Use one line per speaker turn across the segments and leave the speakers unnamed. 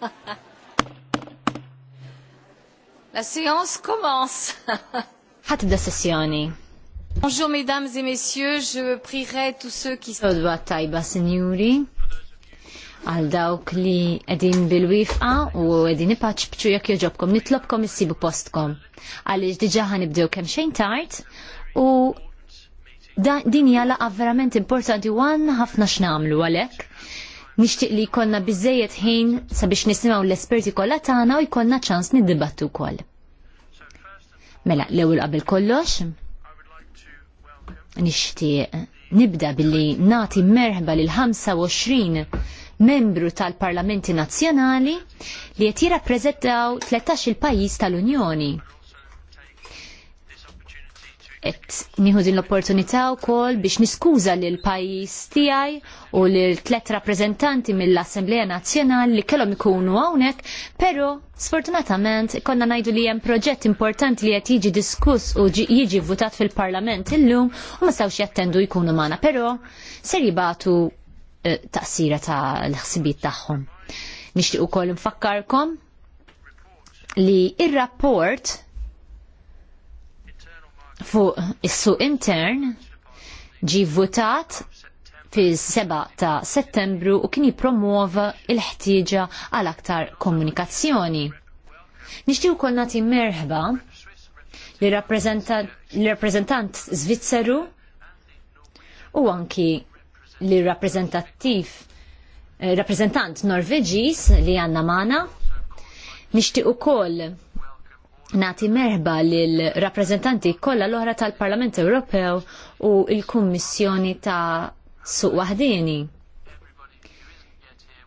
La séance commence.
Ħatibda sessjoni.
Bonjour mesdames et messieurs, je
prierai tous ceux qui Sodwa tajba sinjuri għal dawk li qegħdin bil-wifqa u qegħdin bċu jekk joġobkom nitlobkom issibu postkom. Għaliex diġà ħanibdew kemm xejn tard u din hija laqgħa verament importanti għan ħafna x'namlu għalhekk nixtieq li jkollna biżejjed ħin sabiex nisimgħu l-esperti kollha tagħna u jkollna ċans niddibattu wkoll. Mela, l-ewwel qabel kollox, nixtieq nibda billi nagħti merħba lil 25 membru tal-Parlamenti Nazzjonali li qed jirrappreżentaw 13-il pajjiż tal-Unjoni et nieħu din l-opportunità wkoll biex niskuża lil pajjiż tiegħi u lil tliet rappreżentanti mill-Assembleja Nazzjonali li kellhom ikunu hawnhekk, però sfortunatament konna ngħidu li hemm proġett importanti li qed jiġi diskuss u jiġi votat fil-Parlament illum u ma stawx jattendu jkunu magħna, però ser jibatu eh, taqsira ta' l-ħsibiet tagħhom. Nixtieq ukoll nfakkarkom li ir-rapport fuq is-suq intern ġi votat fis 7 ta' settembru u kien jipromuova il-ħtieġa għal aktar komunikazzjoni. Nixtiju kol nati merħba li rappresentant Svizzeru u anki li rappresentattiv eh, rappresentant Norveġis li għanna mana nixtieq ukoll nati merħba lil-rappresentanti kollha l-oħra tal-Parlament Ewropew u l-Kummissjoni ta' Suq Waħdini.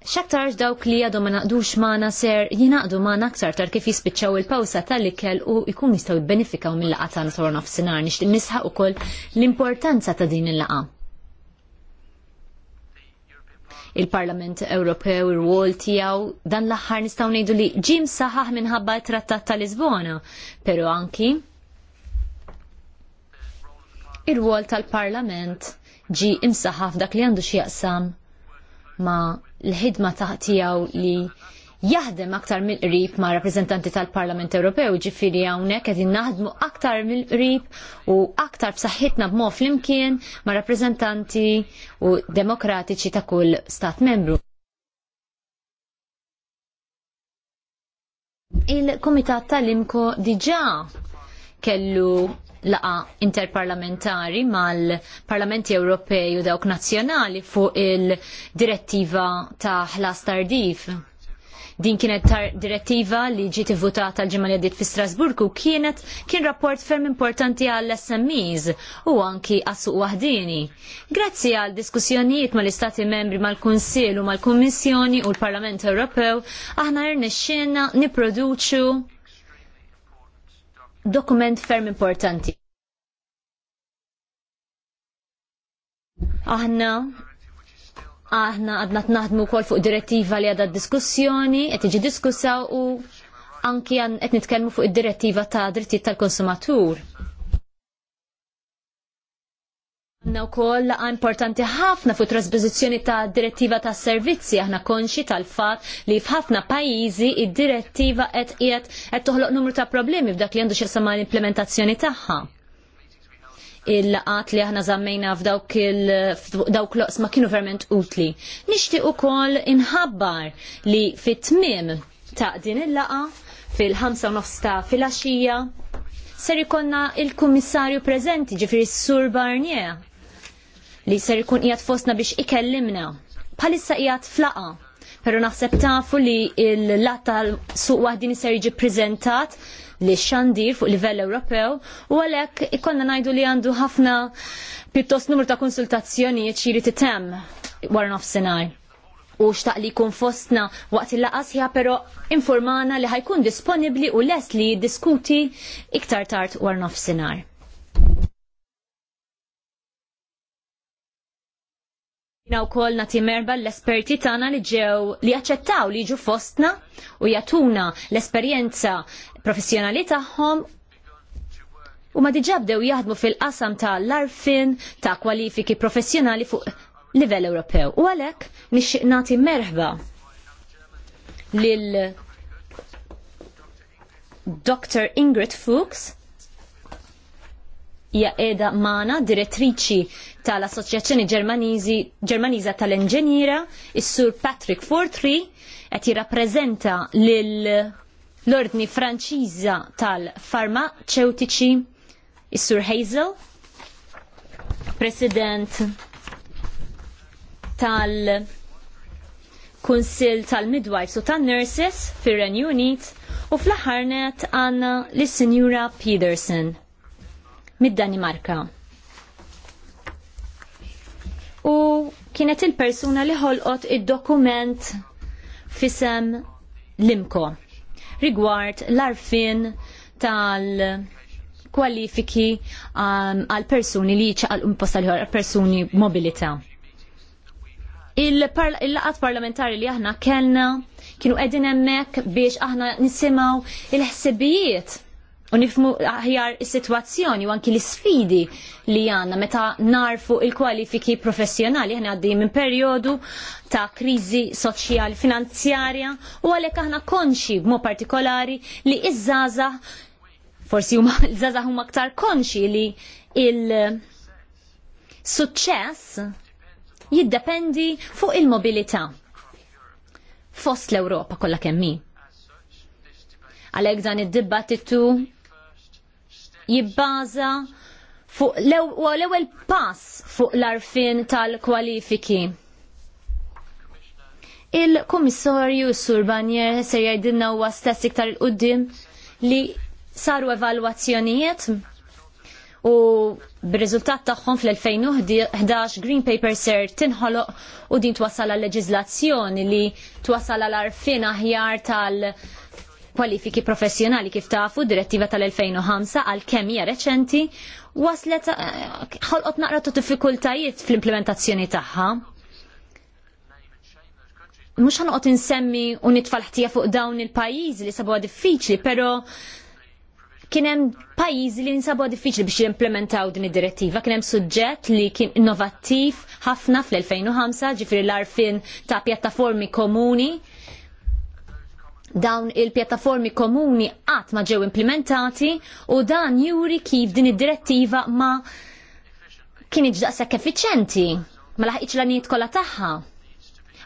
Xaktarx dawk li għadu ma naqdux maħna ser jinaqdu maħna aktar tar kif jispiċċaw il-pawsa tal-ikel u jkun jistaw jibbenifikaw mill-laqa ta' natoron of sinar nix nisħaq u koll l-importanza ta' din il-laqa il-Parlament Ewropew ir-wol tiegħu dan l-aħħar nistgħu ngħidu li ġim saħaħ minħabba t-Trattat ta' Lisbona, però anki ir-wol tal-Parlament ġi imsaħħaf dak li għandu x'jaqsam ma l-ħidma taħtijaw li jaħdem aktar mill-qrib ma' rappreżentanti tal-Parlament Ewropew, ġifiri hawnhekk qed naħdmu aktar mill-qrib u aktar b'saħħitna b'mod flimkien ma' rappreżentanti u demokratiċi ta' kull stat membru. Il-Kumitat tal-Imko diġà kellu laqa interparlamentari mal-Parlamenti Ewropej u dawk nazzjonali fuq il-direttiva ta' ħlas tardif Din kienet direttiva li ġiet votata l-ġimgħa li għaddiet fi Strasburgu kienet kien rapport ferm importanti għall smes u anki għas-suq waħdini. Grazzi għal diskussjonijiet mal-Istati membri mal-Kunsill u mal-Kummissjoni u l-Parlament Ewropew aħna rnexxielna nipproduċu dokument ferm importanti. Aħna aħna għadna t-naħdmu kol fuq direttiva li għadha diskussjoni, qed tiġi diskussa u anki qed nitkellmu fuq id-direttiva ta' drittijiet tal-konsumatur. Għanna u kol laqa importanti ħafna fuq trasposizjoni ta' direttiva ta' servizzi, aħna konxi tal-fat li f'ħafna pajizi id-direttiva qed qiegħed qed toħloq numru ta' problemi f'dak li għandu xi l implementazzjoni tagħha il-laqat li aħna zammejna f'dawk il-dawk loqs ma kienu verment utli. Nishti u kol inħabbar li fit-tmim ta' din il-laqa fil-5 ta' fil-axija ser ikonna il-kummissarju prezenti ġifiri s-sur Barnier li ser ikun qiegħed fostna biex ikellimna. Palissa qiegħed flaqa, pero naħseb tafu li l-lat suq wahdini ser jiġi prezentat li xandir fuq livell Ewropew u għalhekk ikonna ngħidu li għandu ħafna pittost numru ta' konsultazzjonijiet xiri titem wara nofsinhar. U xtaq li jkun fostna waqt il laqasja pero però informana li ħajkun disponibbli u les li jiddiskuti iktar tard war nofsinhar. Jina u kol nati merba l-esperti tana li ġew li jaċċettaw li ġu fostna u jatuna l-esperienza professjonali tagħhom u ma diġà bdew jaħdmu fil-qasam ta' l-arfin ta' kwalifiki professjonali fuq livell Ewropew. U għalhekk nixtieq nagħti merħba lil Dr. Ingrid Fuchs hija qiegħda mana direttriċi tal-Assoċjazzjoni Ġermaniża tal-Inġeniera, is-Sur Patrick Fortri qed jirrappreżenta lil l-ordni franċiża tal-farmaceutiċi, is-Sur Hazel, President tal- kunsil tal-midwives u tan-nurses fir-Renju Unit u fl aħħarnet għanna għandna sinjura Peterson mid-Danimarka. U kienet il-persuna li ħolqot id-dokument fisem Limko rigward l-arfin tal- kwalifiki um, għal persuni li ċaqal imposta li għal persuni mobilita. Il-laqat parlamentari li aħna kellna kienu edin emmek biex aħna nisimaw il-ħsibijiet u nifmu aħjar is-sitwazzjoni u anki l-sfidi li għanna meta narfu il-kwalifiki professjonali ħna għaddi minn periodu ta' krizi soċjali finanzjarja u għalek aħna konxi b'mo partikolari li iż-żaza forsi huma l-żaza huma aktar konxi li il-suċċess jiddependi fuq il-mobilità fost l-Ewropa kollha kemm għalek dan id-dibattitu jibbaża fuq l-ewwel pass fuq l-arfin tal-kwalifiki. Il-Komissarju Sur Banjer ser jgħidilna huwa stess iktar il qoddim li saru evalwazzjonijiet u b'riżultat tagħhom fl-2011 Green Paper ser tinħoloq u din twasal għal leġiżlazzjoni li twassal għal arfin aħjar tal- kwalifiki professjonali kif tafu direttiva tal-2005 għal kemija reċenti waslet eh, ħolqot naqra ta' diffikultajiet fl-implementazzjoni tagħha. Mhux ħanqot insemmi u nitfal ħtija fuq dawn il-pajjiżi li sabuha diffiċli, però kien hemm pajjiżi li nsabuha diffiċli biex jimplementaw din id-direttiva, kien hemm suġġett li kien innovattiv ħafna fl-2005, ġifieri l-arfin ta' pjattaformi komuni dawn il-pjattaformi komuni qatt ma ġew implementati u dan juri kif din id-direttiva ma kien iġdaqsek effiċenti ma laħqitx l-għaniet kollha tagħha.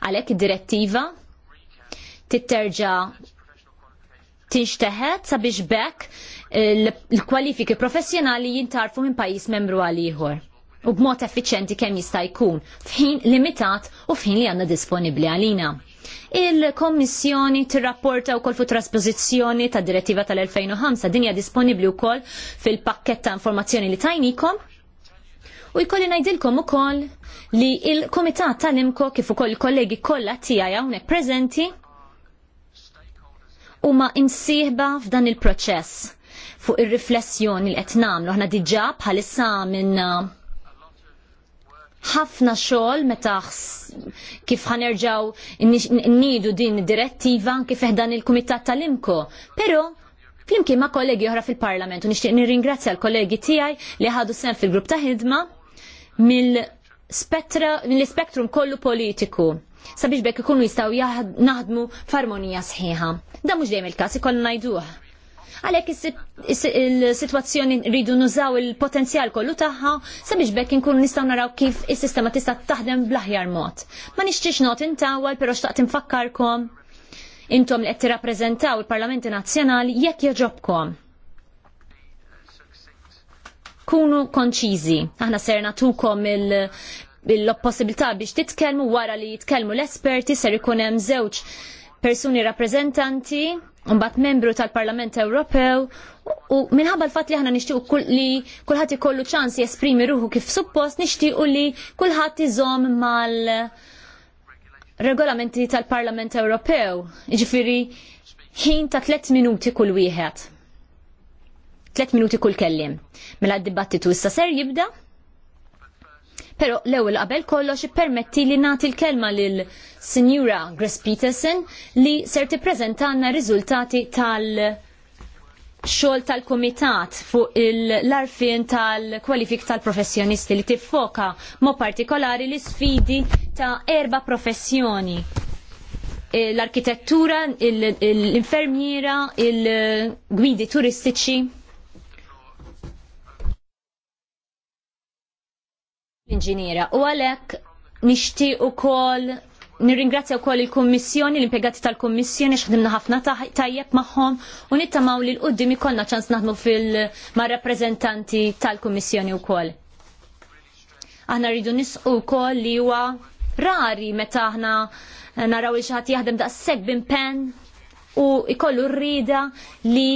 Għalhekk id-direttiva titterġa tinxteħet sabiex bekk il-kwalifiki professjonali jintarfu minn pajjiż membru għal ieħor u b'mod effiċenti kemm jista' jkun f'ħin limitat u f'ħin li għandna disponibbli għalina. Il-Kommissjoni tirrapporta wkoll fuq traspożizzjoni ta' direttiva tal-2005 dinja disponibbli wkoll fil-pakket ta' informazzjoni li tajnikom. U jkolli ngħidilkom ukoll li il-Komitat tal-Imko kif ukoll il-kollegi kollha tiegħi hawnhekk preżenti huma imsieħba f'dan il-proċess fuq ir-riflessjoni li qed nagħmlu aħna diġà bħalissa minna ħafna xogħol meta kif ħanerġaw nnidu din id-direttiva kif dan il-Kumitat tal-Imko. Però flimkien ma' kollegi oħra fil-Parlament u nixtieq nirringrazzja l-kollegi tiegħi li ħadu sem fil-grupp ta' ħidma mill-spektrum kollu politiku sabiex bekk ikunu jistgħu naħdmu f'armonija sħiħa. Dan mhux dejjem il-każ ikollu ngħiduh. Għalhekk is-sitwazzjoni rridu nużaw il-potenzjal kollu tagħha sabiex bekk inkunu nistgħu naraw kif is-sistema tista' taħdem bl-aħjar mod. Ma nixtiex not intawal però xtaqt infakkarkom intom li qed tirrappreżentaw il-Parlamenti Nazzjonali jekk jogħġobkom. Kunu konċiżi. Aħna ser natukom il- l-possibilità biex titkellmu wara li jitkelmu l-esperti ser ikun hemm żewġ persuni rappreżentanti Mbatt membru tal-Parlament Ewropew u minħabba l-fatt li aħna nixtiequ li kulħadd ikollu ċans jesprimi ruħu kif suppost nixtiequ li kulħadd iżomm mal regolamenti tal-Parlament Ewropew. Jiġifieri ħin ta' tliet minuti kull wieħed. Tliet minuti kull kellim. Mela d-dibattitu issa ser jibda. Pero l-ewwel qabel kollox ippermetti li nagħti l-kelma lil Sinjura Gris Peterson li ser tippreżentanna riżultati tal- xogħol tal-Kumitat fuq l-arfin tal-kwalifik tal-professjonisti li tiffoka mo partikolari l sfidi ta' erba professjoni. E, l-arkitettura, l-infermiera, il-gwidi turistiċi Inġiniera, u għalhekk nixtieq ukoll Nirringrazzja wkoll il-Kummissjoni, l-impjegati tal-Kummissjoni x'ħdimna ħafna tajjeb magħhom u nittamaw li l-qudiem ikollna ċans naħdmu fil ma' rappreżentanti tal-Kummissjoni wkoll. Aħna rridu nisqu wkoll li huwa rari meta aħna naraw li xi ħadd jaħdem daqshekk pen u ikollu rrida li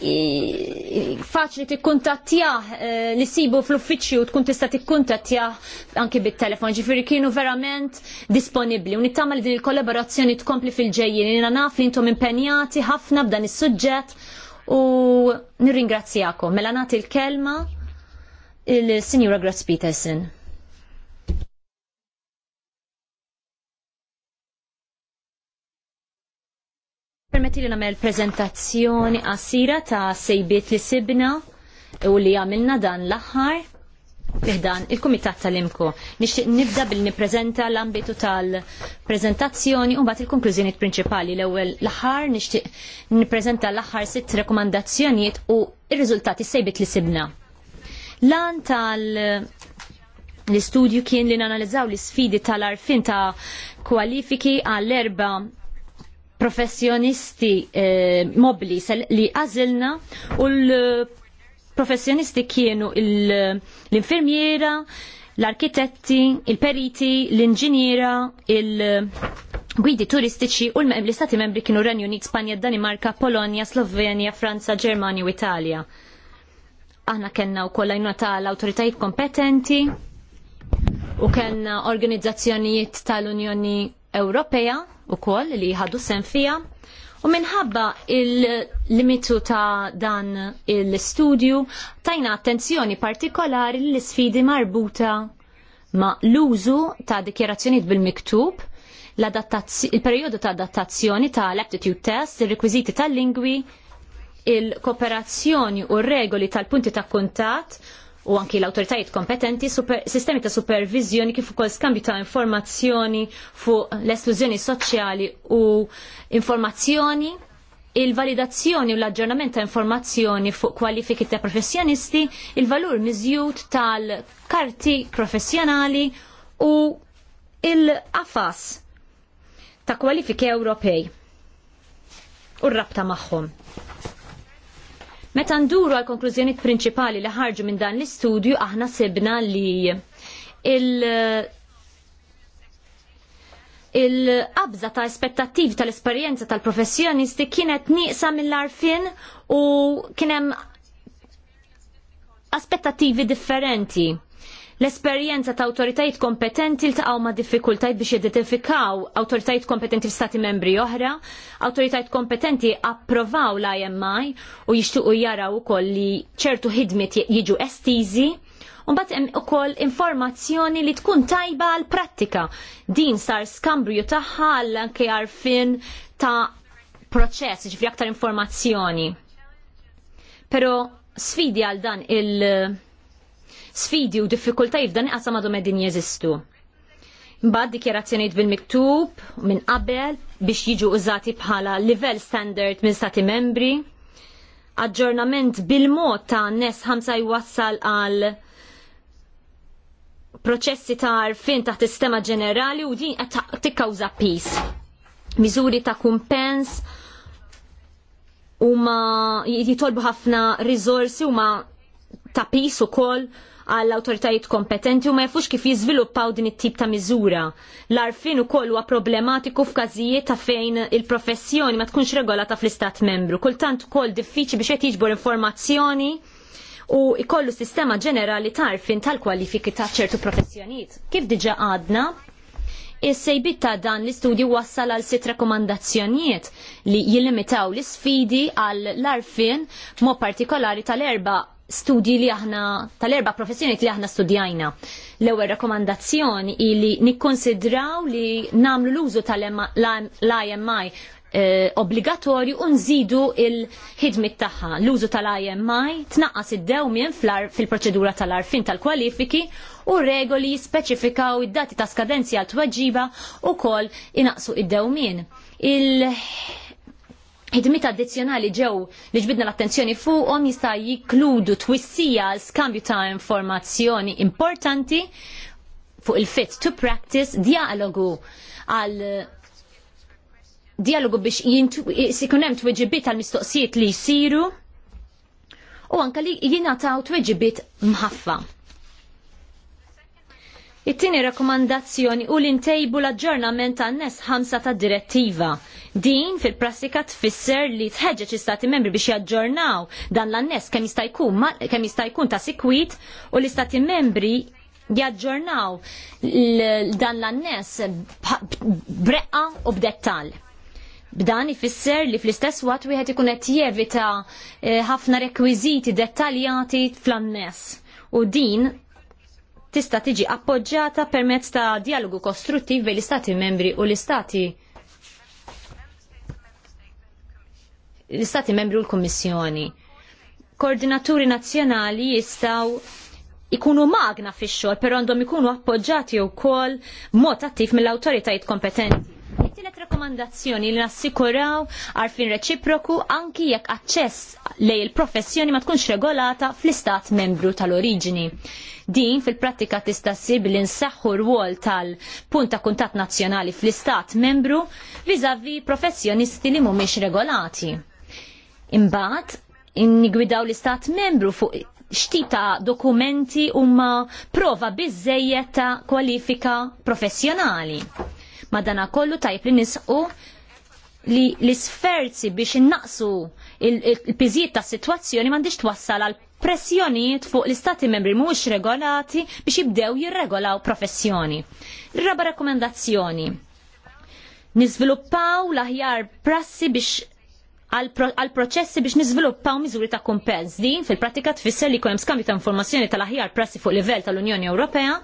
faċli tikkuntattjah li eh, sibu fl-uffiċċju tkun tista' tikkuntattjah anki bit-telefon. Ġifieri kienu verament disponibbli u nittama li din il-kollaborazzjoni tkompli fil-ġejjin. Nina naf li intom impenjati ħafna b'dan is-suġġett u nirringrazzjakom. Mela nagħti l-kelma il-Sinjura Grass Peterson. Permetti li namel prezentazzjoni qasira ta' sejbiet li sibna u li għamilna dan l-aħħar dan il-Kumitat tal-Imko. Nixtieq nibda bil nippreżenta l-ambitu tal-preżentazzjoni u mbagħad il-konklużjonijiet prinċipali l-ewwel l-aħħar nixtieq nippreżenta l-aħħar sitt rekomandazzjonijiet u r-riżultati sejbit li sibna. Lan tal l-istudju kien li nanalizzaw l-sfidi tal-arfin ta' kwalifiki għall-erba professjonisti eh, mobli li għazilna u l-professjonisti kienu l-infirmiera, l-arkitetti, il-periti, l-inġiniera, il-gwidi turistiċi u l-istati membri kienu Renju Spanja, Danimarka, Polonja, Slovenja, Franza, Ġermanja u Italja. Aħna kena u kollajna tal-autoritajiet kompetenti u kellna organizzazzjonijiet tal-Unjoni Ewropea wkoll li jħadu sem fija u minħabba il-limitu ta' dan l-istudju tajna attenzjoni partikolari l isfidi marbuta ma' l-użu ta' dikjerazzjonijiet bil-miktub il-periodu ta' adattazzjoni ta' l-aptitude test, il-rekwiziti tal-lingwi, il-kooperazzjoni u regoli tal-punti ta' kontat u anki l-autoritajiet kompetenti super, sistemi ta' supervizjoni kif ukoll skambju ta' informazzjoni fuq l-esklużjoni soċjali u informazzjoni il-validazzjoni u l-aġġornament ta' informazzjoni fuq kwalifiki ta' professjonisti, il-valur miżjud tal-karti professjonali u il-qafas ta' kwalifiki Ewropej u r-rabta magħhom. Meta nduru għal konklużjoni prinċipali li ħarġu minn dan l-istudju aħna sibna li il- il qabza ta' aspettativi tal-esperjenza tal-professjonisti kienet nieqsa mill-arfin u kienem aspettativi differenti. L-esperjenza ta' autoritajiet kompetenti l ma' diffikultajt biex jidentifikaw autoritajiet kompetenti f'stati membri oħra, autoritajiet kompetenti approvaw l-IMI u jixtuqu jaraw ukoll li ċertu ħidmiet jiġu estizi, Unbat hemm ukoll informazzjoni li tkun tajba għal prattika. Din sar skambju tagħha għal anke għarfien ta' proċess, ġifri aktar informazzjoni. Pero sfidi għal dan il- sfidi u diffikultajiet f'dan iqasam għadhom qegħdin jeżistu. Mbad dikjerazzjonijiet bil-miktub minn qabel biex jiġu użati bħala livell standard minn stati membri. Aġġornament bil-mod ta' nes ħamsa jwassal għal proċessi ta' arfin taħt sistema ġenerali u din qed tikkawża pis. Miżuri ta' kumpens huma jitolbu ħafna u huma ta' pis ukoll għall autoritajiet kompetenti u ma jafux kif jiżviluppaw din it-tip ta' miżura. L-arfin ukoll huwa problematiku f'każijiet ta' fejn il-professjoni ma tkunx regolata fl-istat membru. Kultant ukoll diffiċi biex qed jiġbor informazzjoni u ikollu sistema ġenerali ta' arfin tal-kwalifiki ta' ċertu professjonijiet. Kif diġa għadna, Is-sejbit ta' dan l-istudju wassal għal sit rekomandazzjonijiet li jilimitaw l-sfidi għal l-arfin mo partikolari tal-erba studji li aħna tal-erba' professjoniet li aħna studjajna. L-ewwel rakkomandazzjoni li nikkonsidraw li nagħmlu l-użu tal-IMI eh, obbligatorju u nżidu il-ħidmit tagħha. L-użu tal-IMI tnaqqas id-dewmien fil-proċedura tal-arfin tal-kwalifiki u regoli jispeċifikaw id-dati ta' skadenzi għal tweġiba u kol inaqsu id-dewmien. Il- id id-dmita addizzjonali ġew li ġbidna l-attenzjoni fuqhom jista' jikludu twissija għal skambju ta' informazzjoni importanti fuq il-fit to practice dialogu għal dialogu biex ikun hemm tweġibiet għal mistoqsijiet li jsiru u anke li jingħataw tweġibiet mħaffa. It-tieni rakkomandazzjoni u l-intejbu l-aġġornament għan nes ħamsa ta' direttiva. Din fil-prassika tfisser li tħeġġeġ istati membri biex jaġġornaw dan l-annes kemm jista' jkun kemm jista' jkun ta' sikwit u l-istati membri jaġġornaw dan l-annes breqqa u b'dettall. B'dan ifisser li fl-istess waqt wieħed ikun qed jevita eh, ħafna rekwiżiti dettaljati fl-annes. U din tista tiġi appoġġjata permezz ta' dialogu kostruttiv bejn l-istati membri u l-istati l-istati membri u l-Kommissjoni. Koordinaturi nazzjonali jistaw ikunu magna fix xogħol, però għandhom ikunu appoġġjati wkoll mod attiv mill-awtoritajiet kompetenti rakkomandazzjoni li nassikuraw għarfin reċiproku anki jekk aċċess li il-professjoni ma tkunx regolata fl-istat membru tal-oriġini. Din fil-prattika tista' ssir billi nsaħħu rwol tal-punt ta' kuntatt nazzjonali fl-istat membru viżavi professjonisti li mhumiex regolati. Imbagħad ingwidaw l-istat membru fuq xtita dokumenti huma prova biżżejjed ta' kwalifika professjonali. Madana kollu tajb li nisqu li l-isferzi biex innaqsu il-piżijiet ta' situazzjoni m'għandix twassal għal pressjonijiet fuq l-istati membri mhux regolati biex jibdew jirregolaw professjoni. Raba rekomendazzjoni. Niżviluppaw l-aħjar prassi biex għal proċessi biex niżviluppaw miżuri ta' kumpens. Din fil-pratika tfisser li kunem skambju ta' informazzjoni tal-aħjar prassi fuq livell tal-Unjoni Ewropea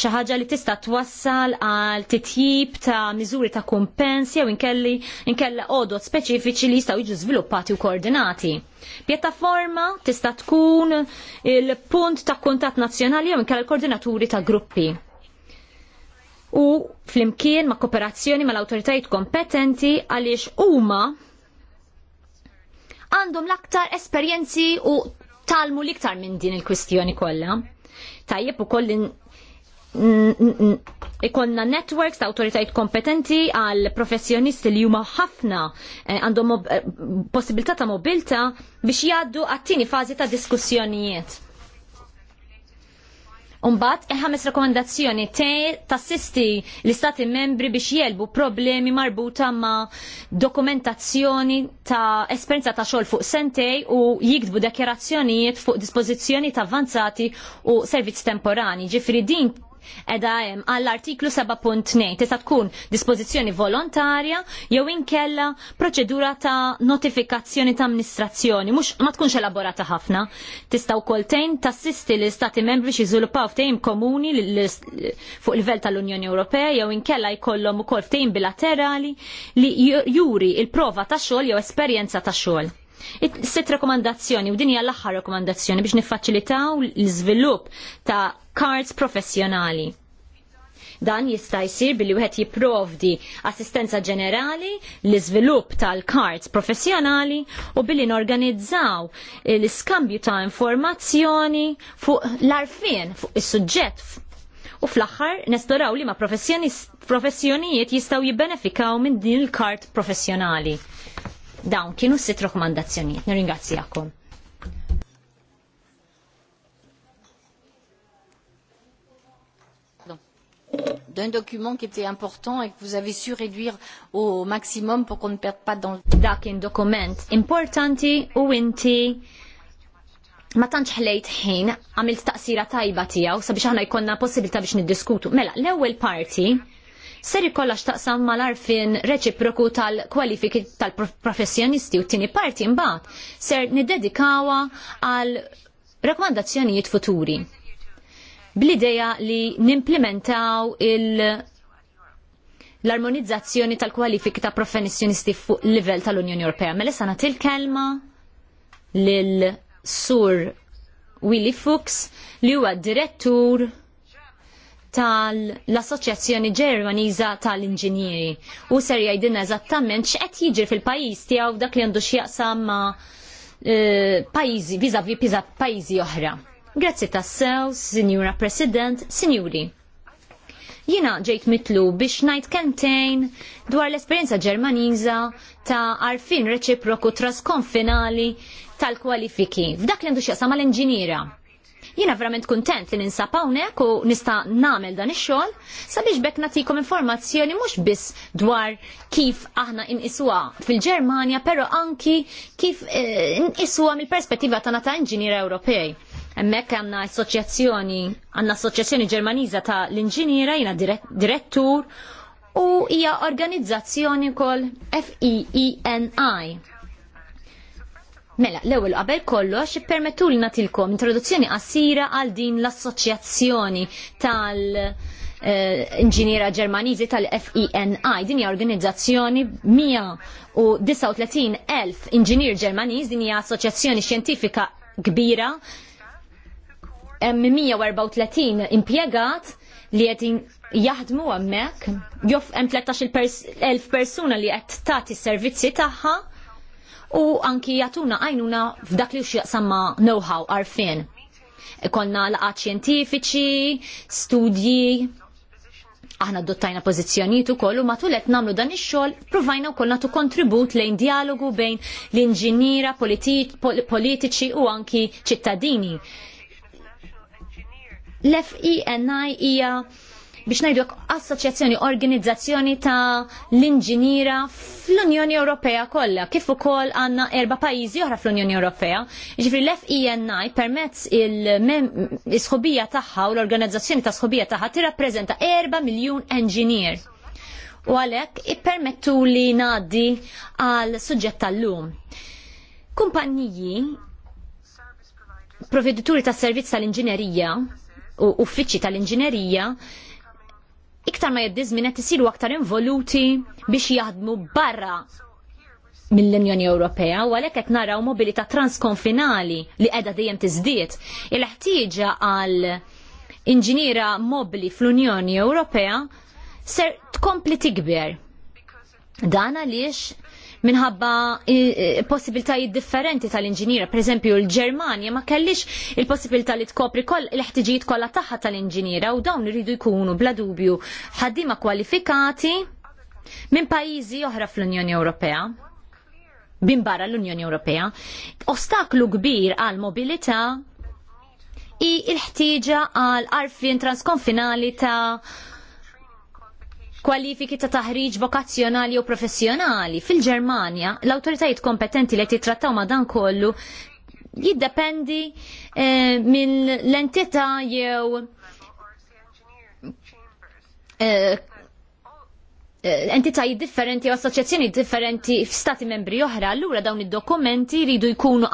xi ħaġa li tista' twassal għal titjib ta' miżuri ta' kumpens jew inkelli inkella għodot speċifiċi li jistgħu jiġu żviluppati u koordinati. Pjattaforma tista' tkun il-punt ta' kuntatt nazzjonali jew inkella l-koordinaturi ta' gruppi. U flimkien ma' kooperazzjoni mal awtoritajiet kompetenti għaliex huma għandhom l-aktar esperjenzi u talmu l-iktar minn din il-kwistjoni kollha. Tajjeb ukoll ikonna networks ta' autoritajt kompetenti għal professjonisti li huma ħafna eh, għandhom eh, possibilità ta' mobilta biex jgħaddu għattini fazi ta' diskussjonijiet. Umbat, eh, ħames rekomendazzjoni te tassisti l-istati membri biex jelbu problemi marbuta ma dokumentazzjoni ta' esperienza ta' xol fuq sentej u jikdbu dekjerazzjonijiet fuq dispozizjoni ta' avanzati u servizz temporani. Ġifri din edha hemm għall-artiklu 7.2 tista' tkun dispożizzjoni volontarja jew inkella proċedura ta' notifikazzjoni ta' amministrazzjoni, mhux ma tkunx elaborata ħafna. Tista' wkoll tgħin tassisti l istati membri xi jiżviluppaw ftehim komuni fuq livell tal-Unjoni Ewropea jew inkella jkollhom ukoll ftehim bilaterali li juri il-prova ta' xogħol jew esperjenza ta' xogħol. Sitt rekomandazzjoni u din hija l-aħħar rekomandazzjoni biex niffaċilitaw l-iżvilupp ta' karts professjonali. Dan jista' jsir billi wieħed jipprovdi assistenza ġenerali l-iżvilupp tal-kards professjonali u billi norganizzaw l-iskambju ta' informazzjoni fuq l-arfien fuq is-suġġett u fl-aħħar nestoraw li ma' professjonijiet jistgħu jibbenefikaw minn din il-kart professjonali. Dawn kienu sitt rakkomandazzjonijiet. Nirringrazzjakom.
d'un document qui était important et que vous avez su réduire
au maximum pour qu'on ne perde pas dans dak in dokument importanti u inti ma tantx ħlejt ħin għamilt taqsira tajba tiegħu sabiex aħna jkollna possibilità biex niddiskutu. Mela, l-ewwel parti Seri ikollha x'taqsam mal-arfin reċiproku tal-kwalifiki tal-professjonisti u t-tieni parti mbagħad ser niddedikawha għal rakkomandazzjonijiet futuri. Bl-ideja li nimplementaw l-armonizzazzjoni tal-kwalifiki ta' professjonisti fuq livell tal-Unjoni Ewropea. Mela sa nagħti kelma lil Sur Willy Fuchs li huwa direttur tal-Assoċjazzjoni Ġermaniża tal-Inġinieri u ser jgħidilna eżattament x'qed jiġri fil-pajjiż tiegħu dak li għandu x'jaqsam ma' e, pajjiżi viżavi pajjiżi oħra. Grazzi tassew, Sinjura President, Sinjuri. Jina ġejt mitlu biex najt kentejn dwar l-esperienza ġermaniża ta' arfin reċiproku trasconfinali tal-kwalifiki. F'dak li għandu x'jaqsam mal-inġiniera Jiena verament kuntent li ninsab hawnhekk u nista' nagħmel dan ix-xogħol sabiex bekk nagħtikom informazzjoni mhux biss dwar kif aħna inqisuha fil-Ġermanja, però anki kif inqisuha eh, mill-perspettiva tagħna ta' Inġinier Ewropej. Hemmhekk għandna assoċjazzjoni għandna assoċjazzjoni Ġermaniża ta' l-inġiniera jiena direttur u hija organizzazzjoni wkoll FEENI Mela, l-ewwel qabel kollox ippermettu li nagħtilkom introduzzjoni qasira għal din l-assoċjazzjoni tal- eh, inġiniera Ġermaniżi tal-FENI, din hija organizzazzjoni 139,000 inġinier Ġermaniż, din hija assoċjazzjoni xjentifika kbira, 134 impjegat li qed jaħdmu hemmhekk, jof hemm 13,000 persuna li qed tagħti s-servizzi tagħha u anki jatuna għajnuna f'dak li samma know-how għarfin. Konna laqat xjentifiċi, studji, aħna dottajna pozizjoniet u kollu matulet namlu dan ix-xogħol provajna wkoll tu kontribut lejn dialogu bejn l-inġiniera politiċi u anki ċittadini. L-FENI hija biex najduk assoċjazzjoni, organizzazzjoni ta' l-inġiniera fl-Unjoni Ewropea kollha, kif ukoll għandna erba' pajjiżi oħra fl-Unjoni Ewropea. Ġifri l-FENI permezz il-sħobija tagħha u l-organizzazzjoni ta' sħobija tagħha tirrappreżenta 4 miljun enġinier. U għalhekk ippermettu li ngħaddi għal suġġett tal-lum. Kumpanniji provveduturi tas servizz tal-inġinerija u uffiċċji tal-inġinerija iktar ma jeddi żmien qed isiru aktar involuti biex jaħdmu barra mill-Unjoni Ewropea u għalhekk qed naraw mobilità transkonfinali li qiegħda dejjem tiżdied. Il-ħtieġa għal inġiniera mobbli fl-Unjoni Ewropea ser tkompli tikber. Dan għaliex minħabba eh, eh, possibiltajiet differenti tal Per Pereżempju l-Ġermanja ma kellix il-possibilità li tkopri koll il-ħtiġijiet kollha tagħha tal-inġiniera u dawn iridu jkunu bla dubju ħaddiema kwalifikati minn pajjiżi oħra fl-Unjoni Ewropea bin barra l-Unjoni Ewropea, ostaklu kbir għal mobilità i il-ħtieġa għal arfien transkonfinali ta' kwalifiki ta' taħriġ vokazzjonali u professjonali. fil ġermania l-autoritajiet kompetenti li titrattaw ma' dan kollu jiddependi minn eh, mill-entità jew eh, entitajiet differenti u assoċjazzjoni differenti f'stati membri oħra, allura dawn id-dokumenti jridu jkunu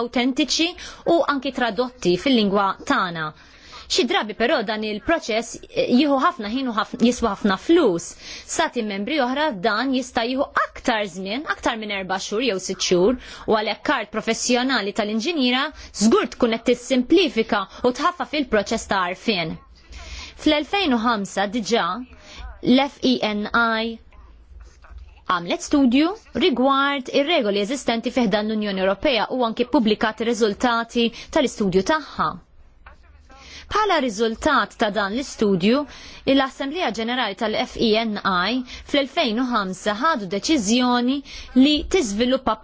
autentiċi u anki tradotti fil-lingwa tagħna. Xi drabi però dan il-proċess eh, jieħu ħafna ħin u jiswa ħafna flus. Sati membri oħra dan jista' jieħu aktar żmien, aktar minn erba' xhur jew sitt xhur, u għalhekk kart professjonali tal-inġiniera żgur tkun qed tissimplifika u tħaffa fil proċess ta' għarfien. Fl-2005 diġà l-FENI għamlet studju rigward ir-regoli eżistenti fiħdan l-Unjoni Ewropea u anki publikat ir-riżultati tal-istudju tagħha. Bħala riżultat ta' dan l-istudju, l assemblija Ġenerali tal-FENI fl-2005 ħadu deċiżjoni li tiżviluppa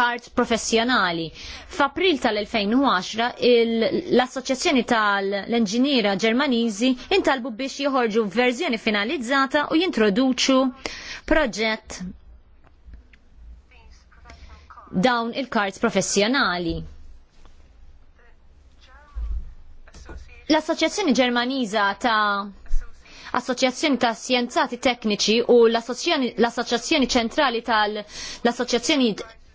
kart professjonali. F'April tal-2010 l-Assoċjazzjoni tal-Enġiniera Ġermaniżi intalbu biex joħorġu verżjoni finalizzata u jintroduċu proġett dawn il-karts professjonali. L-Assoċjazzjoni Ġermaniża ta' Assoċjazzjoni ta' Sjenzati Tekniċi u l-Assoċjazzjoni Ċentrali tal-Assoċjazzjoni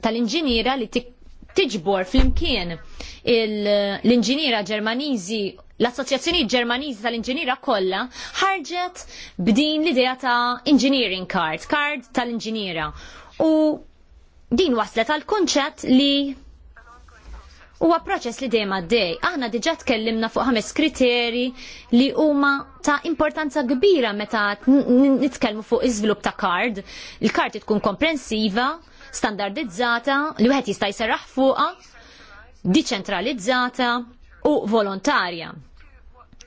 tal-Inġiniera li tiġbor flimkien l-Inġiniera Ġermaniżi l-Assoċjazzjoni Ġermaniżi tal-Inġiniera kollha ħarġet b'din l-idea ta' engineering card, card tal-inġiniera. U din waslet għal konċett li huwa proċess li dejjem għaddej. Aħna diġà tkellimna fuq ħames kriterji li huma ta' importanza kbira meta nitkellmu fuq iżvilupp ta' kard. il kard tkun komprensiva, standardizzata, li wieħed jista' jserraħ fuqha, diċentralizzata u volontarja.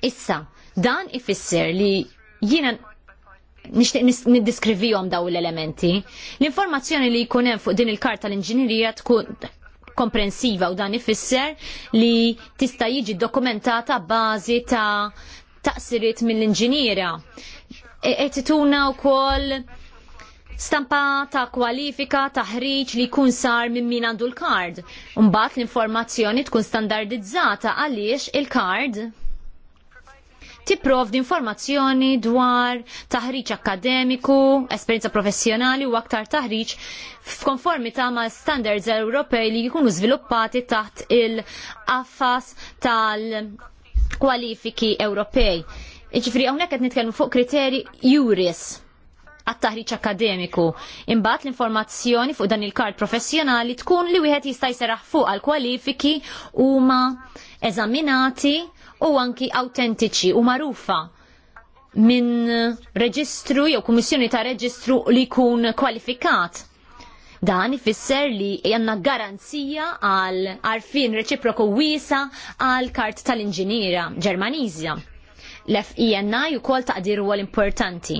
Issa, dan ifisser li jiena nishtiq niddiskrivihom daw l-elementi. L-informazzjoni li jkun hemm fuq din il-karta l-inġinirija tkun komprensiva u dan ifisser li tista' jiġi dokumentata bażi ta' taqsiriet mill-inġiniera. Qed tituna wkoll stampa ta' kwalifika ta' ħriġ li jkun sar minn min għandu l-kard. Mbagħad l-informazzjoni tkun standardizzata għaliex il-kard tipprovdi informazzjoni dwar taħriġ akademiku, esperjenza professjonali u aktar taħriġ f'konformità ma' standards Ewropej li jkunu żviluppati taħt il affas tal-kwalifiki Ewropej. Iġifri, hawnhekk qed nitkellmu fuq kriteri juris għat-taħriġ akademiku. Imbagħad l-informazzjoni fuq dan il-kart professjonali tkun li wieħed jista' jseraħ fuq għal kwalifiki huma eżaminati u anki autentiċi u marufa minn reġistru jew kummissjoni ta' reġistru li jkun kwalifikat. Dan ifisser li janna garanzija għal arfin reċiproku wisa għal kart tal-inġiniera Ġermaniżja. l fina ju kol taqdir għal importanti.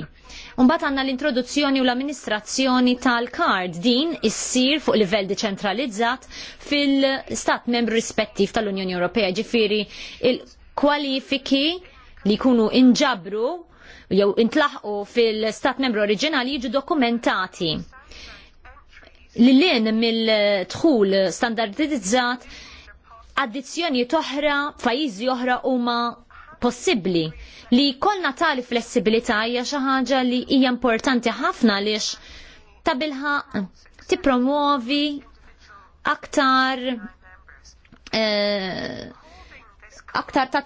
Umbat għanna l-introduzzjoni u l-amministrazzjoni tal-kard din issir fuq livell deċentralizzat fil-stat membru rispettiv tal-Unjoni Ewropea ġifiri il kwalifiki li jkunu inġabru jew intlaħqu fil-stat membru oriġinali jiġu dokumentati. Lilin mill-dħul standardizzat addizzjoni toħra pajizi oħra huma possibbli li kollna tali flessibilità hija xi ħaġa li hija importanti ħafna għaliex tabilha bilħaq tippromuovi aktar eh, aktar ta'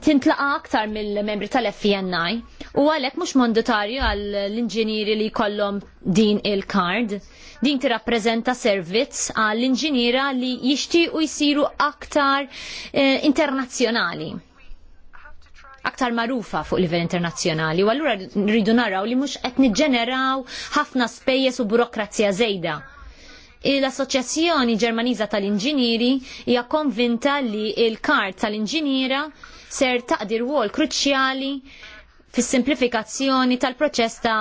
tintlaqa aktar mill-membri tal-FNI u għalek mux mandatarju għal l-inġinieri li kollom din il-kard. Din ti rappresenta servizz għall inġiniera li jixtiequ jisiru aktar eh, internazzjonali aktar marufa fuq livell internazzjonali u allura rridu naraw li mhux qed niġġeneraw ħafna spejjeż u burokrazija żejda L-Assoċjazzjoni Ġermaniża tal-Inġinieri hija konvinta li l-kart tal-inġiniera ser taqdi rwol kruċjali fis-simplifikazzjoni tal-proċess ta'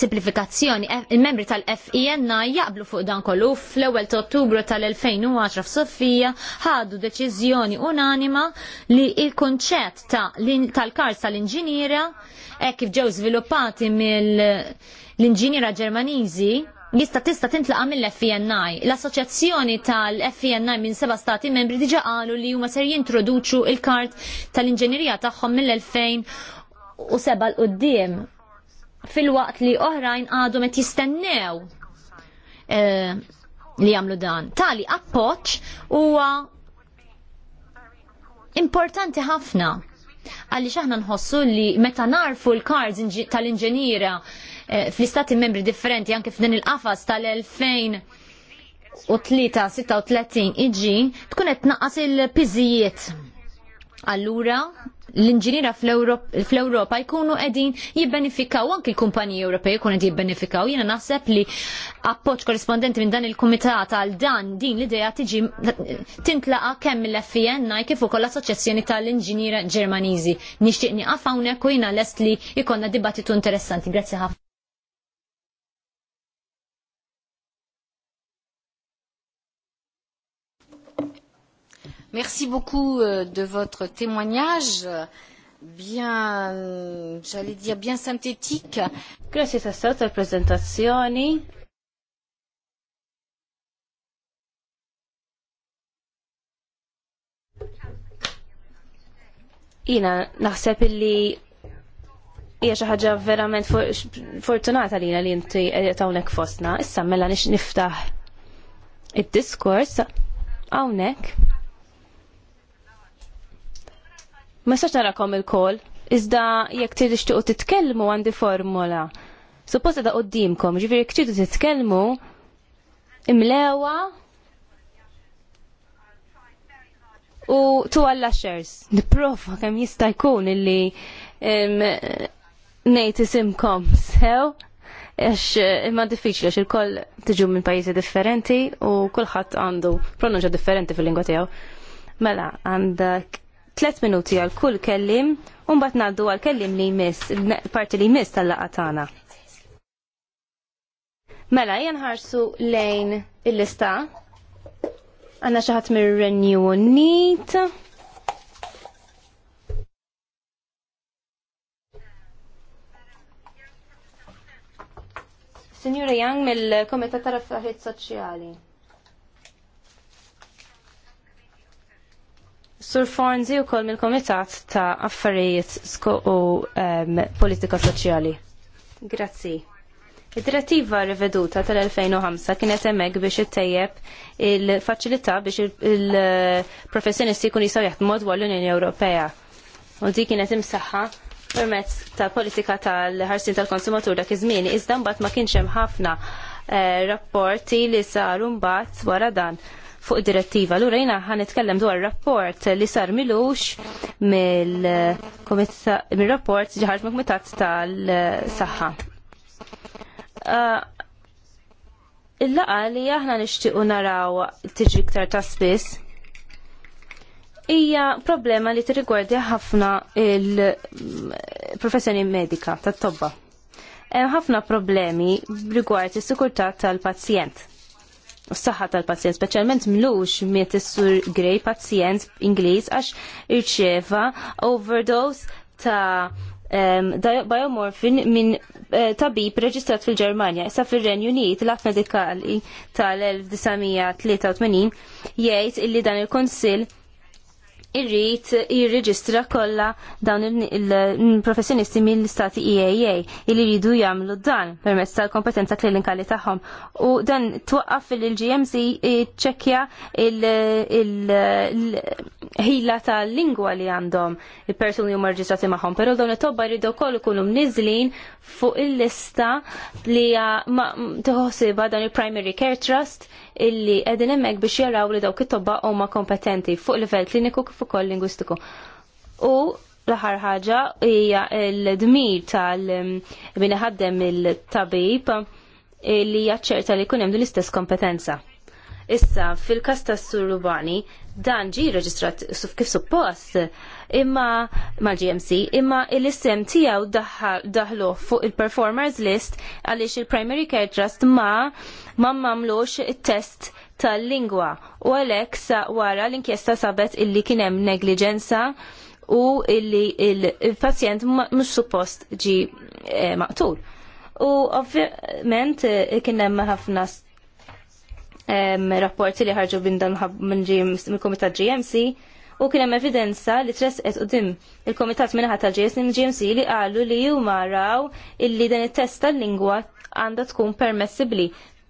simplifikazzjoni, il-membri tal-FINA e jaqblu fuq dan kollu fl-ewwel ta' Ottubru tal-2010 f'Sofija ħadu deċiżjoni unanima li il-konċett tal kar tal-inġiniera hekk kif ġew żviluppati mill-inġiniera Ġermaniżi jista tista tintlaqa mill-FNI. L-Assoċjazzjoni tal-FNI minn seba' stati membri diġa qalu li huma ser jintroduċu il-kart tal-inġenierija tagħhom mill 2007 u seba' l-qudiem fil-waqt li oħrajn għadhom qed jistennew eh, li jagħmlu dan. Tali appoġġ huwa importanti ħafna għalli xaħna nħossu li meta narfu l-kards tal-inġeniera Eh, fl-istati membri differenti anke f'din il-qafas tal-2000 u 36 iġi tkun qed tnaqqas il-piżijiet. Allura l-inġiniera fl-Ewropa jkunu qegħdin jibbenifikaw anke l-kumpaniji Ewropej jkunu qegħdin jibbenefikaw. Jiena naħseb li appoġġ korrispondenti minn dan il-kumitat għal dan din l-idea tiġi tintlaqa kemm l-FINI kif ukoll l-Assoċjazzjoni tal-Inġiniera Ġermaniżi. Nixtieq nieqaf hawnhekk u jiena lest li jkollna dibattitu interessanti. Grazzi ħafna.
Merci beaucoup euh, de votre témoignage bien, j'allais dire, bien synthétique. Grazie a stata la presentazione.
Ina, naħseb illi hija xi ħaġa verament fortunata lina li inti qed hawnhekk fostna. Issa mela nix niftaħ id-diskors hawnhekk. Ma sax narakom il-kol, iżda jekk tixtiqu titkellmu għandi formula. Supposta da qoddimkom, ġifieri jekk tridu titkellmu imlewa u tu għall-lashers. Niprofa kemm jista' jkun illi ngħid isimkom sew għax imma diffiċli għax il-koll tiġu minn pajjiżi differenti u kulħadd għandu pronunċa differenti fil-lingwa tiegħu. Mela, għandak 3 minuti għal kull kellim u mbagħad ngħaddu għal kellim li jmiss parti li jmiss tal-laqgħa tagħna. Mela jenħarsu lejn il-lista għanna xaħat mir renew Neat. Signora Young mill-Komitat tal-Affarijiet Soċjali. Sur Fornzi u kol mill-Komitat ta' Affarijiet u um, Politika Soċjali. Grazzi. Id-direttiva riveduta tal-2005 kienet hemmhekk biex ittejjeb il-faċilità biex il-professjonisti kun jisaw jgħat l-Unjoni Ewropea. U di kienet imsaħħa permezz ta' politika tal-ħarsin tal-konsumatur dak iż-żmien, iżda mbagħad ma kienx hemm ħafna eh, rapporti li saru mbagħad wara dan fuq direttiva. Lura jina ħan nitkellem dwar rapport li sar milux mill-rapport ġaħarġ mil-komitat tal-saħħa. Uh, il-laqa li aħna nixtiequ naraw tiġi iktar ta' spiss hija problema li tirrigwardja ħafna il-professjoni medika tat-tobba. Hemm ħafna problemi rigward is-sikurtà tal-pazjent s-saħħa tal-pazjent, speċjalment mlux miet s sur grej pazjent Ingliż għax irċeva overdose ta' um, biomorfin minn uh, tabib reġistrat fil-Ġermanja. Issa fil-Ren Unit, l-att medikali tal-1983 jgħid illi dan il-Konsil irrid jirreġistra kollha dawn il-professjonisti mill-istati EAA li jridu jagħmlu dan permezz tal-kompetenza klinikali tagħhom. U dan twaqqaf fil-GMC ċekkja il-ħila tal-lingwa li għandhom il-persuni huma reġistrati magħhom, però dawn it-tobba jridu wkoll ikunu mniżlin fuq il-lista li tħossibha dan il-Primary Care Trust illi qegħdin hemmhekk biex jaraw li dawk it-tobba huma kompetenti fuq livell kliniku kif ukoll lingwistiku. U l-aħħar ħaġa hija l-dmir tal bini mm, ħaddem il-tabib li jaċċerta li jkun hemm l-istess kompetenza. Issa, fil-kas tas-Surubani, dan ġi reġistrat kif suppost imma mal-GMC imma l-isem tiegħu daħlu fuq il-performers list għaliex il-primary care trust ma ma mamlux it-test tal-lingwa u għalhekk sa wara l-inkjesta sabet illi kien hemm negliġenza u illi il-pazjent mhux suppost ġi eh, maqtul. U ovvjament eh, kien hemm ħafna rapporti li ħarġu minn dan minn kumitat GMC u kien hemm evidenza li tresqet qudiem il-Komitat minnaħat tal-GMC li qalu li huma raw illi dan it-test tal-lingwa għandha tkun permessibbli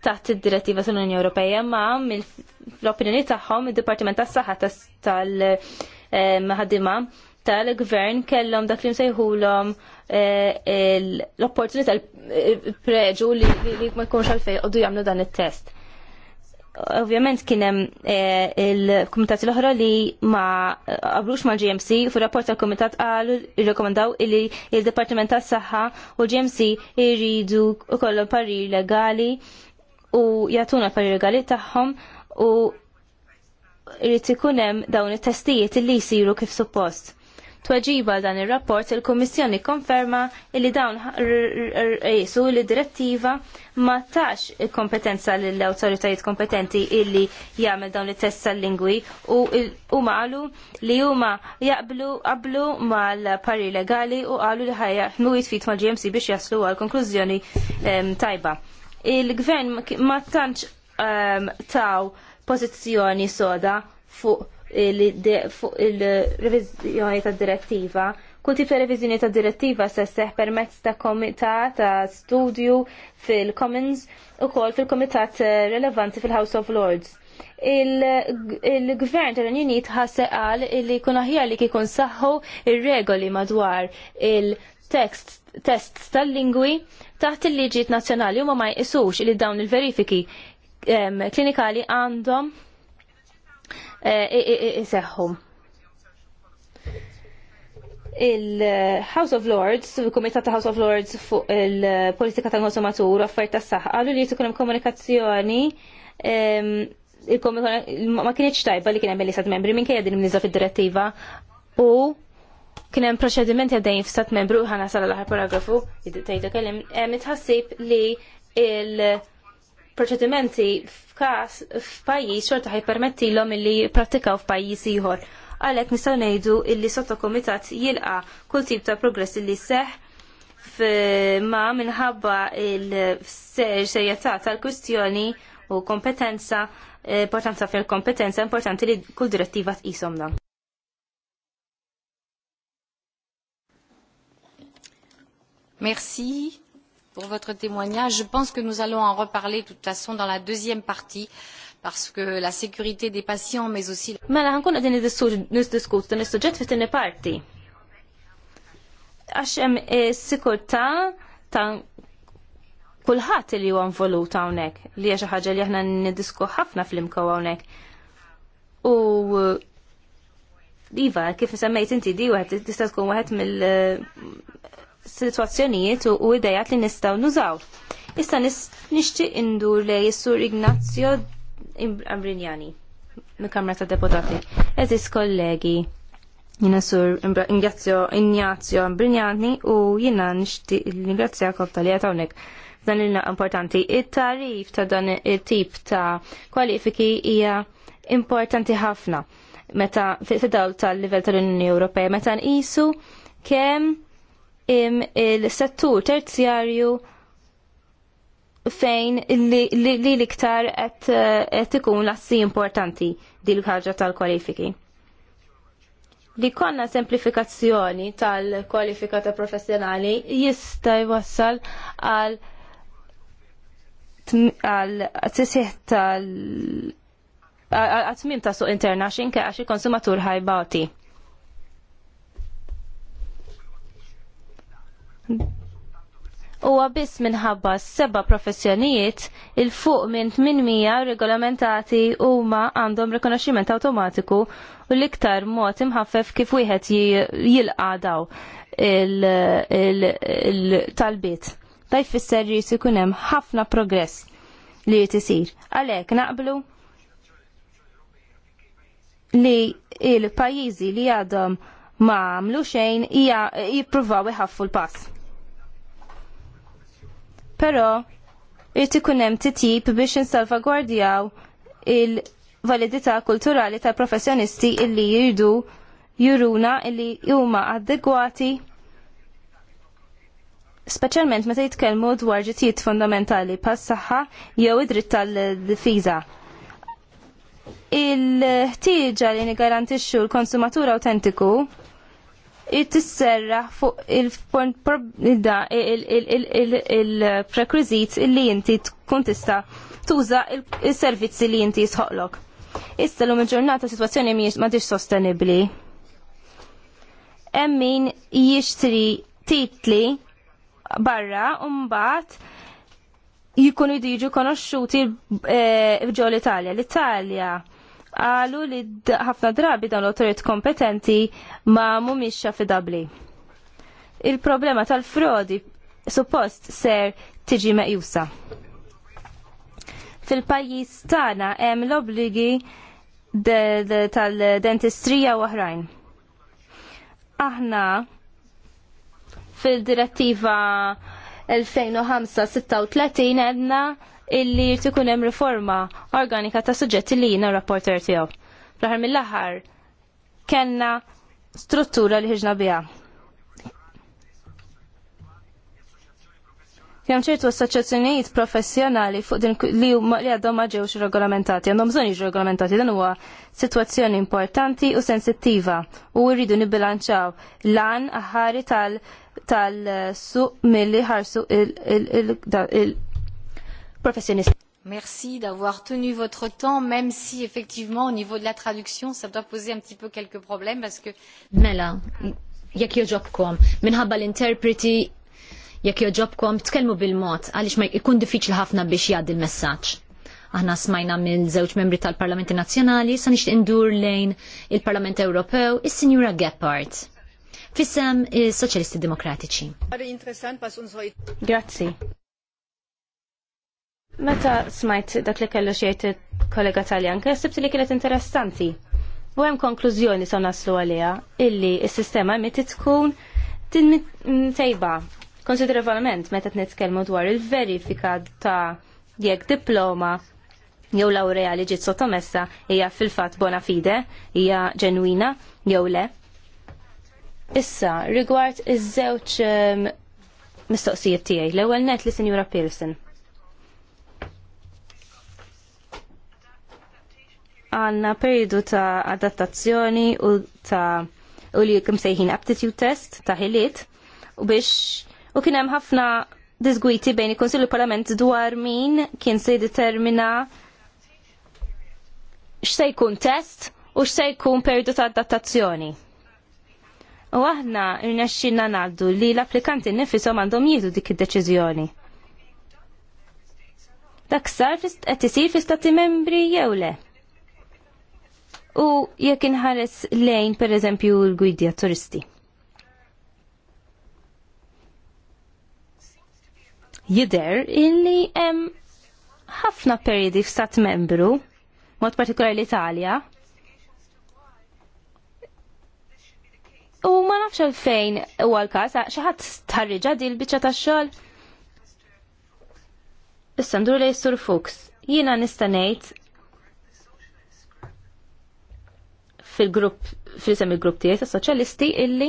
taħt id-direttiva tal-Unjoni Ewropea ma' mill-opinjoni tagħhom id-Dipartiment tas-Saħħa tal-ħaddiema tal-gvern kellhom dak li msejħulhom eh, l-opportunità l-preġu li ma jkunx għalfejn qogħdu jagħmlu dan it-test. Ovvjament kien hemm eh, il-kumitati l-oħra li ma eh, qablux mal GMC fu rapport tal-kumitat qalu irrekomandaw li il-Dipartiment tas-Saħħa u GMC jridu kollu pari legali u jatuna parri legali tagħhom u jrid ikun hemm dawn it-testijiet li jsiru kif suppost tweġiba dan ir-rapport il-Kummissjoni konferma li dawn qisu li direttiva ma tax kompetenza lill awtoritajiet kompetenti illi jagħmel dawn it-test tal-lingwi u huma qalu li huma jaqblu qablu mal parri legali u qalu li ħajjaħnu jitfit mal-GMC biex jaslu għal konklużjoni tajba. Il-gvern ma tantx taw pożizzjoni soda fuq il-revizjoni ta' direttiva. Kull tip ta' revizjoni ta' direttiva se seħ permezz ta' komitat ta' studju fil-Commons u kol fil-komitat eh, relevanti fil-House of Lords. Il-gvern il tal Unit ħasse qal li kun aħjar li kikun saħħu ir-regoli madwar il text tests tal-lingwi taħt il-liġijiet nazzjonali u ma ma jqisux li dawn il-verifiki klinikali għandhom Eh, iseħħum. Il-House of Lords, il-Komitat ta' House of Lords fuq il-Politika tal-Konsumatur, affarijiet tas-saħħa, għallu li jrid hemm komunikazzjoni ma kienieċ tajba li kien hemm l-istat membri minn kejja din imniża fid-direttiva u kien hemm proċedimenti għaddejn f'stat membru ħana sal l-aħħar paragrafu jgħidu kellim hemm itħassib li il- proċedimenti f'kas f'pajjiż xorta l-om illi jippratikaw f'pajjiż ieħor. Għalhekk nistgħu ngħidu illi komitat jilqa' kull tip ta' progress illi seħ ma minħabba il-serjetà tal-kwistjoni u kompetenza, importanza fil-kompetenza, importanti li kull direttiva tqishom dan.
Merci pour votre témoignage. Je pense que nous allons en reparler de toute façon dans la deuxième partie parce que la sécurité des patients mais aussi
Mela ħankun qegħdin niddiskutu dan is-suġġett fit-tieni parti. Għax hemm eh, sikurtà ta' kulħadd li huwa involut hawnhekk li hija xi ħaġa li aħna niddisku ħafna fl-imkow hawnhekk. U eh, Iva, kif semmejt inti di wieħed tista' tkun waħed mill situazzjonijiet u idejat li nistaw nużaw. Issa nixtieq indur lej is-sur Ignazio Ambrignani mill-Kamra ta' Deputati. Eżis kollegi, jina sur Ignazio Ambrignani u jina nixtieq ningrazzjakom tal-li hawnhekk dan il importanti. Il-tarif ta' dan il-tip ta' kwalifiki hija importanti ħafna meta fil dawl tal-livell tal-Unjoni Ewropea meta nqisu kemm il-settur terzjarju fejn li l-iktar qed ikun lassi importanti dil ħaġa tal-kwalifiki. Li konna semplifikazzjoni tal kwalifikata professjonali jista' jwassal għal għal tisħiħ tal għal ta' suq internaxin għax il-konsumatur ħajbati. Huwa biss minħabba seba' professjonijiet il fuq minn 800 regolamentati huma għandhom rikonoxximent awtomatiku u l-iktar mod imħaffef kif wieħed jilqa il-talbiet. Da jfisser li jkun hemm ħafna progress li jrid isir. Għalhekk naqblu li il-pajjiżi li għadhom ma għamlu xejn hija jippruvaw iħaffu l-pass però jrid ikun hemm titjib biex insalvagwardjaw il-validità kulturali tal professjonisti illi jridu juruna illi huma adegwati speċjalment meta jitkellmu dwar ġitijiet fundamentali pas saħħa jew id-dritt tal-difiża. Il-ħtieġa li nigarantixxu l-konsumatur awtentiku tisserraħ fuq il-prequisit li inti tkun tista' tuża il-servizzi li inti jisħoqlok. Issa l-lum il-ġurnata situazzjoni mhijiex sostenibbli. Hemm min jixtri titli barra u mbagħad jikunu jiġu konoxxuti eh, ġol Italja. L-Italja qalu li ħafna drabi dawn l-autorit kompetenti ma mumiex dabli. Il-problema tal-frodi suppost ser tiġi meqjusa. Fil-pajjiż tagħna hemm l-obligi tal-dentistrija u oħrajn. Aħna fil-direttiva 2005-36 għedna illi jirtikun hemm riforma organika ta' suġġetti li jina rapporter tiegħu. Fl-aħħar mill-aħħar kellna struttura li ħiġna biha. Jam ċertu assoċjazzjonijiet professjonali fuq din li għadhom ma ġewx regolamentati, għandhom bżonn jiġu regolamentati, dan huwa sitwazzjoni importanti u sensittiva u rridu nibbilanċaw lan aħari tal-suq eh, milli ħarsu il
professionisti.
Merci d'avoir tenu votre temps, même si effectivement au niveau de la traduction, ça doit poser un petit peu quelques problèmes parce que.
Mela, jekk joġobkom, minħabba l-interpreti, jekk joġobkom, tkellmu bil-mod, għaliex ma jkun diffiċli ħafna biex jgħaddi l-messaġġ. Aħna smajna minn żewġ membri tal-Parlamenti Nazzjonali, sa nixtieq indur lejn il-Parlament Ewropew, is-Sinjura Gephardt. Fissem is-Soċjalisti Demokratiċi. Grazzi.
Meta smajt dak li kellu xejt kollega Taljan, kħessibt li kienet interessanti. U hemm konklużjoni sa naslu għaliha illi s-sistema meti tkun din tejba. Konsiderevolment meta nitkellmu dwar il-verifika ta' jekk diploma jew laurea li ġiet sottomessa hija fil-fatt bona fide, hija ġenwina jew le. Issa, rigward iż-żewġ ehm, mistoqsijiet tiegħi, l-ewwel net li Sinjura Pearson. għanna periodu ta' adattazzjoni u ta' u li kim sejħin aptitude test ta' ħiliet u biex u kien hemm ħafna disgwiti bejn il-Konsilju Parlament dwar min kien se determina x'se jkun test u x'se jkun periodu ta' adattazzjoni. U aħna rnexxinna ngħaddu li l-applikanti nifisom għandhom jieħdu dik id-deċiżjoni. Dak sar qed isir fi stati membri jew le u jekk inħares lejn pereżempju l-gwidja turisti. Jider illi hemm ħafna perjedi f'stat membru, mod partikolari l-Italja, U ma nafx għalfejn u għal-kas, xaħat tarriġa dil bicċa ta' xol. Issa ndur lej sur Fuchs, jina nistanejt fil-grupp fil-sem il-grupp tiegħi tas-soċjalisti illi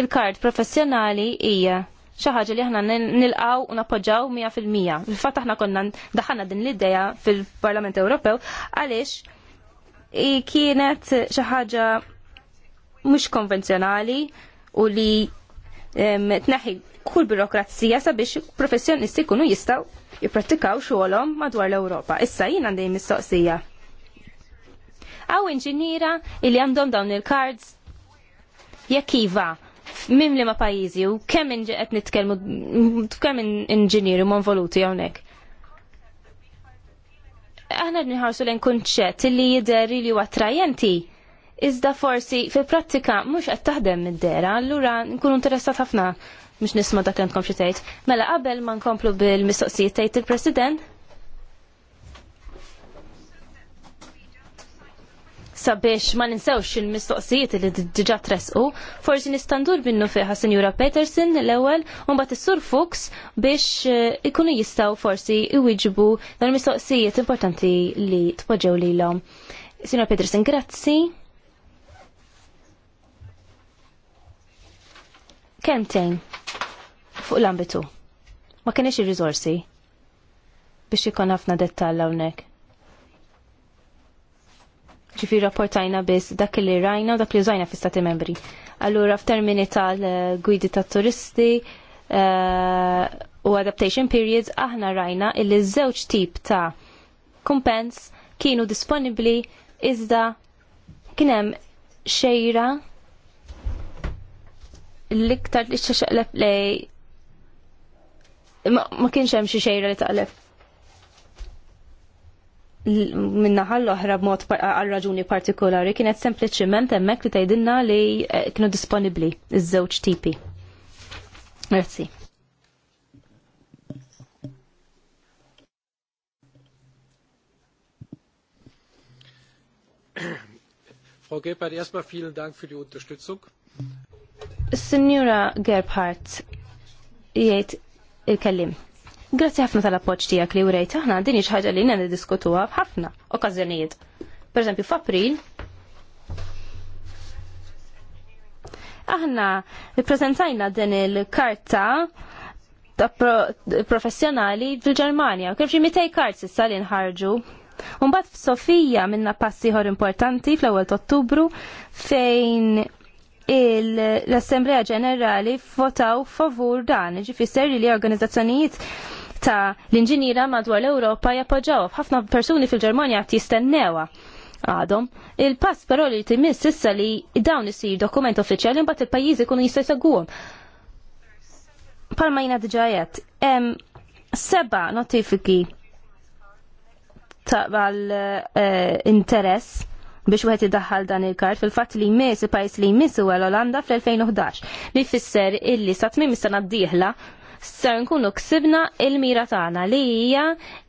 il-kard professjonali hija xi ħaġa li aħna nilqgħu u nappoġġaw 100%. Fil-fatt aħna konna daħħalna din l-idea fil-Parlament Ewropew għaliex kienet xi ħaġa mhux konvenzjonali u li tneħħi kull birokrazija sabiex professjonisti jkunu jistgħu jipprattikaw xogħolhom madwar l-Ewropa. Issa jien għandi mistoqsija għaw inġiniera illi għandhom dawn il-cards jekk iva li liema pajjiżi u kemm qed nitkellmu kemm inġinieri ma involuti hawnhekk. Aħna nħarsu l kunċett illi jidher li huwa attrajenti iżda forsi fil-prattika mhux qed taħdem mid-dera, allura nkunu interessat ħafna mhux nisma' dak li għandkom xi tgħid. Mela qabel ma nkomplu bil-mistoqsijiet tgħid il-President, sabiex ma ninsewx il-mistoqsijiet li diġa tresqu, forsi nistandur binnu fiħa Senjura Peterson l-ewel, unbat is-Sur Fuchs biex eh, ikunu jistaw forsi iwiġbu dan mistoqsijiet importanti li tpoġġew li l-om. Senjura Peterson, grazzi. Kemtejn fuq l-ambitu. Ma kienx ir-rizorsi biex ikon ħafna dettall hawnhekk ġifir rapportajna biss dak li rajna u dak li użajna fi stati membri. Allura f'termini tal-gwidi ta' turisti uh, u adaptation periods aħna rajna illi żewġ tip ta' kumpens kienu disponibli iżda kien hemm xejra l-iktar li xaxaqleb lej ma kienx hemm xi xejra li taqleb minnaħal l-oħra b'mod għal raġuni partikolari kienet sempliċiment emmek li tajdinna li eh, kienu disponibli iż-żewġ tipi. Merci.
Frau Gebhardt, erstmal vielen Dank für die Unterstützung.
Signora Gebhardt, jgħid il-kellim. Grazzi ħafna tal-appoġġ tiegħek li urejt. aħna din hija ħaġa li jiena ħafna f'ħafna okkażjonijiet. Pereżempju f'April aħna prezentajna din il-karta ta' professjonali fil-Ġermanja, kif ġi mitej kart issa li nħarġu. Mbagħad f'Sofija minna pass ieħor importanti fl-ewwel Ottubru fejn l-Assembleja Ġenerali votaw favur dan, ġifisser li organizzazzjonijiet ta' l-inġiniera madwar l-Ewropa jappoġġaw. Ħafna persuni fil-Ġermanja qed jistennewa għadhom. Il-pass però li timiss issa li dawn isir dokument uffiċjali mbagħad il-pajjiżi jkunu jista' jseguhom. Palma jina diġajet, hemm seba notifiki ta' eh, interess biex wieħed idaħħal dan il-kart fil-fatt li jmiss il-pajjiż li jmiss huwa l-Olanda fl-2011 li jfisser illi sa tmiem issa ngħaddieħla d-dieħla ser nkunu ksibna il-mira tagħna li hija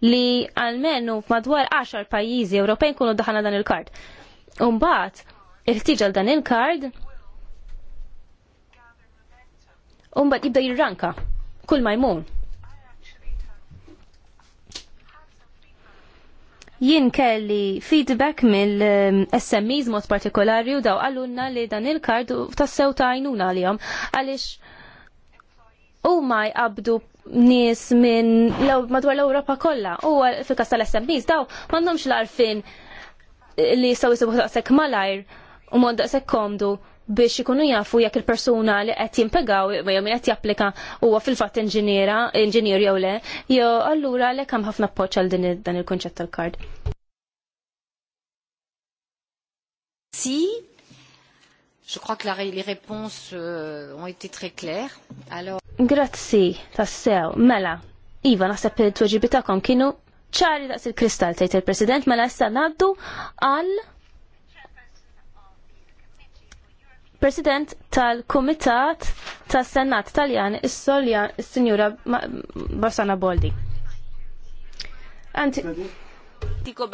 li għalmenu madwar 10 pajjiżi Ewropej nkunu daħna dan il-kard. Umbagħad il-ħtiġa dan il-kard Umbagħad jibda jirranka kull ma jmur. jien kelli feedback mill-SMEs mod partikolari u daw għallunna li dan il-kard tassew ta' għajnuna għalihom għaliex huma jqabdu nies minn madwar l-Ewropa kollha u fil-każ tal-SMBs daw m'għandhomx l-arfin li jistgħu jisibu daqshekk malajr u mod daqshekk komdu biex ikunu jafu jekk il-persuna li qed jimpegaw jew min qed japplika huwa fil-fatt inġiniera, inġinier jew le, jew allura lek hemm ħafna appoġġ għal dan il-kunċett tal-kard.
Si Je crois que la, les réponses euh, ont été très claires. Alors...
Grazzi, tassew, mela. Iva, naħseb il-tweġibitakom kienu ċari daqs il-kristall, tajt il-President, mela issa naddu għal President tal komitat tas-Senat Taljan is-Solja is-Sinjura Barsana Boldi. Anti. Tiko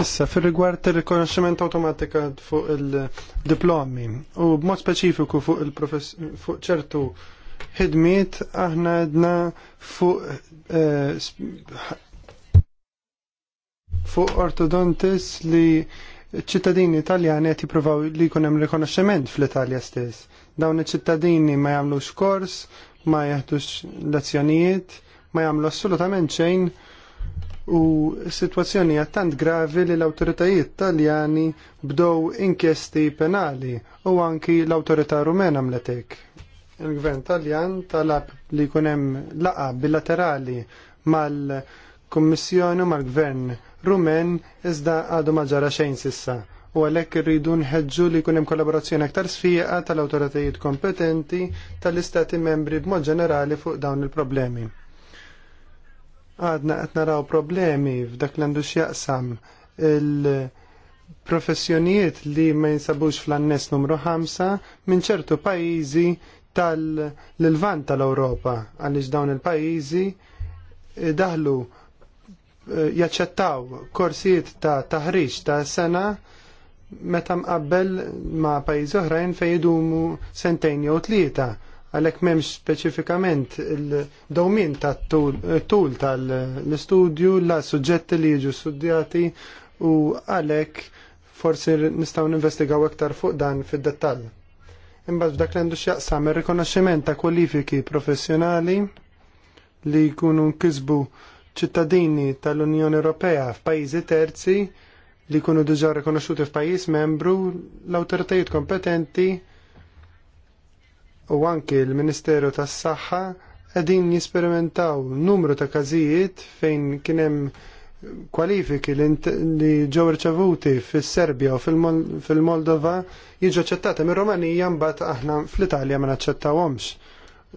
Issa, fil rigward il-rikonoxximent automatika fuq il-diplomi u b'mod speċifiku fuq fuq ċertu ħidmiet aħna għedna fuq eh, fuq ortodontis li ċittadini italjani qed jippruvaw li jkun hemm rikonoxximent fl-Italja stess. Dawn iċ-ċittadini ma jagħmlux kors, ma jaħdux lezzjonijiet, ma jagħmlu assolutament xejn u situazzjoni tant gravi li l-autoritajiet taljani bdow inkjesti penali u anki l-autorità rumena mletek. Il-gvern taljan talab li kunem laqa bilaterali mal-Kommissjoni mal-Gvern rumen iżda għadu maġara xejn sissa u għalhekk irridu nħeġġu li jkun hemm kollaborazzjoni aktar sfija tal-awtoritajiet kompetenti tal-istati membri b'mod ġenerali fuq dawn il-problemi għadna qed naraw problemi f'dak li għandu x'jaqsam il-professjonijiet li ma jinsabux fl-annes numru 5 minn ċertu pajjiżi tal-lvant tal-Ewropa għaliex dawn il-pajjiżi daħlu eh, jaċċettaw korsijiet ta' taħriġ ta' sena meta mqabbel ma' pajjiżi oħrajn fejn idumu sentejn jew tlieta għalhekk m'hemmx speċifikament il domin tat-tul tal-istudju la suġġetti li jiġu studjati u għalhekk forsi nistgħu ninvestigaw iktar fuq dan fid-dettall. Imbaz b'dak li għandu x'jaqsam ir-rikonoxximent ta' kwalifiki professjonali li jkunu nkisbu ċittadini tal-Unjoni Ewropea f'pajjiżi terzi li jkunu diġà rikonoxxuti f'pajjiż membru l-awtoritajiet kompetenti u anki l-Ministeru tas-Saħħa qegħdin jisperimentaw numru ta' każijiet fejn kien hemm kwalifiki li ġew irċevuti fis-Serbja u fil-Moldova jiġu aċċettati mir-Romanija mbagħad aħna fl-Italja ma naċċettawhomx.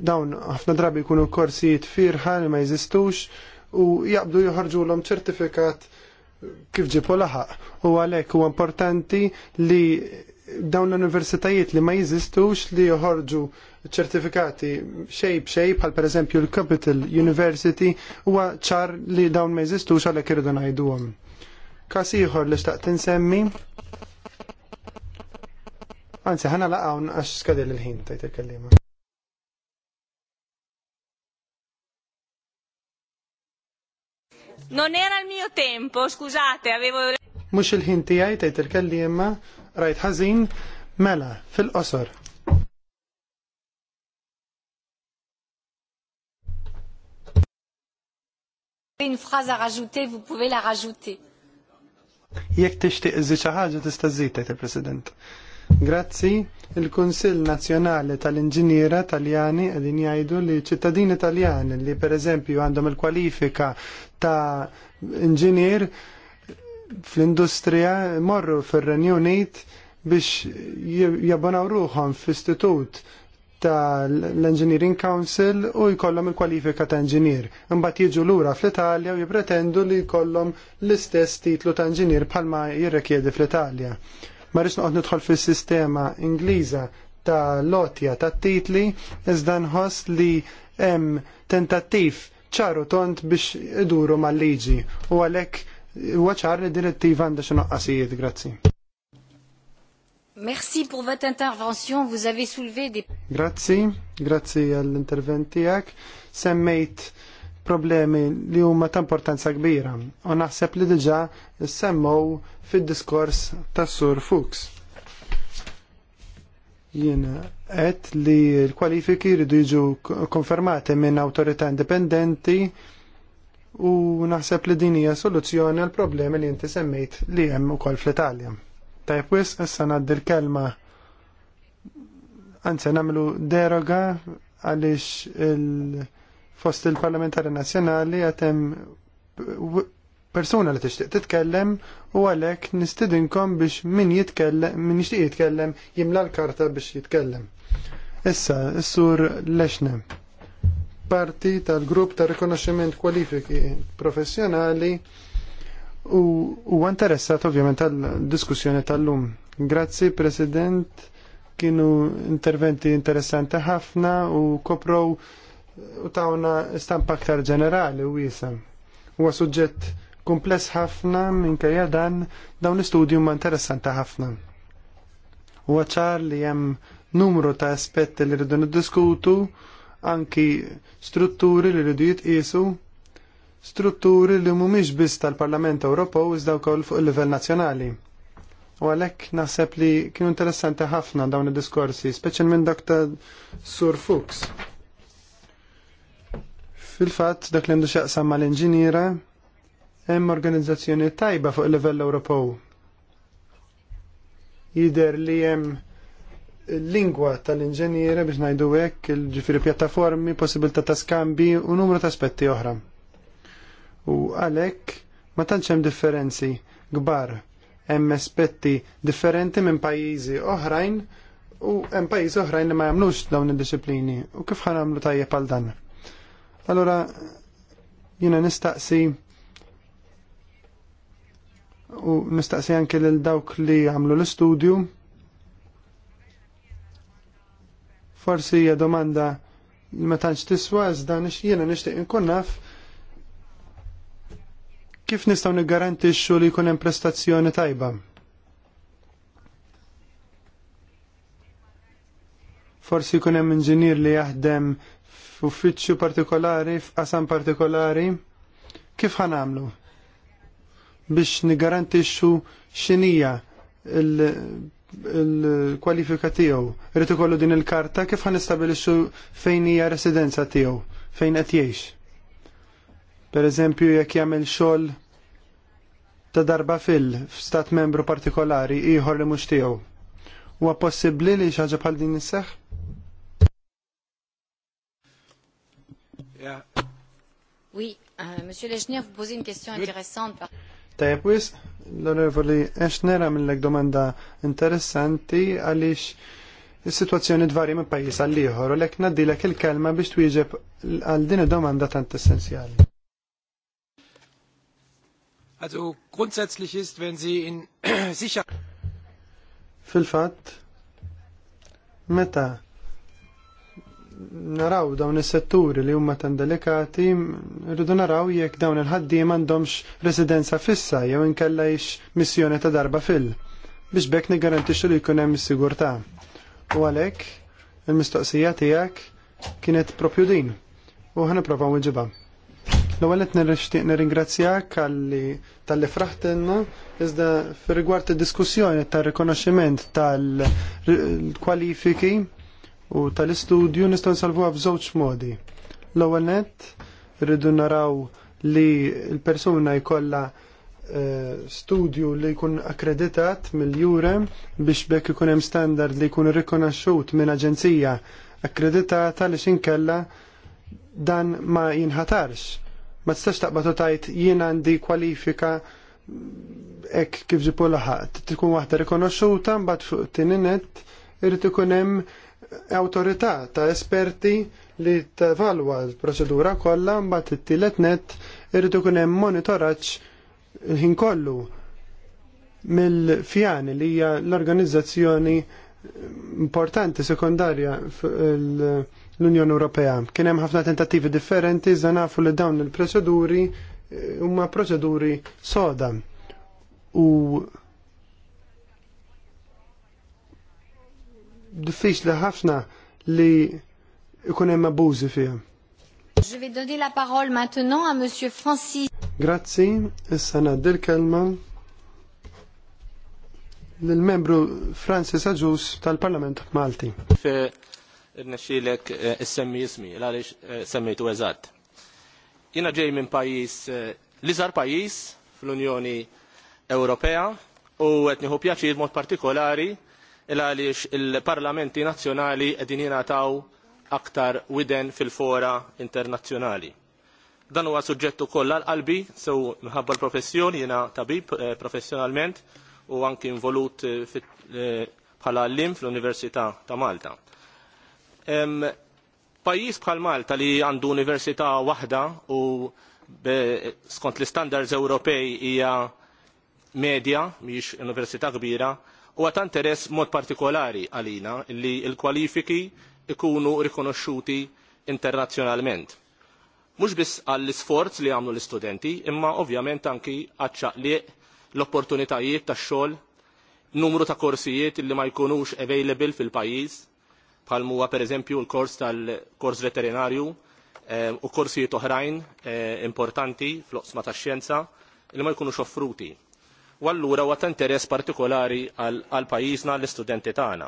Dawn ħafna drabi jkunu korsijiet firħa li ma jeżistux u jaqbdu joħorġulhom ċertifikat kif ġipu laħaq. U għalhekk huwa importanti li dawn l-universitajiet li ma jizistux li joħorġu ċertifikati xej b'xej bħal per eżempju l-Capital University huwa ċar li dawn ma jizistux għalhekk irridu ngħiduhom. Każ ieħor li xtaqt insemmi Anzi, ħana laqawn għax skadil il-ħin tajt il-kellima.
Non era il mio tempo, scusate, avevo...
Mux il-ħin tijaj tajt il-kellima, rajt ħażin, mela fil-qosor.
Une phrase à rajouter, vous pouvez la rajouter.
Jekk tixtieq iżid xi ħaġa tista' żidek il-President. Grazzi, il-Kunsill Nazzjonali tal-Inġiniera Taljani qegħdin jgħidu li ċittadini Taljani li pereżempju għandhom il-kwalifika ta' inġinier fl-industrija morru fir-Renju Unit biex jabbonaw ruħom fl ta' l-Engineering Council u jkollhom il-kwalifika ta' inġinier. Imbagħad jiġu lura fl-Italja u jipretendu li jkollhom l-istess titlu ta' inġinier bħalma jirrekjedi fl-Italja. Ma rridx noqgħod nidħol fis-sistema Ingliża ta' lotja ta' titli iżda nħoss li hemm tentattiv ċaru tont biex iduru mal-liġi u għalhekk Waċar li direttiva għandha xi noqqasijiet, grazzi.
Merci pour votre intervention, vous avez soulevé des...
Grazzi, grazie għall-intervent tiegħek. Semmejt problemi li huma ta' importanza kbira u naħseb li diġà semmow fid-diskors tas Sur Fuchs. Jiena qed li l-kwalifiki jridu jiġu konfermati minn awtorità indipendenti u naħseb li din hija soluzzjoni għal problemi li inti semmejt li hemm ukoll fl-Italja. Tajb wis issa ngħaddi l-kelma anzi nagħmlu deroga għaliex il fost il-parlamentari nazzjonali qed hemm persuna li tixtieq titkellem u għalhekk nistidinkom biex min jitkellem min jixtieq jitkellem jimla l-karta biex jitkellem. Issa, s-sur Lexnem parti tal-grupp ta' rikonoxximent kwalifiki professjonali u huwa interessat ovvjament tal-diskussjoni tal-lum. Grazzi President, kienu interventi interessanti ħafna u koprow u tawna stampa aktar ġenerali u jisa. Huwa suġġett kumpless ħafna minkejja dan dawn l-istudju ma interessanti ħafna. Huwa ċar li hemm numru ta' aspetti li rridu niddiskutu anki strutturi li rridu jitqisu, strutturi li mhumiex biss tal-Parlament Ewropew iżda wkoll fuq il-livell nazzjonali. U għalhekk naħseb li kienu interessanti ħafna dawn id-diskorsi, speċjalment dak ta' Sur Fuchs. Fil-fatt dak li għandu xaqsam mal-inġiniera hemm organizzazzjoni tajba fuq il-livell Ewropew. Jider li hemm il-lingwa tal inġenjera biex najdu hekk il pjattaformi, possibilità ta' skambi u numru ta' aspetti oħra. U għalhekk ma tantx hemm differenzi kbar hemm aspetti differenti minn pajjiżi oħrajn u hemm pajjiżi oħrajn li ma jagħmlux dawn id-disciplini u kif ħan għamlu tajjeb għal dan. Allura jiena nistaqsi u nistaqsi anke lil dawk li għamlu l-istudju Forsi hija domanda li ma tantx tiswa iżda jiena nixtieq inkun naf kif nistgħu niggarantixxu li jkun hemm prestazzjoni tajba. Forsi jkun hemm inġinier li jaħdem f'uffiċċju partikolari, f'qasam partikolari, kif ħanamlu? biex nigarantixxu x'inija il-kwalifika tiegħu. Irid ikollu din il-karta kif istabilixu fejn hija residenza tiegħu, fejn qed jgħix. Pereżempju jekk jagħmel xogħol ta' darba fil f'stat membru partikolari iħor li mhux tiegħu. Huwa possibbli li xaġa ħaġa bħal din isseħħ?
Oui, euh, Monsieur Lechner, vous posez une question intéressante.
Tajab, l-onorevoli mill għamillek domanda interessanti għalix il-situazzjoni tvarja minn pajis għal ieħor u l-ek naddilek il-kelma biex twieġeb għal din id-domanda tant essenzjali.
Also grundsätzlich ist, wenn Sie in
sicher fil fat meta naraw dawn is-setturi li huma tan delikati, rridu naraw jekk dawn il-ħaddiem għandhomx residenza fissa jew inkella jiex missjoni ta' darba fil biex bekk nigarantixxu li jkun hemm is-sigurtà. U għalhekk il-mistoqsija tiegħek kienet propju din u ħanipprova nwiġibha. L-ewwel qed nirrixtieq nirringrazzjak għalli tal-li iżda fir-rigward id-diskussjoni tar-rikonoxximent tal-kwalifiki u tal-istudju nistgħu nsalvuha f'żewġ modi. L-ewwel nett irridu naraw li l-persuna jkollha eh, studju li jkun akkreditat mill-jurem biex bekk ikun hemm standard li jkun rikonoxxut minn aġenzija akkreditata li xinkella dan ma jinħatarx. Ma tistax taqbad tajt jien għandi kwalifika ek kif ġipu laħat. Tkun waħda rikonoxxuta mbagħad fuq tininet irid ikun hemm awtorità ta' esperti li tevalwa l-proċedura kollha mbagħad it-tielet net irridu ikun hemm monitoraġġ il-ħin kollu mill-fjan li hija l-organizzazzjoni importanti sekundarja l-Unjoni Ewropea. Kien hemm ħafna tentattivi differenti iżda nafu li dawn il-proċeduri huma proċeduri soda u diffiċli ħafna li ikun hemm abużi fiha.
Je vais donner la parole maintenant à monsieur Francis.
Grazzi, issa ngħaddi l-kelma lill-membru Francis Aġus tal-Parlament Malti.
Irnexxilek eh, issemmi jismi, għaliex eh, semmejtu eżatt. Jiena ġej minn pajjiż eh, l-iżgħar pajjiż fl-Unjoni Ewropea u qed nieħu pjaċir mod partikolari il għaliex il-parlamenti nazzjonali qegħdin jingħataw aktar widen fil-fora internazzjonali. Dan huwa suġġett ukoll għal qalbi sew minħabba l-professjoni jiena tabib eh, professjonalment u anki involut eh, eh, bħala allim fl-Università ta' Malta. Pajjiż bħal Malta li għandu università waħda u skont l-standards Ewropej hija medja, mhijiex università kbira, Huwa ta' interess mod partikolari għalina li l-kwalifiki ikunu rikonoxxuti internazzjonalment. Mhux biss għall-isforz li għamlu l-istudenti, imma ovvjament anki għaċċaqliq l-opportunitajiet tax-xogħol, numru ta' korsijiet li ma jkunux available fil-pajjiż, bħal huwa pereżempju l-kors tal-kors veterinarju e, u korsijiet oħrajn e, importanti fl-oqsma tax-xjenza li ma jkunux offruti u allura huwa ta' interess partikolari għal pajjiżna l-istudenti tagħna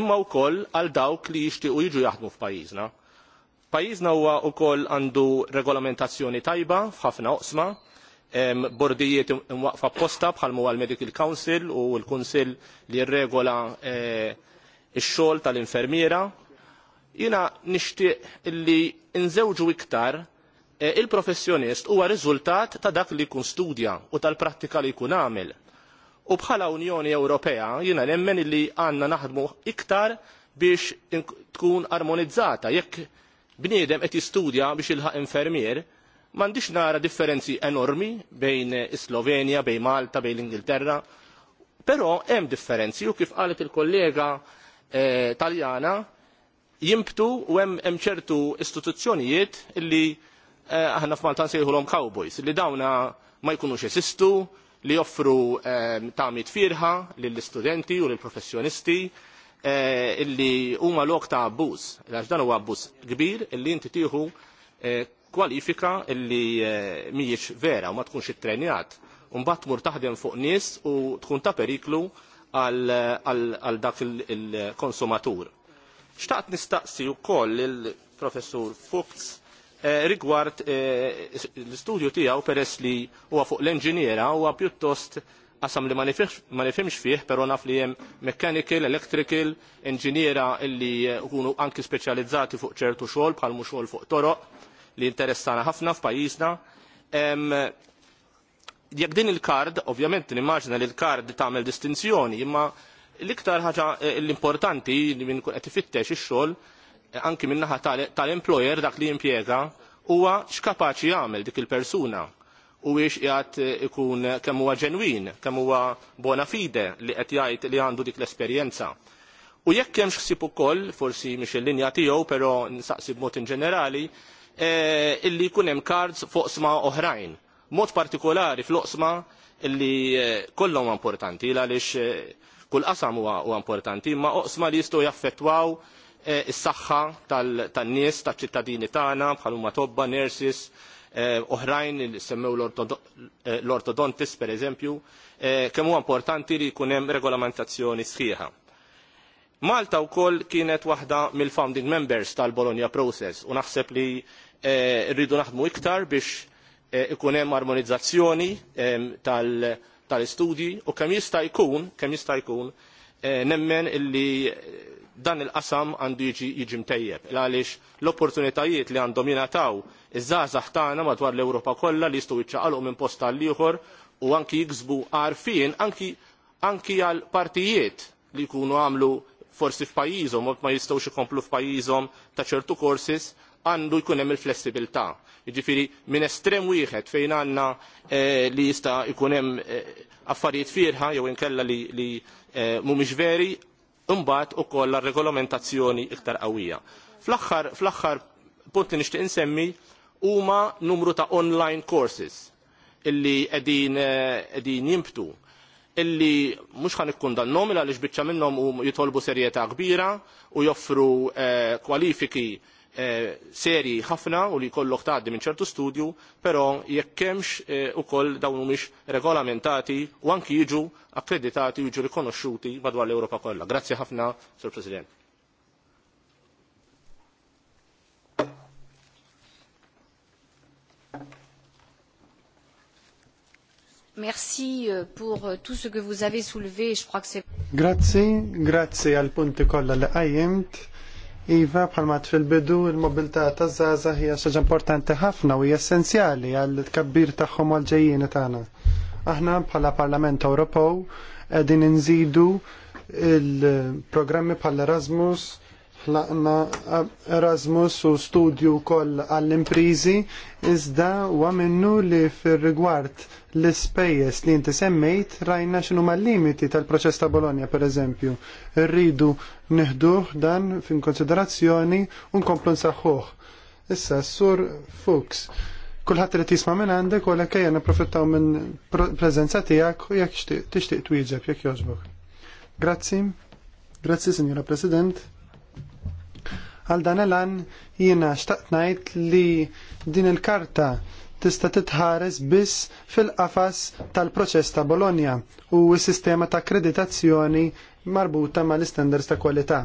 imma wkoll għal dawk li jixtiequ jiġu jaħdmu f'pajjiżna. Pajjiżna huwa wkoll għandu regolamentazzjoni tajba f'ħafna oqsma, bordijiet imwaqfa posta bħal huwa l-Medical Council u l-Kunsill li jirregola e, ix-xogħol tal-infermiera. Jiena nixtieq illi nżewġu iktar E il-professjonist huwa riżultat ta' dak li jkun studja u tal-prattika li jkun għamel. U bħala Unjoni Ewropea jiena nemmen li għandna naħdmu iktar biex tkun armonizzata jekk bniedem qed jistudja biex ilħaq infermier m'għandix nara differenzi enormi bejn Slovenja, bejn Malta, bejn l-Ingilterra, però hemm differenzi u kif qalet il-kollega eh, Taljana jimptu u hemm ċertu istituzzjonijiet li Eh, aħna f'Malta nsejħulhom cowboys li dawna ma jkunux esistu li joffru ehm, tamit firħa lill-istudenti u lill-professjonisti eh, illi huma lok ta' abbuż għax dan huwa abbuż kbir illi inti tieħu eh, kwalifika illi mhijiex vera u ma tkunx ittrenjat u mbagħad tmur taħdem fuq nies u tkun ta' periklu għal dak il-konsumatur. Xtaqt nistaqsi wkoll il-professur Fuchs Eh, rigward eh, l-istudju tiegħu peress li huwa fuq l-inġiniera huwa pjuttost qasam li ma nifimx fih, però naf li hemm mechanical, electrical, inġiniera illi eh, jkunu anki speċjalizzati fuq ċertu xogħol bħal mux xogħol fuq toroq li interessana ħafna f'pajjiżna. Jekk din il-kard, ovvjament nimmaġna li l-kard tagħmel distinzjoni, imma l-iktar ħaġa l-importanti li minn qed ifittex ix-xogħol anki min-naħa tal-employer dak li jimpjega huwa x'kapaċi jagħmel dik il-persuna u biex jgħat ikun kemm huwa ġenwin, kemm huwa bona fide li qed jgħid li għandu dik l-esperjenza. U jekk hemm xsib ukoll, forsi mhix il-linja tiegħu, però nsaqsi b'mod inġenerali, e, illi jkun hemm cards foqsma oħrajn. Mod partikolari fl-oqsma illi e, kollhom importanti għaliex e, kull qasam huwa importanti, imma oqsma li jistgħu jaffettwaw Eh, is-saħħa tan-nies taċ-ċittadini tagħna bħal huma tobba, nurses, eh, oħrajn li semmew eh, l-ortodontis pereżempju, kemm huwa importanti li jkun hemm regolamentazzjoni sħiħa. Malta wkoll kienet waħda mill-founding members tal-Bologna Process u naħseb li rridu naħdmu iktar biex ikun hemm armonizzazzjoni tal-istudji u kemm jista' jkun kemm jista' jkun nemmen illi dan il-qasam għandu jiġi jiġi mtejjeb għaliex l-opportunitajiet li għandhom jingħataw iż żazax tagħna madwar l-Ewropa kollha li jistgħu jiċċaqalqu minn post għal ieħor u anki jiksbu għarfien anki anki għal partijiet li jkunu għamlu forsi f'pajjiżhom u ma jistgħux ikomplu f'pajjiżhom ta' ċertu courses għandu jkun hemm il-flessibilità. Jiġifieri minn estrem wieħed fejn għandna eh, li jista' jkun hemm eh, affarijiet fierħa jew inkella li, li eh, mhumiex veri imbagħad ukoll regolamentazzjoni iktar qawwija. Fl-aħħar punt li nixtieq insemmi huma numru ta' online courses illi qegħdin eh, qegħdin jimbtu illi mhux ħan nomina għaliex biċċa minnhom jitolbu serjetà kbira u joffru eh, kwalifiki Eh, seri ħafna u li kollok taħdi minn ċertu studju, però jekk eh, u koll dawn mhumiex regolamentati u anki jiġu akkreditati u jiġu rikonoxxuti madwar l europa kolla. Grazie ħafna, Sur President.
Merci euh, pour euh, tout ce que vous avez soulevé. Je crois que c'est.
Grazie, grazie al Ponte Colla, li qajjimt Iva, bħalma fil-bidu, il-mobilità ta' zaza hija xaġa importanti ħafna u hija essenzjali għall tkabbir tagħhom għal ġejjien tagħna. Aħna bħala Parlament Ewropew qegħdin inżidu il-programmi bħal Erasmus ħlaqna Erasmus u studju koll għall-imprizi, iżda huwa minnu li fir-rigward l-ispejjeż li inti semmejt rajna x'inhu mal-limiti tal-proċess ta' Bologna pereżempju. Rridu nieħduh dan fin konsiderazzjoni u nkomplu nsaħħuh. Issa sur Fuchs. Kulħadd irid jisma' minn għandek u għalhekk ejja nipprofittaw minn prezenza tiegħek u jekk tixtieq twieġeb jekk jogħġbok. Grazzi. Grazzi, Signora President. Għal dan elan jiena xtaqt ngħid li din il-karta tista' titħares biss fil-qafas tal-proċess ta' Bologna u s-sistema ta' kreditazzjoni marbuta mal standards ta' kwalità.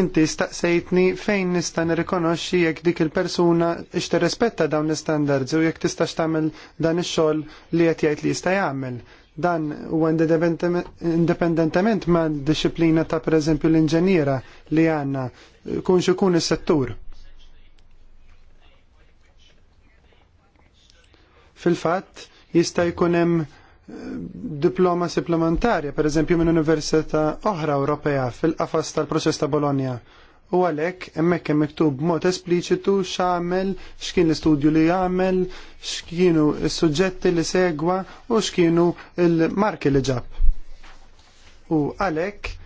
Inti staqsejtni fejn nista' nirrikonoxxi jekk dik il-persuna x rispetta dawn l-istandards u jekk tista' tagħmel dan ix-xogħol li qed jgħid li jista' jagħmel dan huwa indipendentement ma' disciplina ta' pereżempju l-inġeniera li għandna kun xikun is-settur. Fil-fatt jista' jkun hemm eh, diploma supplementarja, per eżempju minn università oħra Ewropea fil-qafas tal-proċess ta' Bologna. U għalhekk hemmhekk hemm miktub mod espliċitu x'għamel, x'kien l-istudju li għamel, x'kienu s-suġġetti li segwa u x'kienu l-marki li ġab. U għalhekk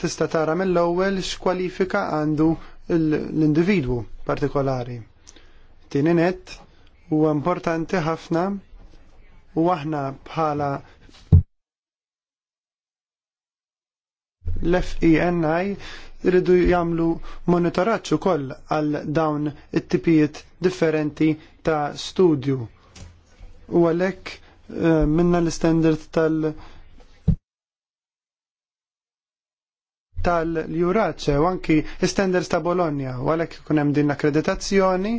tista' tara mill-ewwel x'kwalifika għandu l-individwu partikolari. Tieni nett huwa importanti ħafna u aħna bħala l-FENI rridu jagħmlu monitoraġġ ukoll għal dawn it-tipijiet differenti ta' studju. U għalhekk eh, minna l istandard tal- tal jurace u anki standards ta' Bologna u għalhekk ikun hemm din akkreditazzjoni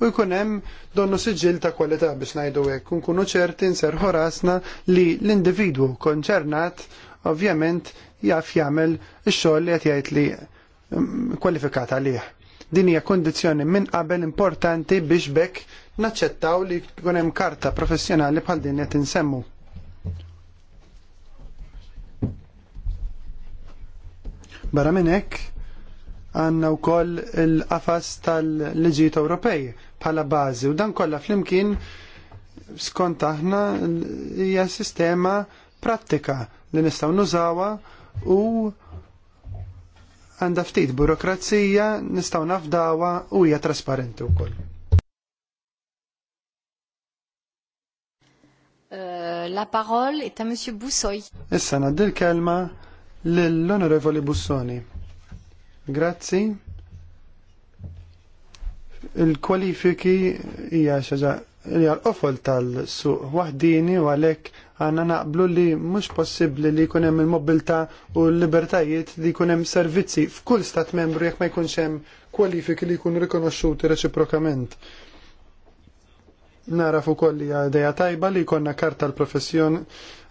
u jkun hemm donnu siġil ta' kwalità biex ngħidu għek, nkunu ċerti nserħu rasna li l-individwu konċernat ovvjament jaf jagħmel ix-xogħol li qed li mm, kwalifikat għalih. Din hija kondizjoni minn qabel importanti biex bekk naċċettaw li jkun hemm karta professjonali bħal din qed insemmu. Barra minn hekk għandna wkoll il-qafas tal-liġijiet Ewropej bħala bażi u dan kollha flimkien skont aħna hija sistema prattika li nistgħu nużawha u għandha ftit burokrazija nistgħu nafdawha u hija trasparenti wkoll.
Uh, la parole est à monsieur Boussoy.
Issa naddi l-kelma l-Onorevoli Bussoni. Grazzi. Il-kwalifiki hija xaġa hija l-qofol tal-suq waħdini u għalhekk għandna naqblu li mhux possibbli li jkun hemm il-mobilità u l-libertajiet li jkun hemm servizzi f'kull stat membru jekk ma jkunx hemm kwalifiki li jkunu rikonoxxuti reċiprokament. Naraf ukoll hija għadeja tajba li konna karta l-professjon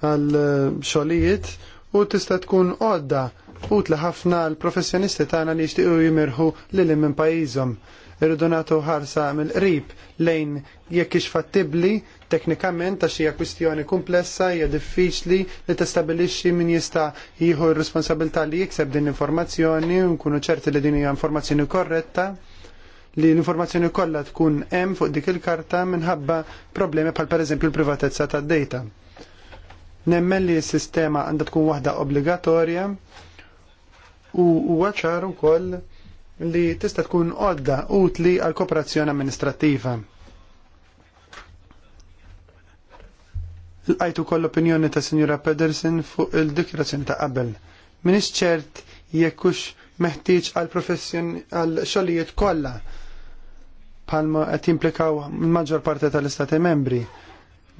għal xolijiet u tista' tkun għodda utla ħafna l-professjonisti tagħna li jixtiequ jimirħu lil minn pajjiżhom. Irridu nagħtu ħarsa mill-qrib lejn jekk ix fattibbli teknikament għax hija kwistjoni komplessa hija diffiċli li tistabilixxi min jista' jieħu r-responsabilità li jikseb din l-informazzjoni u nkunu ċerti li din hija informazzjoni korretta li l-informazzjoni kollha tkun hemm fuq dik il-karta minħabba problemi bħal pereżempju l-privatezza tad-data. Nemmen li s-sistema għandha tkun waħda obbligatorja u u ukoll li tista' tkun għodda utli għal kooperazzjoni amministrattiva. L-għajtu koll opinjoni ta' Sinjura Pedersen fuq il-dikrazzjoni ta' qabel. Minix ċert jekkux meħtieġ għal professjoni għal xogħlijiet kollha palma qed jimplikaw il-maġġor parti tal-istati membri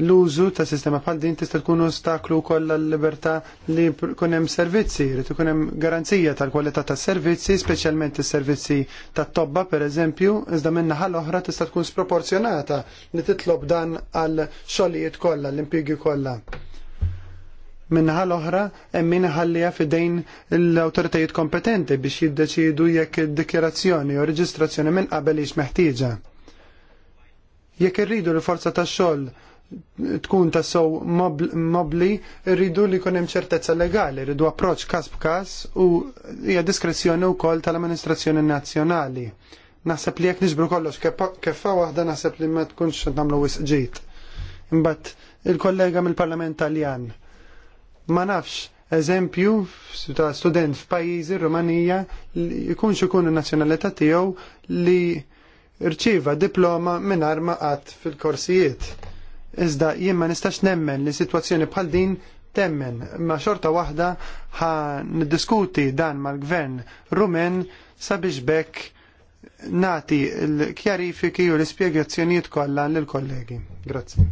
l-użu ta' sistema bħal din tista' tkun ostaklu wkoll għall-libertà li kun hemm servizzi, jrid ikun hemm garanzija tal-kwalità tas-servizzi, speċjalment is-servizzi tat-tobba pereżempju, iżda minna naħa l-oħra tista' tkun sproporzjonata li titlob dan għal xogħlijiet kollha, l impjiegi kollha. Minna naħa l-oħra hemm min ħallija f'idejn l-awtoritajiet kompetenti biex jiddeċidu jekk id-dikjerazzjoni u reġistrazzjoni minn qabel hix meħtieġa. Jekk irridu l-forza tax-xogħol tkun ta' sow mobli, rridu li jkun hemm ċertezza legali, rridu approċċ każ b'każ u hija diskrezzjoni wkoll tal-amministrazzjoni nazzjonali. Naħseb li jekk niġbru kollox keffa waħda naħseb li ma tkunx nagħmlu wisq Imbagħad il-kollega mill-Parlament Taljan ma nafx eżempju ta' student f'pajjiżi Rumanija li jkunx ikun in-nazzjonalità tiegħu li rċieva diploma mingħajr ma qatt fil-korsijiet. Iżda jien ma nistax nemmen li sitwazzjoni bħal din temmen ma xorta waħda ħa niddiskuti dan mal-gvern rumen sabiex bekk nati l-kjarifiki u l-ispiegazzjonijiet kollha lill-kollegi. Grazzi.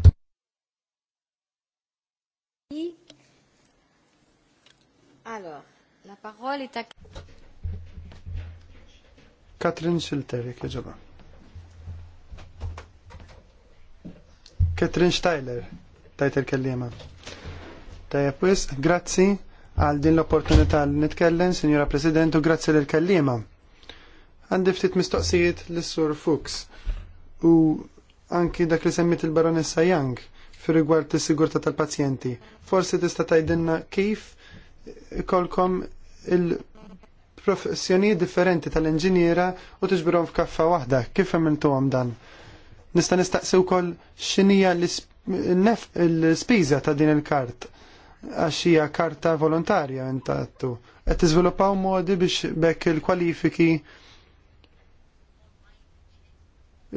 Allora, la parola
Katrin Schilterik, ġaba. Ketrin Steiler, tajt il-kellima. Tajab wis, grazzi għal din l-opportunità li nitkellem, Sinjora President, u grazzi l-kellima. Għandi ftit mistoqsijiet l-Sur Fuchs u anki dak li semmit il-Baronessa Young fir rigward is sigurta tal-pazjenti. Forsi tista' tgħidilna kif kolkom il- professjoni differenti tal-inġiniera u tiġbirhom f'kaffa waħda. Kif hemm dan? Nista' nistaqsi wkoll x'inhija l spiza ta' din il-kart għax hija karta volontarja intattu. Qed tiżviluppaw modi biex bekk il-kwalifiki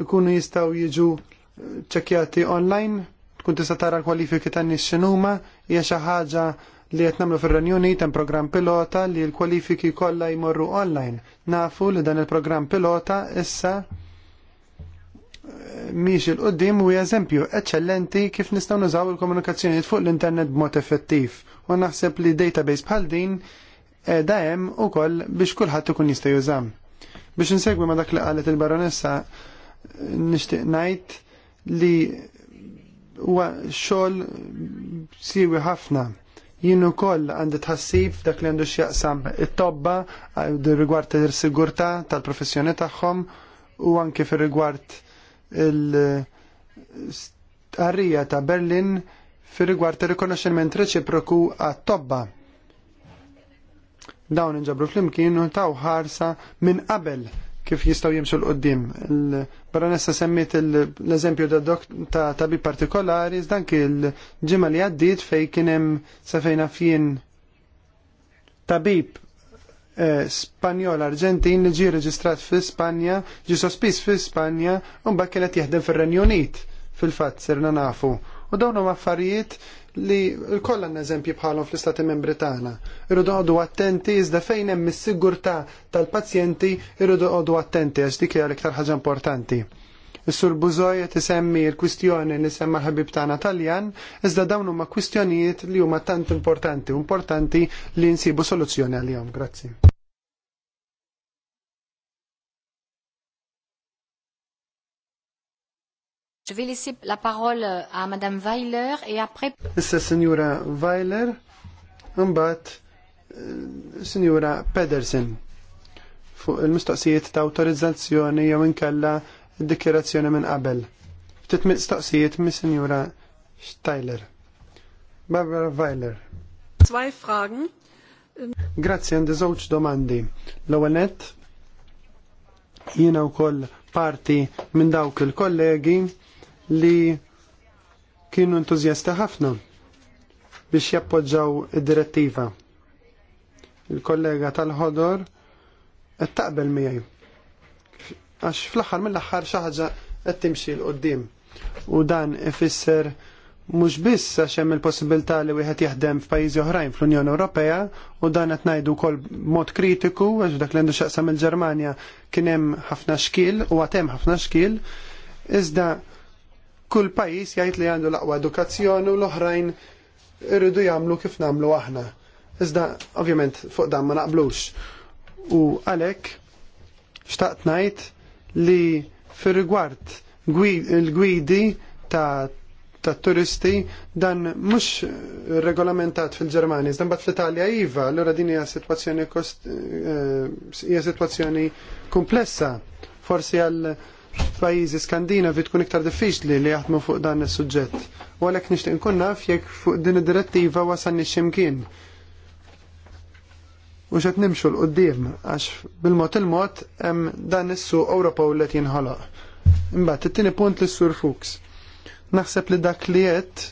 ikunu jistgħu jiġu ċekjati online, tkun tista' tara l-kwalifiki tan-nies x'inhuma, hija xi ħaġa li qed nagħmlu fir-Renjuni hemm programm pilota li l-kwalifiki kollha jmorru online. Nafu li dan il-programm pilota issa miex il-qoddim u eżempju eċċellenti kif nistaw nużaw il-komunikazzjoni fuq l-internet b'mod effettiv. U naħseb li database bħal din da hemm ukoll biex kulħadd ikun jista' jużam. Biex insegwi ma dak li qalet il-baronessa nixtieq ngħid li huwa xogħol siwi ħafna jien ukoll għandi tħassib dak li għandu x'jaqsam it-tobba rigward is sigurtà tal-professjoni tagħhom u anke fir-rigward il-arrija ta' Berlin fir rigward ta' rikonoxximent reċiproku għat-tobba. Dawn inġabru fl-imkien u taw ħarsa minn qabel kif jistaw jimxu l-qoddim. Baronessa semmit l-eżempju ta' dok ta' tabib partikolari, zdank il ġimma li għaddit fej kienem safejna fien tabib Eh, Spanjol Arġentin li ġie reġistrat fi Spanja, ġi sospiż fi Spanja, u mbagħad kienet jihdem fir-Renju Unit fil-fatt sirna nafu. U dawn huma affarijiet li kollha eżempji bħalhom fl-Istati Membri tagħna. Irridu għadu attenti iżda fejn hemm is-sigurtà tal-pazjenti irridu għadu attenti għax dik hija l-iktar ħaġa importanti. Is-sur Buzoj qed isemmi l-kwistjoni li semma ħabib tagħna Taljan, iżda dawn huma kwistjonijiet li huma tant importanti, u importanti li nsibu soluzzjoni għalihom. Grazzi.
Je vais laisser la parole à Madame Weiler et après...
Issa Signora Weiler, mbagħad eh, Signora Pedersen il-mistoqsijiet ta' autorizzazzjoni jew inkella id-dikjerazzjoni minn qabel. Ftit mistoqsijiet mis Sinjura Steiler. Barbara Weiler. Zwei Fragen. Grazzi, għandi żewġ domandi. L-ewwel nett jiena wkoll parti minn dawk il-kollegi li kienu entużjasti ħafna biex jappoġġaw id-direttiva. Il-kollega tal-ħodor qed taqbel miegħi għax fl-aħħar mill-aħħar xi ħaġa qed timxi l qoddim U dan ifisser mhux biss għax hemm il-possibilità li wieħed jaħdem f'pajjiżi oħrajn fl-Unjoni Ewropea u dan qed ngħidu wkoll mod kritiku għax dak li għandu x'aqsam il-Ġermanja kien hemm ħafna xkil u għad hemm ħafna xkil iżda kull pajjiż jgħid li għandu l-aqwa edukazzjoni u l-oħrajn irridu jagħmlu kif nagħmlu aħna. Iżda ovvjament fuq dan ma naqblux. U għalhekk xtaqt ngħid li fir-rigward il-gwidi ta' ta' turisti dan mhux regolamentat fil-Ġermani, iżda bat fl-Italja iva, allura din hija sitwazzjoni eh, hija sitwazzjoni komplessa. Forsi għal pajjiżi Skandinavi tkun iktar diffiċli li jaħdmu fuq dan is-suġġett. U għalhekk nixtieq nkun naf jekk fuq din id-direttiva wasalni x'imkien u xat nimxu l-qoddim għax bil-mod il-mod dan is Ewropa u l-let jinħoloq. Imbagħad it-tieni punt li sur Fuchs. Naħseb li dak li jett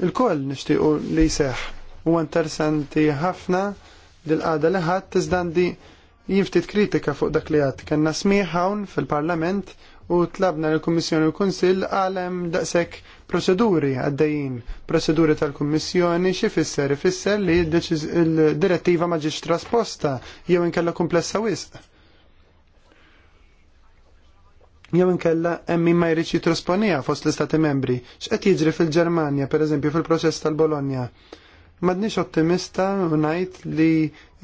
il-koll nixtiequ li jseħħ. U interessanti ħafna dil-qagħda li ħadd di jiftit kritika fuq dak li jett. Kenna smiħ hawn fil-Parlament u tlabna l-Kummissjoni u l-Kunsill għalem daqshekk proċeduri għaddejjin, proceduri tal-Kummissjoni xi fisser ifisser li l-direttiva ma ġiġ trasposta jew inkella komplessa wisq. Jew inkella hemm min ma jridx jitrosponija fost l-Istati membri. X'qed jiġri fil-Ġermanja, pereżempju fil-proċess tal-Bologna. Madniex ottimista ngħid li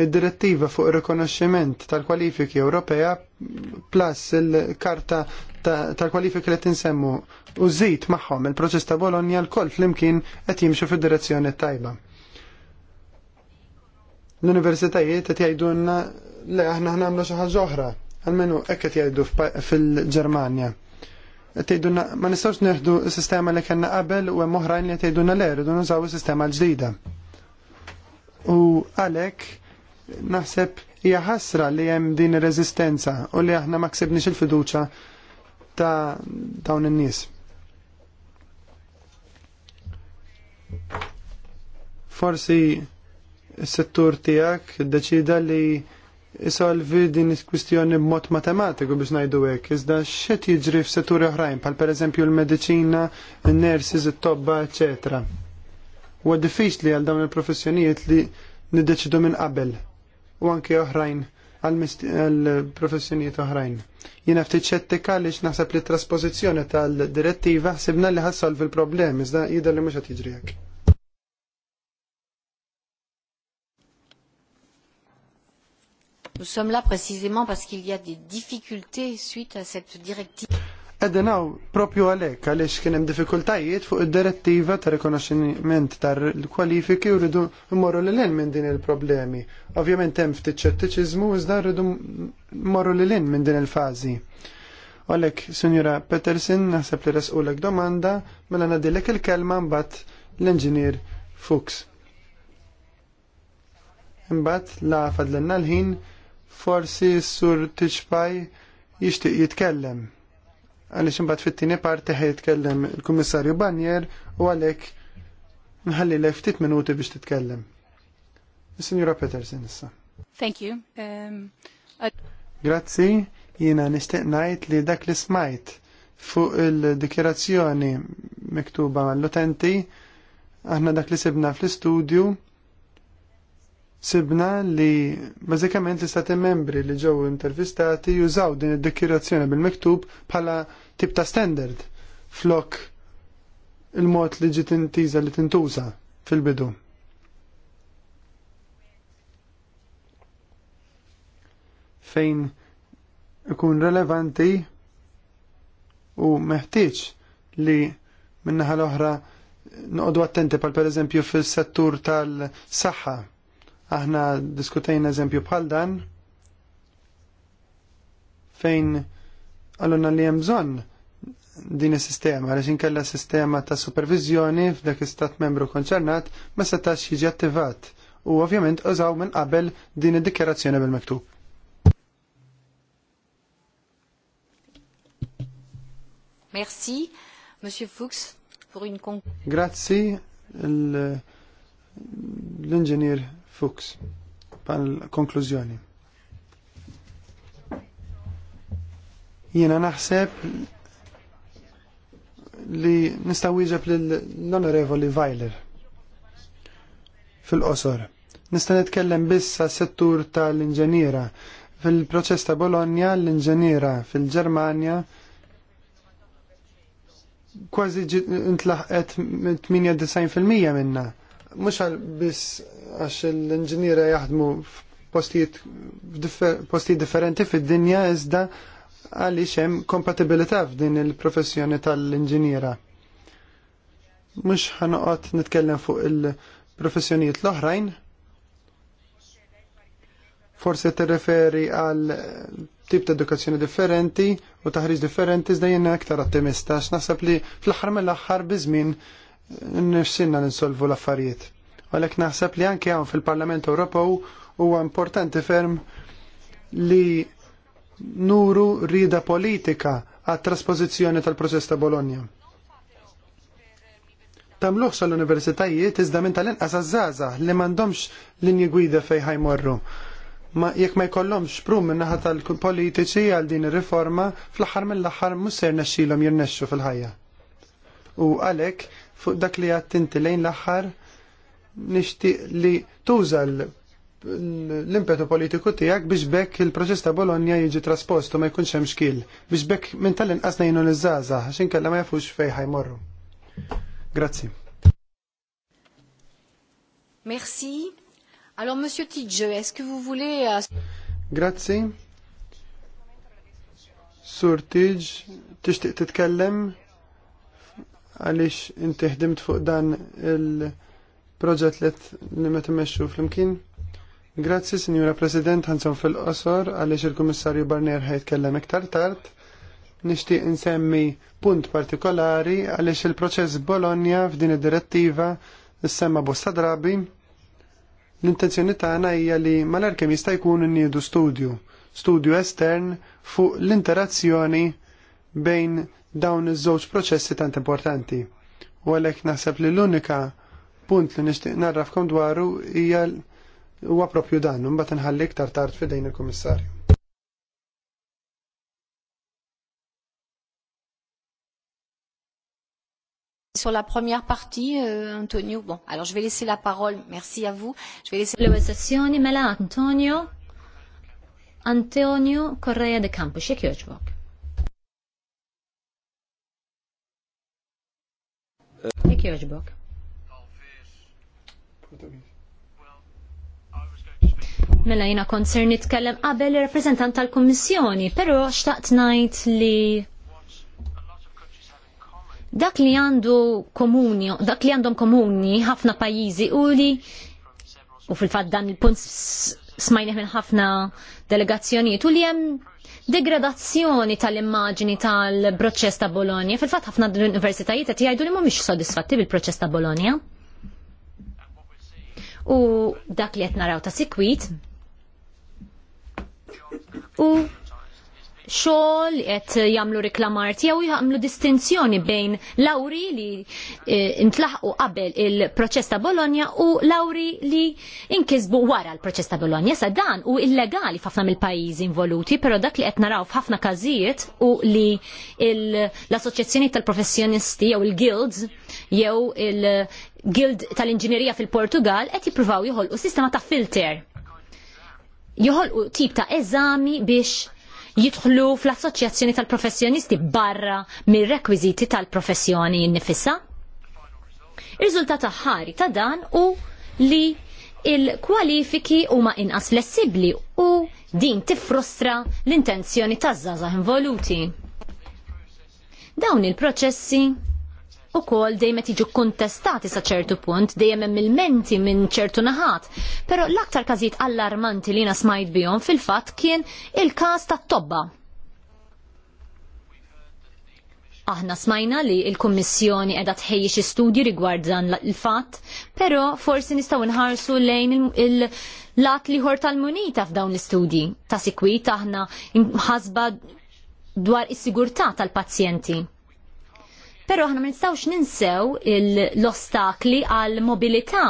id-direttiva fuq ir-rikonoxximent tal-kwalifiki Ewropea plus il-karta tal kwalifika li tinsemmu u żid magħhom il-proċess ta' Bologna l-koll flimkien qed jimxu fid-direzzjoni tajba. L-universitajiet qed jgħidulna le aħna nagħmlu xi ħaġa oħra, għalmenu hekk qed jgħidu fil-Ġermanja. ma nistgħux neħdu s-sistema li kellna qabel u hemm oħrajn li tgħidulna le rridu nużaw is-sistema l-ġdida. U għalhekk naħseb hija ħasra li hemm din ir-reżistenza u li aħna ma ksibniex il-fiduċa ta' dawn in-nies. Forsi s-settur tiegħek deċida li isolvi din il kwistjoni b'mod matematiku biex ngħidu hekk, iżda x'qed jiġri f'setturi oħrajn bħal pereżempju l-mediċina, n nurses it-tobba, eċetera. Huwa diffiċli għal dawn il-professjonijiet li niddeċidu minn qabel u anke oħrajn għal-professjonijiet oħrajn. Jina ftit xettika li naħseb li trasposizjoni tal-direttiva ħsibna li ħassol fil problemi iżda jidher li muxa tiġrijak.
Nous sommes là précisément parce qu'il y a des difficultés suite à cette directive.
Edenaw propju għalek għalix kienem difikultajiet fuq id-direttiva ta' rikonoxximent l kwalifiki u rridu mmorru l lin minn din il-problemi. Ovvjament hemm ftit ċettiċiżmu iżda rridu mmorru l lin minn din il-fażi. Għalek, Sinjura Petersen, naħseb li resqulek domanda, mela nadilek il-kelma mbagħad l-inġinier Fuchs. Imbagħad la fadlenna l-ħin forsi s-sur Tiċpaj jixtieq jitkellem għaliex imbagħad fit-tieni parti jitkellem il-Kummissarju Banjer u għalhekk nħalli lef ftit minuti biex titkellem. Is-Sinjura Petersen issa.
Thank you. Um,
Grazzi, jiena nixtieq ngħid li dak li smajt fuq il-dikjerazzjoni miktuba mal-utenti aħna dak li sibna fl-istudju sibna li bazzikament l-istati membri li ġew intervistati jużaw din id-dikjerazzjoni bil-miktub bħala tip ta' standard flok il-mod li ġiet intiża li tintuża fil-bidu. Fejn ikun relevanti u meħtieġ li minnaħa l-oħra noqdu attenti pal per eżempju fil-settur tal-saħħa. Aħna diskutejna eżempju bħal dan fejn għalluna li hemm bżonn din is-sistema għaliex inkella sistema ta' supervizjoni f'dak istat membru konċernat ma setax jiġi attivat u ovvjament użaw minn qabel din id-dikjerazzjoni bil mektub
Merci, Monsieur Fuchs, pour une Grazzi
Grazie, l'ingegner Fuchs, pal konklużjoni. Jiena naħseb li nista' wieġeb lill onorevoli Weiler fil-qosor. Nista' nitkellem biss settur tal-inġeniera. Fil-proċess ta' Bologna l-inġeniera fil-Ġermanja kważi intlaħqet 98% minna. Mux għal biss għax l-inġiniera jaħdmu postijiet differenti fid-dinja iżda għaliex hemm kompatibilità f'din il-professjoni tal-inġiniera. Mhux ħanoqgħod nitkellem fuq il-professjonijiet l-oħrajn. Forse tirreferi għal tip ta' edukazzjoni differenti u taħriġ differenti iżda jiena aktar ottimista għax naħseb li fl-aħħar mill-aħħar biżmin nirsinna ninsolvu l-affarijiet. Għalhekk naħseb li anke hawn fil-Parlament Ewropew huwa importanti ferm li nuru rida politika għat traspożizzjoni tal-proċess ta' Bologna. Tamluħ sal universitajiet iżda minn tal-inqas għazzaza li mandomx linji gwida fej ħajmorru. Ma jekk ma jkollhomx prum minn naħa tal-politiċi għal din ir-riforma fl-aħħar mill-aħħar mhux ser jirnexxu fil-ħajja. U għalhekk fuq dak li għattinti lejn l-aħħar nixtieq li tuża l l-impetu politiku tiegħek biex bekk il-proċess ta' Bologna jiġi trasposto ma jkunx hemm xkil biex bekk minn tal-inqas ngħinu l-żgħażagħ għax inkella ma jafux fejn ħajmorru. Grazzi.
Merci. Alors monsieur Tidje, est-ce que vous voulez euh,
Grazzi. Sur Tidj, tixtieq titkellem għaliex inti ħdimt fuq dan il-proġett li meta mexxu fl-imkien? Grazzi, Signora President, ħansom fil-qosor għaliex il-Kummissarju Barnier ħajtkellem iktar tard. Nixtieq insemmi punt partikolari għaliex il-proċess Bologna f'din id-direttiva semma bosta drabi. L-intenzjoni tagħna hija li malar kemm jista' jkun inniedu studju, studju estern fuq l-interazzjoni bejn dawn iż-żewġ proċessi tant importanti. U għalhekk naħseb li l-unika punt li nixtieq narrafkom dwaru hija l huwa proprju dan, mbagħad inħalli iktar tard fidejn il-Kummissarju.
Sur la première partie, euh, Antonio, bon, alors je vais laisser la parole, merci à vous. Je vais laisser... L-ewwel sessjoni
mela Antonio Antonio Correa de Campos, jekk jogħġbok. Jekk jogħġbok. Portugis. Mela jina koncern nitkellem qabel il reprezentant tal-Kommissjoni, pero xtaqt najt li dak li għandu komuni, dak li għandhom komuni ħafna pajjiżi u li u fil-fatt dan il-punt smajni minn ħafna delegazzjonijiet u li hemm degradazzjoni tal immagini tal-proċess ta' Bologna. Fil-fatt ħafna universitajiet qed jgħidu li mhumiex sodisfatti bil-proċess ta' Bologna. U dak li qed naraw ta' sikwit u xogħol qed jagħmlu riklamar tiegħu jamlu distinzjoni bejn lauri li eh, intlaħqu qabel il-proċess ta' Bologna u lawri li inkisbu wara l-proċess ta' Bologna. Sa dan u illegali f'ħafna mill-pajjiżi involuti, però dak li qed naraw f'ħafna każijiet u li l-assoċjazzjoni tal-professjonisti jew il-guilds jew il-guild tal-inġinerija fil-Portugal qed jippruvaw joħolqu sistema ta' filter joħolqu tip ta' eżami biex jidħlu fl-assoċjazzjoni tal-professjonisti barra mir-rekwiżiti tal-professjoni nifissa. il riżultat ħari ta' dan u li il-kwalifiki huma inqas flessibbli u din tiffrustra l-intenzjoni taż-żgħażagħ involuti. Dawn il-proċessi ukoll dejjem qed jiġu kuntestati sa ċertu punt, dejjem hemm il-menti minn ċertu naħat. Però l-aktar każijiet allarmanti li smajt bihom fil-fatt kien il-każ tat-tobba. Aħna smajna li il-Kummissjoni qiegħda tħejji xi studji rigward dan il-fatt, però forsi nistgħu nħarsu lejn il- lat liħor tal-munita f'dawn l-istudji. Ta' sikwit aħna ħasba dwar is-sigurtà tal-pazjenti. Pero aħna ma nistgħux ninsew l-ostakli għal mobilità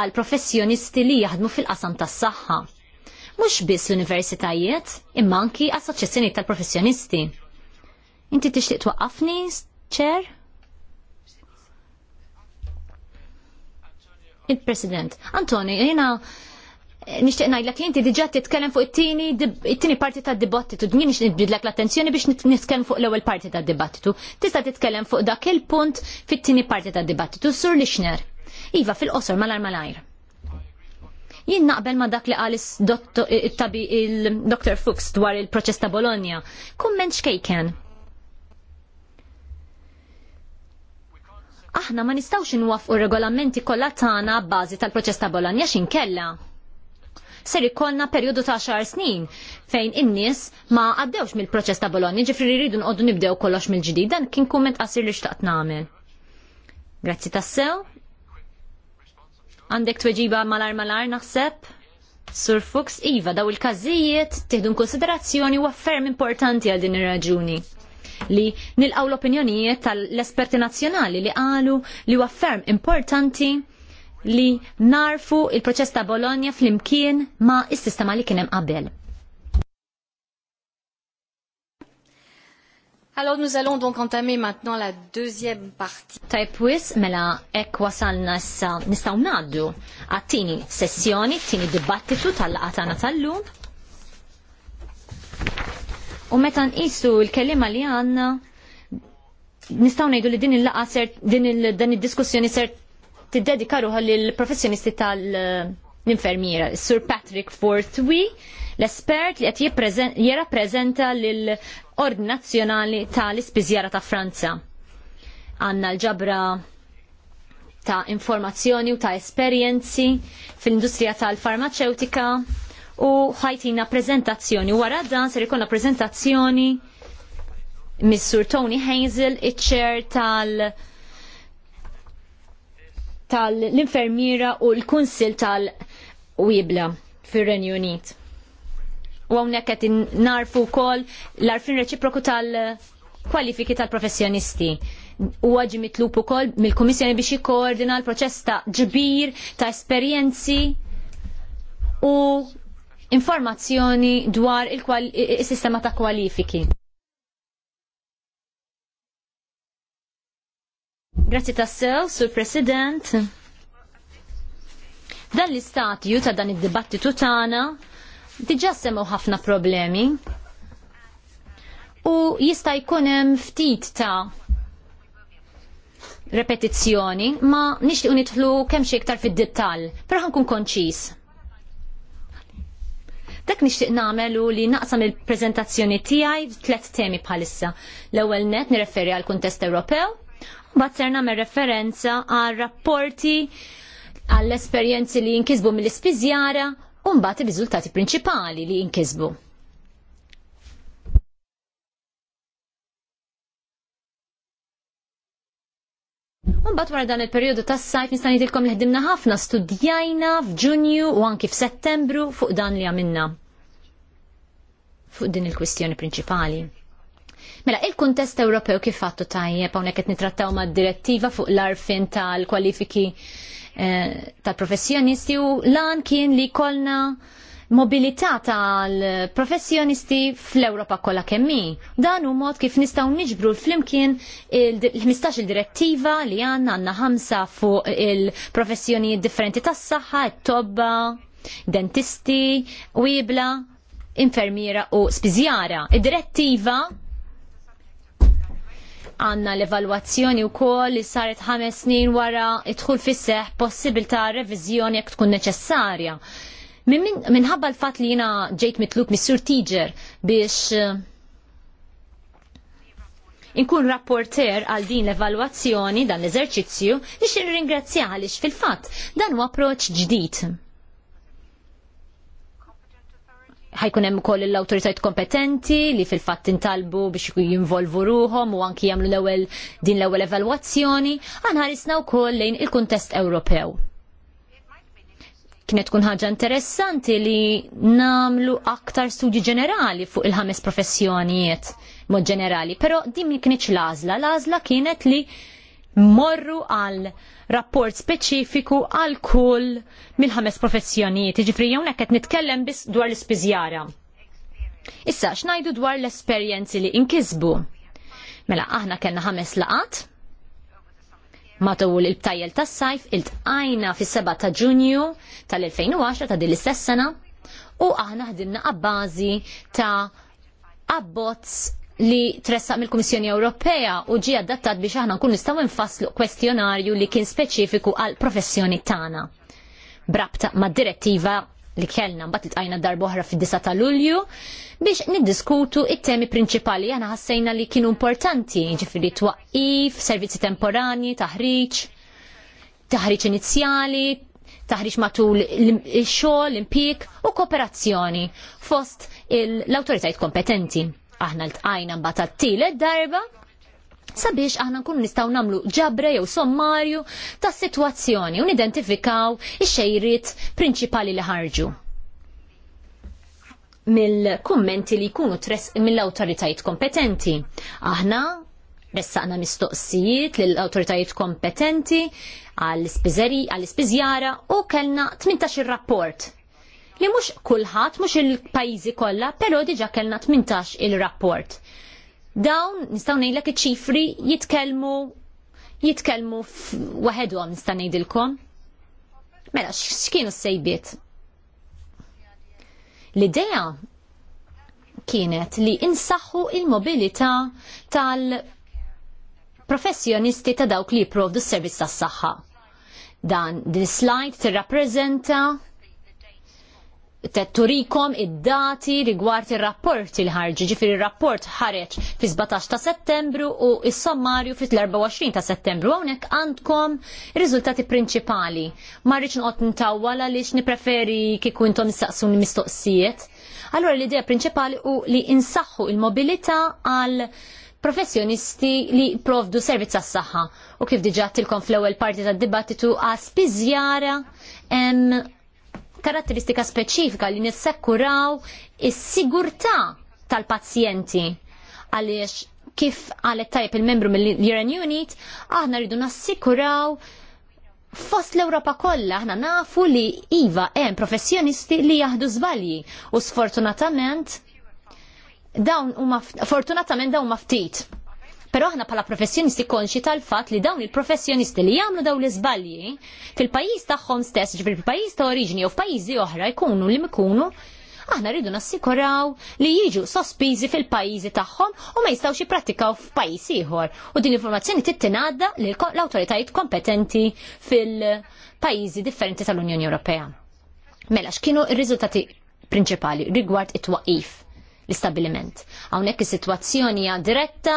għal professjonisti li jaħdmu fil-qasam tas-saħħa. Mhux biss l-universitajiet, imma anki assoċjazzjoni tal-professjonisti. Inti tixtieq twaqqafni, ċer? Il-President, Antoni, jena nixtieq ngħidlek li inti diġà titkellem fuq it-tieni it-tieni parti tad-dibattitu. Jien nixtieq nibdilek l-attenzjoni biex nitkellem fuq l-ewwel parti tad-dibattitu. Tista' titkellem fuq dak il-punt fit-tieni parti tad-dibattitu. Sur Lixner. Iva fil-qosor malar malajr. Jien naqbel ma dak li qalis il-Dr. Fuchs dwar il-proċess ta' Bologna. Kumment xkejken. Aħna ma nistawx nwafqu regolamenti kollha tagħna bbażi tal-proċess ta' Bologna x'inkella ser ikollna perjodu ta' xar snin fejn in-nies ma għaddewx mill-proċess ta' Bologna, ġifri rridu nqoddu nibdew kollox mill-ġdid, dan kien kumment qasir li xtaqt nagħmel. Grazzi tassew. Għandek tweġiba malar malar naħseb? Sur Fux, Iva, daw il-każijiet tiħdu konsiderazzjoni u affermi importanti għal din ir-raġuni li nilqaw l-opinjonijiet tal-esperti nazzjonali li qalu li huwa ferm importanti li narfu il-proċess ta' Bologna fl-imkien ma' is-sistema li kienem qabel.
Alors nous allons donc entamer maintenant la deuxième partie.
Tajpwis mela ekwa wasalna issa nistaw naddu għattini sessjoni, tini dibattitu tal-qatana tal-lum. U meta nqisu l-kelima li għanna nistaw ngħidu li din il-laqa ser din il id-diskussjoni ser tiddedika ruħa lill-professjonisti tal-infermiera. Sir Patrick Fortwi, l-espert li qed prezenta lill-Ordin Nazzjonali tal-Ispiżjara ta' Franza. Għandna l-ġabra ta' informazzjoni u ta' esperjenzi fil-industrija tal-farmaceutika u ħajtina prezentazzjoni. Wara dan ser ikolna prezentazzjoni Mr. Tony Hazel, iċ-ċer tal- tal-infermiera u l-kunsil tal-wibla fir-Renju Unit. U hawnhekk qed narfu wkoll l-arfin reċiproku tal-kwalifiki tal-professjonisti. U għagġi mitlupu ukoll mill-Kummissjoni biex jikkoordina l-proċess ta' ġbir ta' esperjenzi u informazzjoni dwar il-sistema ta' kwalifiki. Grazzi tassew, Sur President. Dan l-istatju ta' dan id-dibattitu tagħna diġà semmew ħafna problemi. U jista' jkun hemm ftit ta' repetizzjoni, ma nixtiequ nidħlu kemm xi iktar fid-dettall, però ħankun konċis. Dak nixtieq nagħmel u li naqsam il-preżentazzjoni tiegħi tliet temi bħalissa. L-ewwel net nirreferi għal kuntest Ewropew, Bat ser nagħmel referenza għal rapporti għall esperjenzi li jinkisbu mill-ispiżjara u mbagħad ir-riżultati prinċipali li jinkisbu. Mbagħad wara dan il-perjodu tas-sajf nista' ngħidilkom li ħdimna ħafna studjajna f'Ġunju u anki f'Settembru fuq dan li għamilna. Fuq din il-kwistjoni prinċipali. Mela, il-kuntest Ewropew kif fattu tajjeb hawnhekk qed nitrattaw mad-direttiva fuq l-arfin tal-kwalifiki eh, tal-professjonisti u lan kien li kolna mobilità tal-professjonisti fl-Europa kollha kemmi. Dan u mod kif nistgħu niġbru flimkien il-15 il-direttiva li għandna għandna ħamsa fuq il-professjonijiet differenti tas-saħħa, it-tobba, dentisti, wibla, infermiera u spiżjara. Id-direttiva għanna l-evalwazzjoni u koll li saret ħames snin wara idħul fisseħ possibil ta' revizjoni jek tkun neċessarja. Minħabba l-fat li jina ġejt mitluk missur tiġer biex eh, inkun rapporter għal din l-evalwazzjoni dan l-eżerċizzju nix ringrazzjali fil-fat dan u approċ ġdid ħajkun hemm ukoll l-awtoritajiet kompetenti li fil-fatt intalbu biex jinvolvu ruhom u anki jagħmlu l-ewwel din l-ewwel evalwazzjoni, ħarisna wkoll lejn il-kuntest Ewropew. Kienet tkun ħaġa interessanti li namlu aktar studji ġenerali fuq il-ħames professjonijiet mod ġenerali, però din kienx l-għażla, l-għażla kienet li morru għal rapport speċifiku għal kull mill-ħames professjonijiet. Ġifri hawnhekk qed nitkellem biss dwar l-ispiżjara. Issa x'ngħidu dwar l-esperjenzi li inkisbu. Mela aħna kellna ħames laqat matul il-btajjel tas-sajf il-tqajna fis-7 ta' Ġunju tal-2010 ta' din sena u aħna ħdimna qabbażi ta' abbozz li tressaq mill-Kummissjoni Ewropea u ġie adattat biex aħna nkun nistgħu nfasslu kwestjonarju li kien speċifiku għal professjoni tagħna. Brabta ma' direttiva li kellna mbagħad itqajna oħra fid-9 ta' Lulju biex niddiskutu it-temi prinċipali aħna ħassejna li kienu importanti, ġifieri twaqqif, servizzi temporani, taħriġ, taħriġ inizjali, taħriġ matul ix-xogħol, l-impjieg u kooperazzjoni fost l-awtoritajiet kompetenti aħna l-tqajna mbata t-tielet darba sabiex aħna nkunu nistgħu nagħmlu ġabra jew sommarju tas sitwazzjoni u nidentifikaw ix-xejriet prinċipali li ħarġu mill-kummenti li jkunu mill-awtoritajiet kompetenti. Aħna ressaqna mistoqsijiet lill-awtoritajiet kompetenti għall-ispiżjara u kellna 18 rapport li mhux kulħadd mhux il-pajjiżi kollha, però diġa' kellna 18 il-rapport. Dawn nistgħu ngħidlek iċ-ċifri jitkellmu jitkellmu waħedhom nista' ngħidilkom. Mela x'kienu s-sejbiet? L-idea kienet li insaħħu il-mobilità tal professjonisti ta' dawk li jiprovdu s-servizz tas saħħa Dan din slide tirrappreżenta Tetturikom id-dati rigward ir-rapporti il ħarġi, ġifir il rapport ħareġ fi 17 ta' settembru u il sommarju fi 24 ta' settembru. Hawnhekk għandkom ir-riżultati prinċipali. Ma rridx noqgħod ntawwala li x'nipreferi kieku intom nistaqsuni mistoqsijiet. Allura l-idea prinċipali u li insaħħu il-mobilità għal professjonisti li provdu servizz għas saħħa u kif diġa tilkom fl ewwel parti tad dibattitu għas pizjara karatteristika speċifika li nissekkuraw is-sigurtà tal-pazjenti għaliex kif għalet tajb il-membru mill-Iran Unit, aħna rridu nassikuraw fost l-Europa kollha aħna nafu li iva hemm professjonisti li jaħdu żbalji u sfortunatament dawn huma fortunatament dawn ftit. Pero aħna bħala professjonisti konxi tal-fat li dawn il-professjonisti li jagħmlu dawn l-iżbalji fil-pajjiż tagħhom stess, ġifier fil-pajjiż ta' oriġini u f'pajjiżi oħra jkunu li mkunu aħna rridu nassikuraw li jiġu sospiżi fil-pajjiżi tagħhom u ma jistgħux jippratikaw f'pajjiż ieħor. U din l-informazzjoni tittingħadda l-awtoritajiet kompetenti fil-pajjiżi differenti tal-Unjoni Ewropea. Mela x'kienu r-riżultati prinċipali rigward it-twaqif l-istabiliment. Hawnhekk is-sitwazzjoni hija diretta,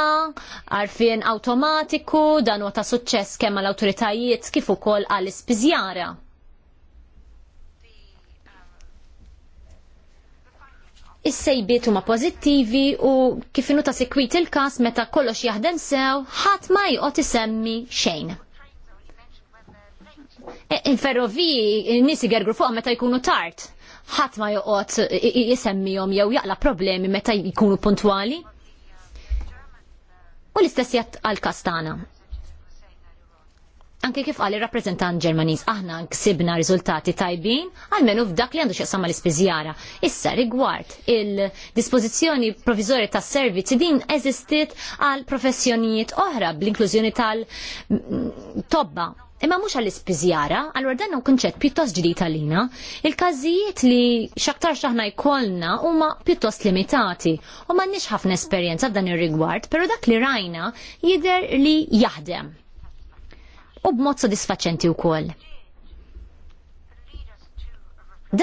għarfien awtomatiku, dan huwa ta' suċċess kemm għall-awtoritajiet kif ukoll għall-ispiżjara. Is-sejbiet huma pożittivi u kif inhu ta' sekwit il-każ meta kollox jaħdem sew, ħadd ma jqgħod isemmi xejn. E, in ferroviji n-nies igergru meta jkunu tard ħadd ma joqgħod isemmihom jew jaqla problemi meta jkunu puntwali. U l-istess jatt għal kastana. Anke kif għal il-rappresentant Ġermaniż aħna ksibna riżultati tajbin, għalmenu f'dak li għandu xieqsam mal ispiżjara Issa rigward il-dispożizzjoni proviżorja tas servizzi din eżistiet għal professjonijiet oħra bl-inklużjoni tal-tobba imma mhux għall-ispiżjara, allura dan hu kunċett pjuttost ġdid għalina. Il-każijiet li xaktar xaħna jkollna huma pjuttost limitati u m'għandniex ħafna esperjenza f'dan ir-rigward, però dak li rajna jidher li jaħdem. U b'mod sodisfaċenti wkoll.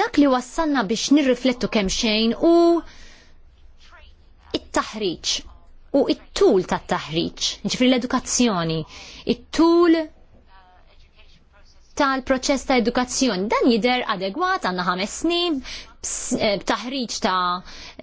Dak li wassalna biex nirriflettu kemm xejn u it-taħriġ u it-tul tat-taħriġ, ġifri l-edukazzjoni, it-tul tal-proċess ta' edukazzjoni. Dan jider adegwat għanna ħames snin, eh, b'taħriġ ta'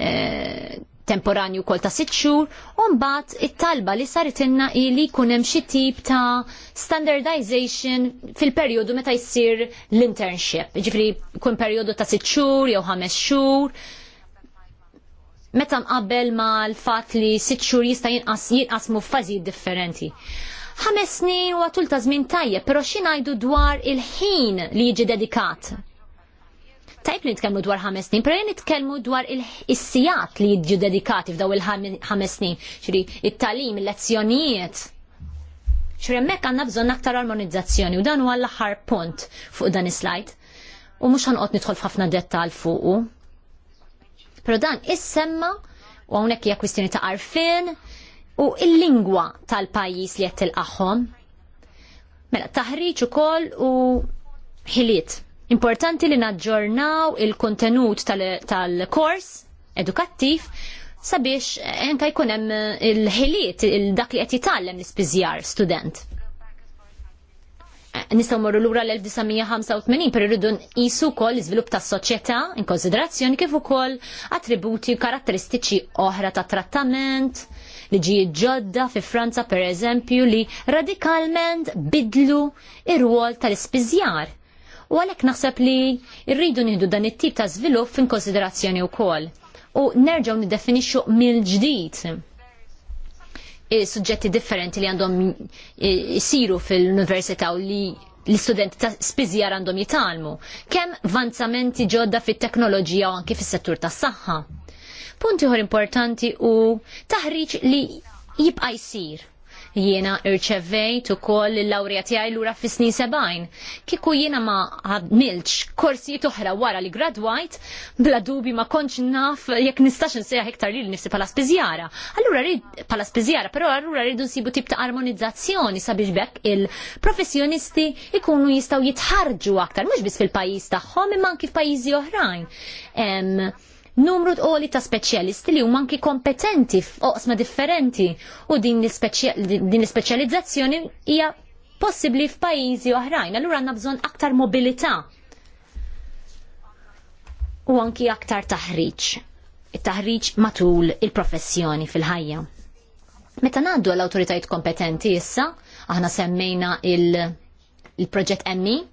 eh, temporanju kol ta' sitxur, unbat it-talba li saritinna il-li kunem xi tip ta' standardization fil-periodu meta jissir l-internship. Ġifri kun periodu ta' sitxur jew ħames xhur. Meta mqabbel ma' l-fat li sitxur jista' jinqasmu f'fażijiet differenti ħames snin u għatul ta' żmien tajjeb, però xi ngħidu dwar il-ħin li jiġi dedikat. Tajb li nitkellmu dwar ħames snin, pero nitkellmu dwar il-sijat li jiġi dedikati f'daw il-ħames snin, xri it-talim, il-lezzjonijiet. Xri hemmhekk għandna bżonn aktar armonizzazzjoni u dan huwa l-aħħar punt fuq dan is slajt U mhux ħanqod nidħol f'ħafna dettal fuqu. Però dan is-semma, u hawnhekk hija kwistjoni ta' arfin, u il-lingwa tal-pajjiż li qed tilqagħhom. Mela taħriġ ukoll u ħiliet. Importanti li naġġornaw il-kontenut tal-kors tal edukattiv sabiex enka eh, jkun hemm eh, il-ħiliet il-dak li qed jitgħallem l-ispiżjar student. Eh, nistgħu morru lura l-1985 per irridu nqisu wkoll izvilup tas-soċjetà in konsiderazzjoni kif ukoll attributi u karatteristiċi oħra ta' trattament, liġijiet ġodda fi Franza per eżempju li radikalment bidlu ir wol tal-ispiżjar. U għalhekk naħseb li rridu nieħdu dan it-tip ta' żvilupp fin konsiderazzjoni wkoll u nerġgħu niddefinixxu mill-ġdid suġġetti differenti li għandhom jisiru fil-università u li l-studenti ta' spizjar għandhom jitalmu. Kem vanzamenti ġodda fit teknoloġija u anki fis settur tas saħħa Punt ieħor importanti u taħriġ li jibqa' jsir. Jiena irċevejt ukoll il-lawrija tiegħi lura ura fissni sebajn, Kieku jiena ma ħadmilx korsijiet oħra wara li gradwajt, bla dubi ma kontx naf jekk nistax hektar li lil nifsi bħala spiżjara. Allura rrid bħala spiżjara, però allura rrid nsibu tip ta' armonizzazzjoni sabiex bekk il-professjonisti ikunu jistgħu jitħarġu aktar, mhux biss fil-pajjiż tagħhom imma anki f'pajjiżi oħrajn numru d-għoli ta' speċjalisti li huma anki kompetenti f'oqsma differenti u din l-ispeċjalizzazzjoni hija possibbli f'pajjiżi oħrajn, allura għandna bżonn aktar mobilità u anki aktar taħriġ. taħriġ matul il-professjoni fil-ħajja. Meta ngħaddu l-awtoritajiet kompetenti issa, aħna semmejna il-proġett il MI, e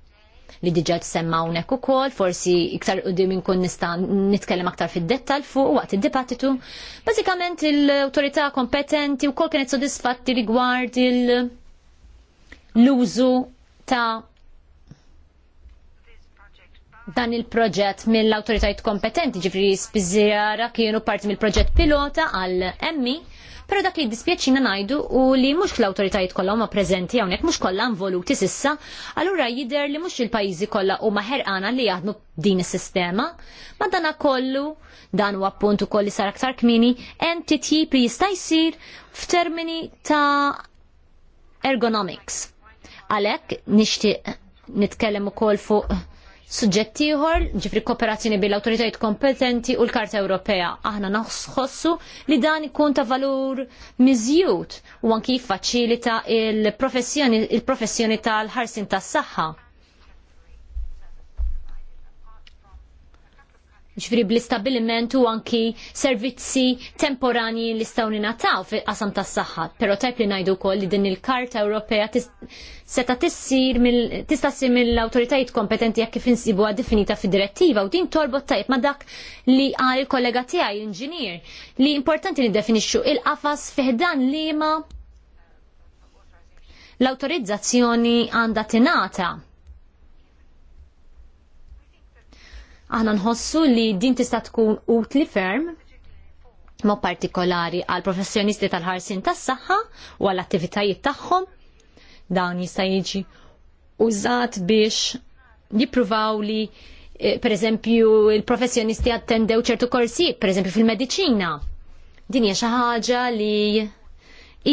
li diġa semmawnek u kol, forsi iktar u dim inkun nista nitkellem aktar fid-dettal fuq waqt id-dibattitu. Bazzikament il autorita kompetenti u kol kienet soddisfatti rigward il- l-użu ta' dan il-proġett mill-autoritajt kompetenti ġifri spizzjara kienu parti mill-proġett pilota għal emmi Pero dak li dispjaċina najdu u li mux l-autoritajiet kollha huma preżenti hawnhekk mhux kollha involuti sissa, allura jidher li mhux il-pajjiżi kollha huma ħerqana li jaħdmu din is-sistema, ma dan kollu dan huwa appunt ukoll li sar aktar kmini hemm titjib li jista' jsir f'termini ta' ergonomics. Għalhekk nixtieq nitkellem ukoll fuq suġġett ieħor, ġifri kooperazzjoni bil awtoritajiet kompetenti u l-Karta Ewropea. Aħna naħsħossu li dan ikun ta' valur miżjud u anki jiffaċilita il-professjoni il tal-ħarsin tas-saħħa. ġifri bl istabilimentu u anki servizzi temporani li staw nataw fi qasam tas saħħa Pero tajp li najdu kol li din il-Karta Ewropea seta tissir tistassi mill autoritajt kompetenti jekk kif insibu definita fi direttiva u din torbot tajb ma dak li għal il-kollega tiegħi l-inġinier li importanti li definixxu il-qafas fiħdan li ma l-autorizzazzjoni għandha tingħata Aħna nħossu li din tista' tkun utli ferm ma partikolari għal professjonisti tal-ħarsin tas-saħħa u għall attivitajiet tagħhom dawn jista' jiġi użat biex jippruvaw li e, per eżempju il-professjonisti attendew ċertu korsijiet, per eżempju fil-medicina. Din hija xi ħaġa li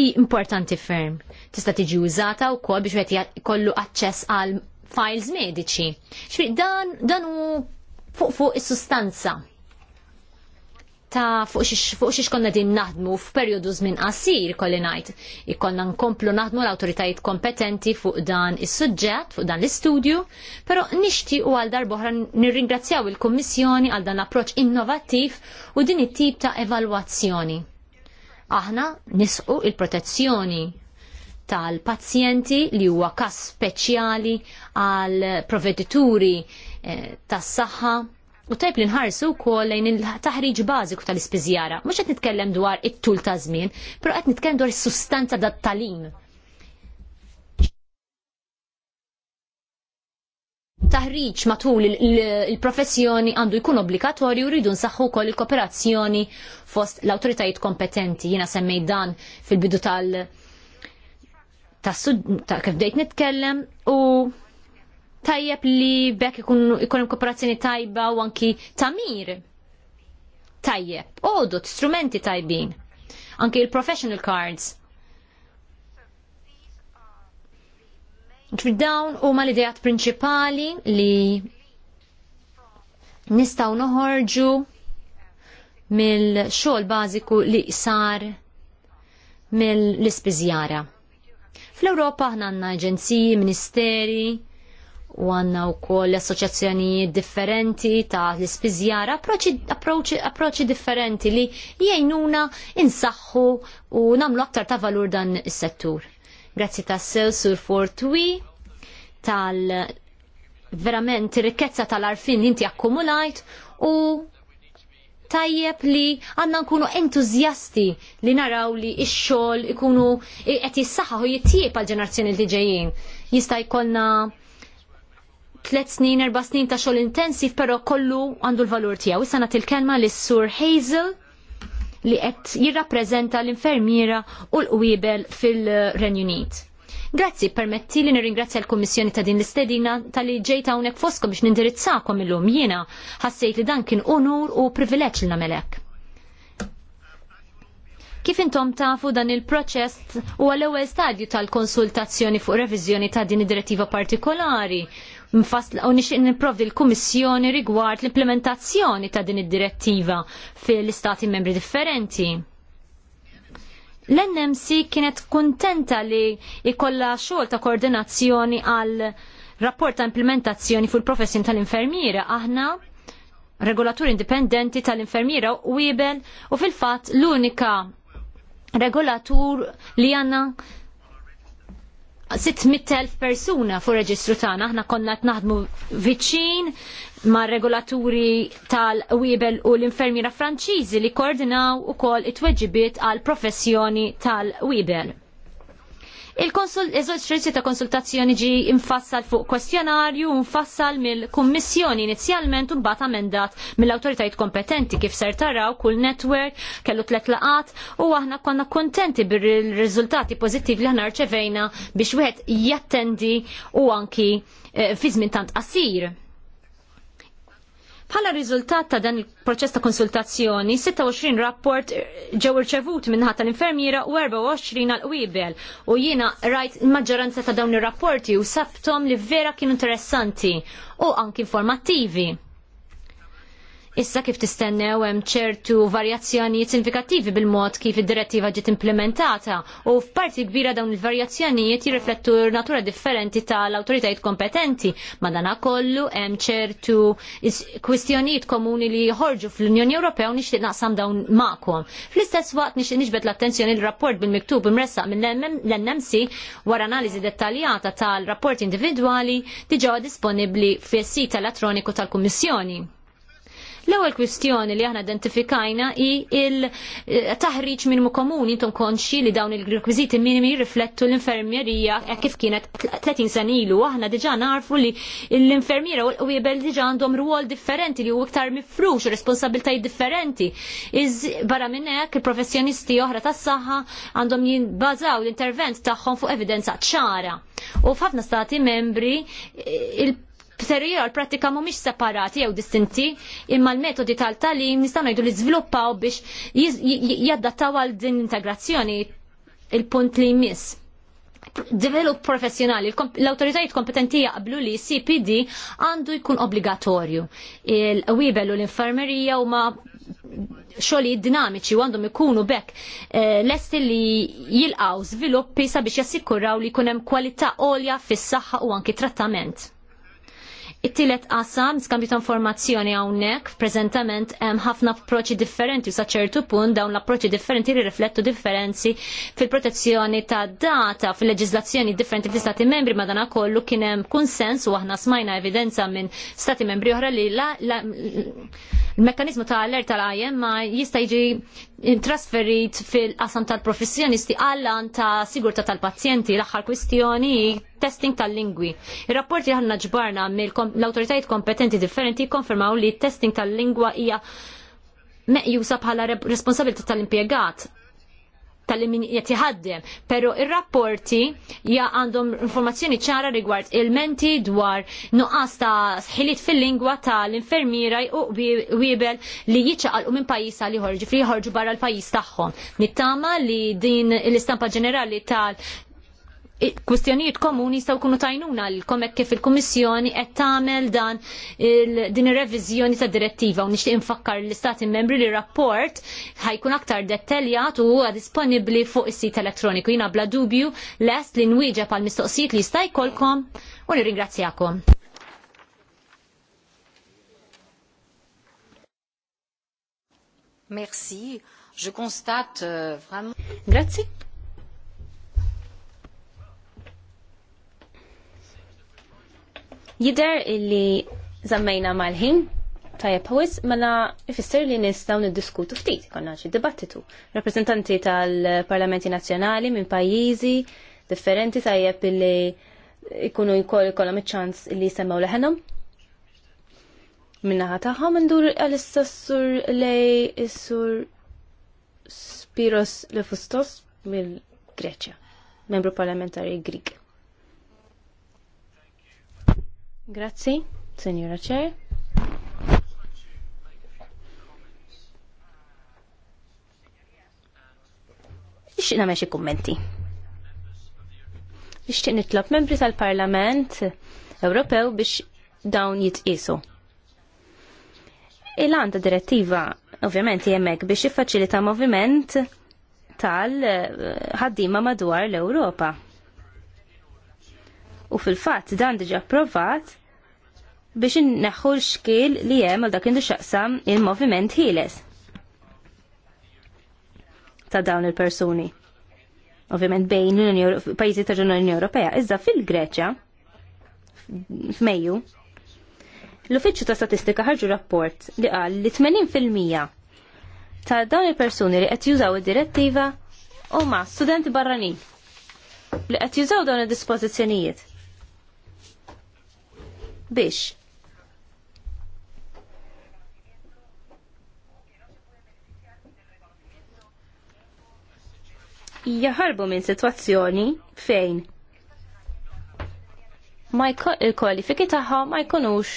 i importanti ferm. Tista' tiġi użata wkoll biex wieħed kollu aċċess għal files mediċi. Dan, dan u fuq fuq is-sustanza ta' fuq xiex konna din naħdmu f'perjodu żmien qasir kolli ngħid. Ikonna nkomplu naħdmu l-awtoritajiet kompetenti fuq dan is-suġġett, fuq dan l-istudju, però nixtieq u għal darbohra nirringrazzjaw il-Kummissjoni għal dan l-approċċ innovattiv u din it-tip ta' evalwazzjoni. Aħna nisqu il-protezzjoni tal-pazjenti li huwa kas speċjali għal provedituri Eh, tas-saħħa u tajb li nħarsu wkoll lejn il-taħriġ bażiku tal-ispiżjara. Mhux qed nitkellem dwar it-tul ta' żmien, però qed nitkellem dwar is-sustanza tat-talim. Taħriġ matul il-professjoni għandu jkun obbligatorju rridu nsaħħu wkoll il-kooperazzjoni fost l-awtoritajiet kompetenti. Jiena semmej dan fil-bidu tal- ta' kif dejt nitkellem u tajjeb li bekk ikun ikun kooperazzjoni tajba u anki tamir tajjeb, odot, strumenti tajbin, anki il-professional cards. Dawn u ma l-idejat prinċipali li nistaw noħorġu mill-xogħol bażiku li sar mill-ispiżjara. Fl-Ewropa ħna għandna aġenziji, ministeri, u għanna u koll assoċjazzjonijiet differenti ta' l spizjara approċċi differenti li jgħinuna insaħħu u namlu aktar ta' valur dan is-settur. Grazzi ta' sew sur fortwi tal verament rikkezza tal-arfin inti akkumulajt u tajjeb li għanna nkunu entuzjasti li naraw li ix-xogħol ikunu qed u jittieb għal ġenerazzjoni li ġejjin. Jista' jkollna tliet snin, erba' snin ta' xogħol intensiv, però kollu għandu l-valur tiegħu. Issa nagħti il kelma lis-Sur Hazel li qed jirrappreżenta l-infermiera u l-qwiebel fil-Renju Unit. Grazzi, permetti li nirringrazzja l-Kommissjoni ta' din l-istedina tal-li ġejta hawnhekk foskom biex nindirizzakom illum jiena ħassejt li dan kien unur u privileġġ li namelek Kif intom tafu dan il-proċess huwa l ewwel stadju tal-konsultazzjoni fuq reviżjoni ta' din id-direttiva partikolari mfasla u nixtieq nipprovdi l-Kummissjoni rigward l-implementazzjoni ta' din id-direttiva fil-istati membri differenti. L-NMC kienet kuntenta li ikolla xogħol ta' koordinazzjoni għal rapport ta' implementazzjoni fuq il-professjon tal-infermiera aħna regolatur indipendenti tal-infermiera u ibel u fil-fatt l-unika regolatur li għanna 600.000 persuna fu reġistru tagħna aħna konna qed naħdmu viċin ma' regolaturi tal-wibel u l-infermiera Franċiżi li koordinaw ukoll it-tweġibiet għal professjoni tal-wibel. Il-eżerċizzju ta' konsultazzjoni ġi infassal fuq kwestjonarju, infassal mill-kummissjoni inizjalment u bata amendat mill-awtoritajiet kompetenti kif ser taraw kull netwerk kellu tlet laqat u aħna konna kontenti bir-riżultati pożittivi li aħna rċevejna biex wieħed jattendi u anki eh, fi żmien tant qasir. Bħala riżultat ta' dan il-proċess ta' konsultazzjoni, 26 rapport ġew irċevut minnaħat tal-infermiera u 24 għal qwibel u jiena rajt il-maġġoranza ta' dawn ir-rapporti u sabtom li vera kienu interessanti u anki informattivi. Issa kif tistennew hemm ċertu varjazzjonijiet sinifikattivi bil-mod kif id-direttiva ġiet implementata u f'parti kbira dawn il-varjazzjonijiet jirriflettu natura differenti tal-awtoritajiet kompetenti. Madana kollu hemm ċertu kwistjonijiet komuni li jħorġu fl-Unjoni Ewropea u nixtieq naqsam dawn magħkom. Fl-istess waqt nixtieq nixbet l-attenzjoni l-rapport bil-miktub imressaq minn nmc wara analiżi dettaljata tal rapporti individwali diġà disponibbli fis-sit elettroniku tal-Kummissjoni. L-ewwel kwistjoni li aħna identifikajna hi il-taħriġ eh, minimu komuni intom konxi li dawn il-rekwiżiti minimi jirriflettu l-infermierija eh, kif kienet 30 sen ilu. Aħna diġà narfu li l-infermiera u l-qwiebel diġà għandhom rwol differenti li hu iktar mifrux u responsabiltajiet differenti. Iż barra minn hekk il-professjonisti oħra tas-saħħa għandhom jinbażaw l-intervent tagħhom fuq evidenza ċara. U f'ħafna stati membri eh, il serjera l prattika mhumiex separati jew distinti, imma l-metodi tal-talim nistgħu ngħidu li żviluppaw biex jaddattaw għal din integrazzjoni il-punt li jmiss develop professjonali, l-autoritajiet kompetenti jaqblu li CPD għandu jkun obbligatorju. Il-wibel u l-infermerija u ma xoli dinamiċi u għandhom ikunu bekk eh, lest li jilqaw sviluppi sabiex jassikuraw li kunem kwalità olja fis saħħa u anki trattament. It-tielet qasam, skambju ta' informazzjoni hawnhekk, preżentament hemm ħafna approċċi differenti u sa ċertu punt dawn l-approċċi differenti riflettu differenzi fil-protezzjoni ta' data fil-leġiżlazzjoni differenti fl-Stati membri madana kollu kien hemm kunsens u aħna smajna evidenza minn Stati membri oħra li la, l-mekkanizmu ta' alert tal ma jista' jiġi intrasferit fil-qasam tal-professjonisti għallan ta' sigurta tal-pazjenti l aħħar kwistjoni testing tal-lingwi. Il-rapporti ħanna ġbarna mill autoritajt kompetenti differenti konfermaw li testing tal-lingwa hija meqjusa bħala responsabilità tal-impiegat tal-min jtiħaddem, pero il-rapporti ja għandhom informazzjoni ċara rigward il-menti dwar nuqqas ta' sħilit fil-lingwa tal-infermira u wiebel li jiċaqalqu minn pajis li ħorġu, fri ħorġu barra l-pajis tagħhom. Nittama li din l-istampa ġenerali tal kwistjonijiet komuni jistgħu jkunu tajnuna l hekk kif il-Kummissjoni qed tagħmel dan din ir-reviżjoni tad direttiva u nixtieq infakkar l-Istati membri li rapport ħajkun aktar dettaljat u huwa disponibbli fuq is-sit elettroniku. Jiena bla dubju lest li nwieġeb għall mistoqsijiet li jista' jkollkom u nirringrazzjakom.
Merci. Je constate euh, vraiment. Grazie.
Jider illi zammejna mal-ħin, tajab ħawis, mela ifisser li nistaw niddiskutu ftit, konna xi dibattitu. Rappresentanti tal-Parlamenti Nazzjonali minn pajjiżi differenti tajab illi ikunu jkoll ikollhom iċ-ċans li semmew leħenhom. Minnaħa tagħhom ndur għal sur lej is-sur Spiros Lefustos mill-Greċja, membru parlamentari Grig. Grazzi, Signora Chair. Ixtiqna meċi kummenti. Ixtiq nitlob membri tal-Parlament Ewropew biex dawn jitqisu. Il-għanda direttiva ovvjament jemmek biex jiffaċilita moviment tal-ħaddima madwar l-Ewropa. U fil-fatt dan diġa approvat biex neħħu l-xkil li hemm għal dak indu il-moviment ħieles ta' dawn il-persuni. Ovvjament bejn pajjiżi ta' ġunjoni unjoni Ewropea, iżda fil-Greċja, f'Mejju, l-Uffiċċju ta' Statistika ħarġu rapport li qal li 80% ta' dawn il-persuni li qed jużaw id-direttiva huma studenti barranin li qed jużaw dawn id-dispożizzjonijiet biex jaħarbu minn situazzjoni fejn ma il-kwalifiki taħħa ma jkunux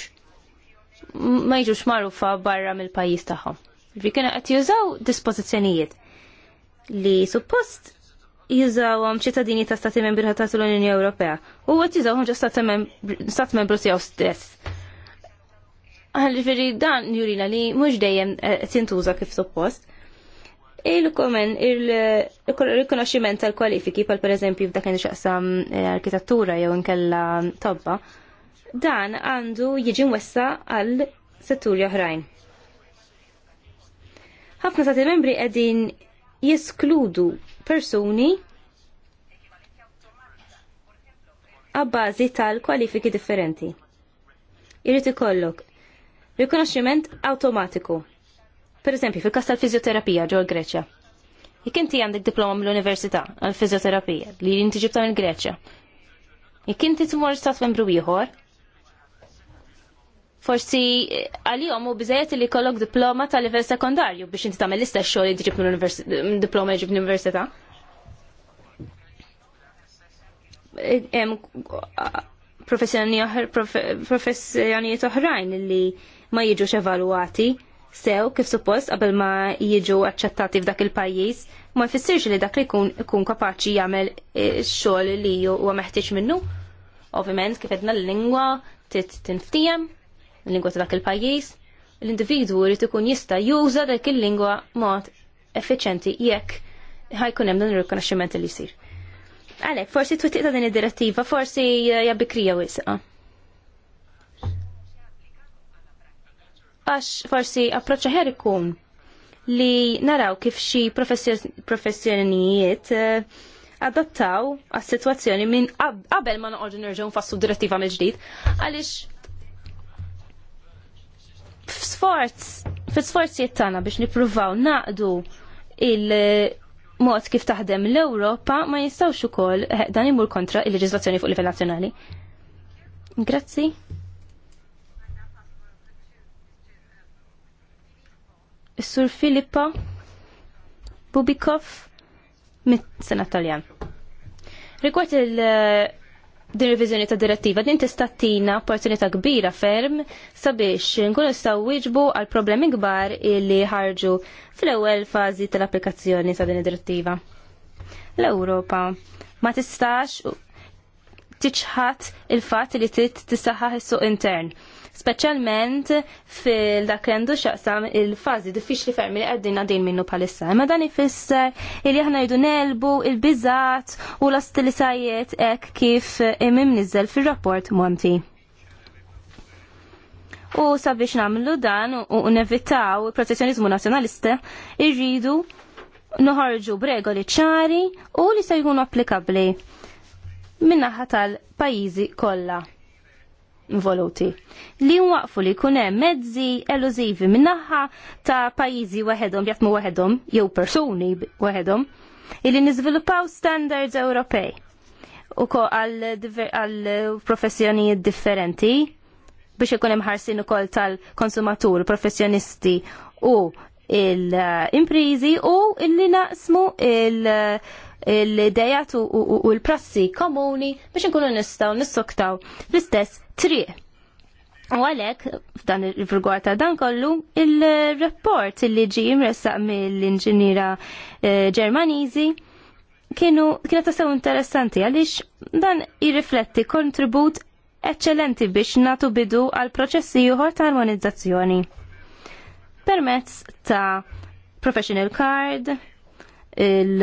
ma jiġux magħrufa barra mill-pajjiż tagħhom. Vi kena qed jużaw dispożizzjonijiet li suppost jużawhom ċittadini ta' stati membri ta' l-Unjoni Ewropea u qed jużawhom ġo stat membru tiegħu stess. veri dan jurina li mhux dejjem eh, qed jintuża kif suppost il-komen il-rikonoximent tal-kwalifiki pal per eżempju f'dak kien xaqsam eh, arkitettura jew inkella tobba dan għandu jiġi mwessa għal setturi oħrajn. Ħafna stati membri qegħdin jeskludu persuni għabbażi tal-kwalifiki differenti. Irrid ikollok rikonoxximent awtomatiku Per eżempju, fil-kas tal-fizjoterapija ġol Greċja. Jek inti għandek diploma mill-Università għal-fizjoterapija li inti ġibta mill Greċja. Jek inti tmur stat membru ieħor, forsi eh, għalihom hu biżejjed li kollok diploma tal-livell sekondarju biex inti tagħmel l-istess xogħol li ġib mm, diploma ġib l-università. Eh, professjonijiet oħrajn li ma jiġux evalwati sew kif suppost qabel ma jiġu aċċettati f'dak il-pajjiż, ma jfissirx li dak li jkun ikun kapaċi jagħmel eh, x-xogħol li huwa meħtieġ minnu. Ovvjament kif edna l-lingwa tinftijem, l-lingwa ta' dak il-pajjiż, l-individwu li ikun jista' juża dak il-lingwa mod effiċenti jekk ħajkun hemm dan ir-rikonoxximent li jsir. Għalhekk, forsi twittiq ta' din id-direttiva, forsi hija eh, bikrija wisqa. Ah. għax forsi approċċa ħer ikun li naraw kif xi professjonijiet eh, adattaw għas situazzjoni minn qabel ma noqogħdu nerġgħu nfassu direttiva mill-ġdid għaliex f'sforz f'sforz sforzijiet tagħna biex nippruvaw naqdu il mod kif taħdem l-Ewropa ma jistgħux ukoll eh, dan imur kontra il-leġiżlazzjoni fuq livell nazzjonali. Grazzi. Is-Sur Filippo Bubikov mit-Sena Taljan. Rigward il- eh, din revizjoni ta' direttiva din tista' tina opportunità kbira ferm sabiex nkunu nistgħu wieġbu għal problemi kbar li ħarġu fl-ewwel fażi tal-applikazzjoni ta' din id-direttiva. L-Ewropa ma tistax tiċħat il-fatt li trid tisaħħaħ is-suq intern speċjalment fil-dak għandu xaqsam il-fazi diffiċli fermi li għaddin għaddin minnu palissa. Ma dan ifisser il aħna jidu nelbu il-biżat u l-ostilisajiet ek kif imim nizzel fil-rapport Monti. U sabiex namlu dan u nevitaw il protezjonizmu nazjonalista, irridu noħarġu b'regoli ċari u li se jkunu applikabli minnaħa tal-pajizi kollha involuti. Li nwaqfu li jkun hemm mezzi elużivi min-naħa ta' pajjiżi waħedhom jaħdmu waħedhom jew persuni waħedhom illi niżviluppaw standards Ewropej u ko għal professjonijiet differenti biex ikun hemm ħarsin ukoll tal-konsumatur, professjonisti u l impriżi u illi naqsmu il- l-idejat u l-prassi komuni biex nkunu nistaw nissoktaw l-istess triq. U għalek, f'dan il-rigward ta' dan kollu, il-rapport li ġi imressaq mill-inġiniera eh, Ġermaniżi kienu kienet sew interessanti għaliex dan jirrifletti kontribut eccellenti biex natu bidu għal proċessi juħor ta' armonizzazzjoni. Permezz ta' professional card, il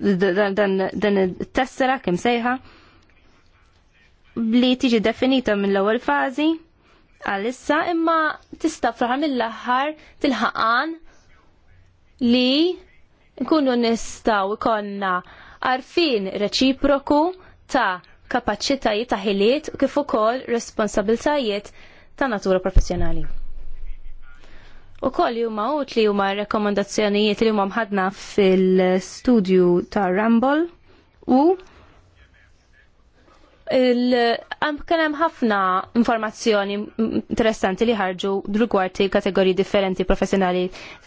dan it-tessera kem sejħa li tiġi definita mill ewwel fażi għalissa imma tista' fraħ mill-aħħar tilħaqan li nkunu nistgħu ikonna għarfin reċiproku ta' kapaċitajiet ta' ħiliet kif ukoll responsabiltajiet ta' natura professjonali. U koll juma ut li juma rekomendazzjonijiet li juma mħadna fil-studju ta' Rumble u Kienem ħafna informazzjoni interessanti li ħarġu rigward kategoriji differenti professjonali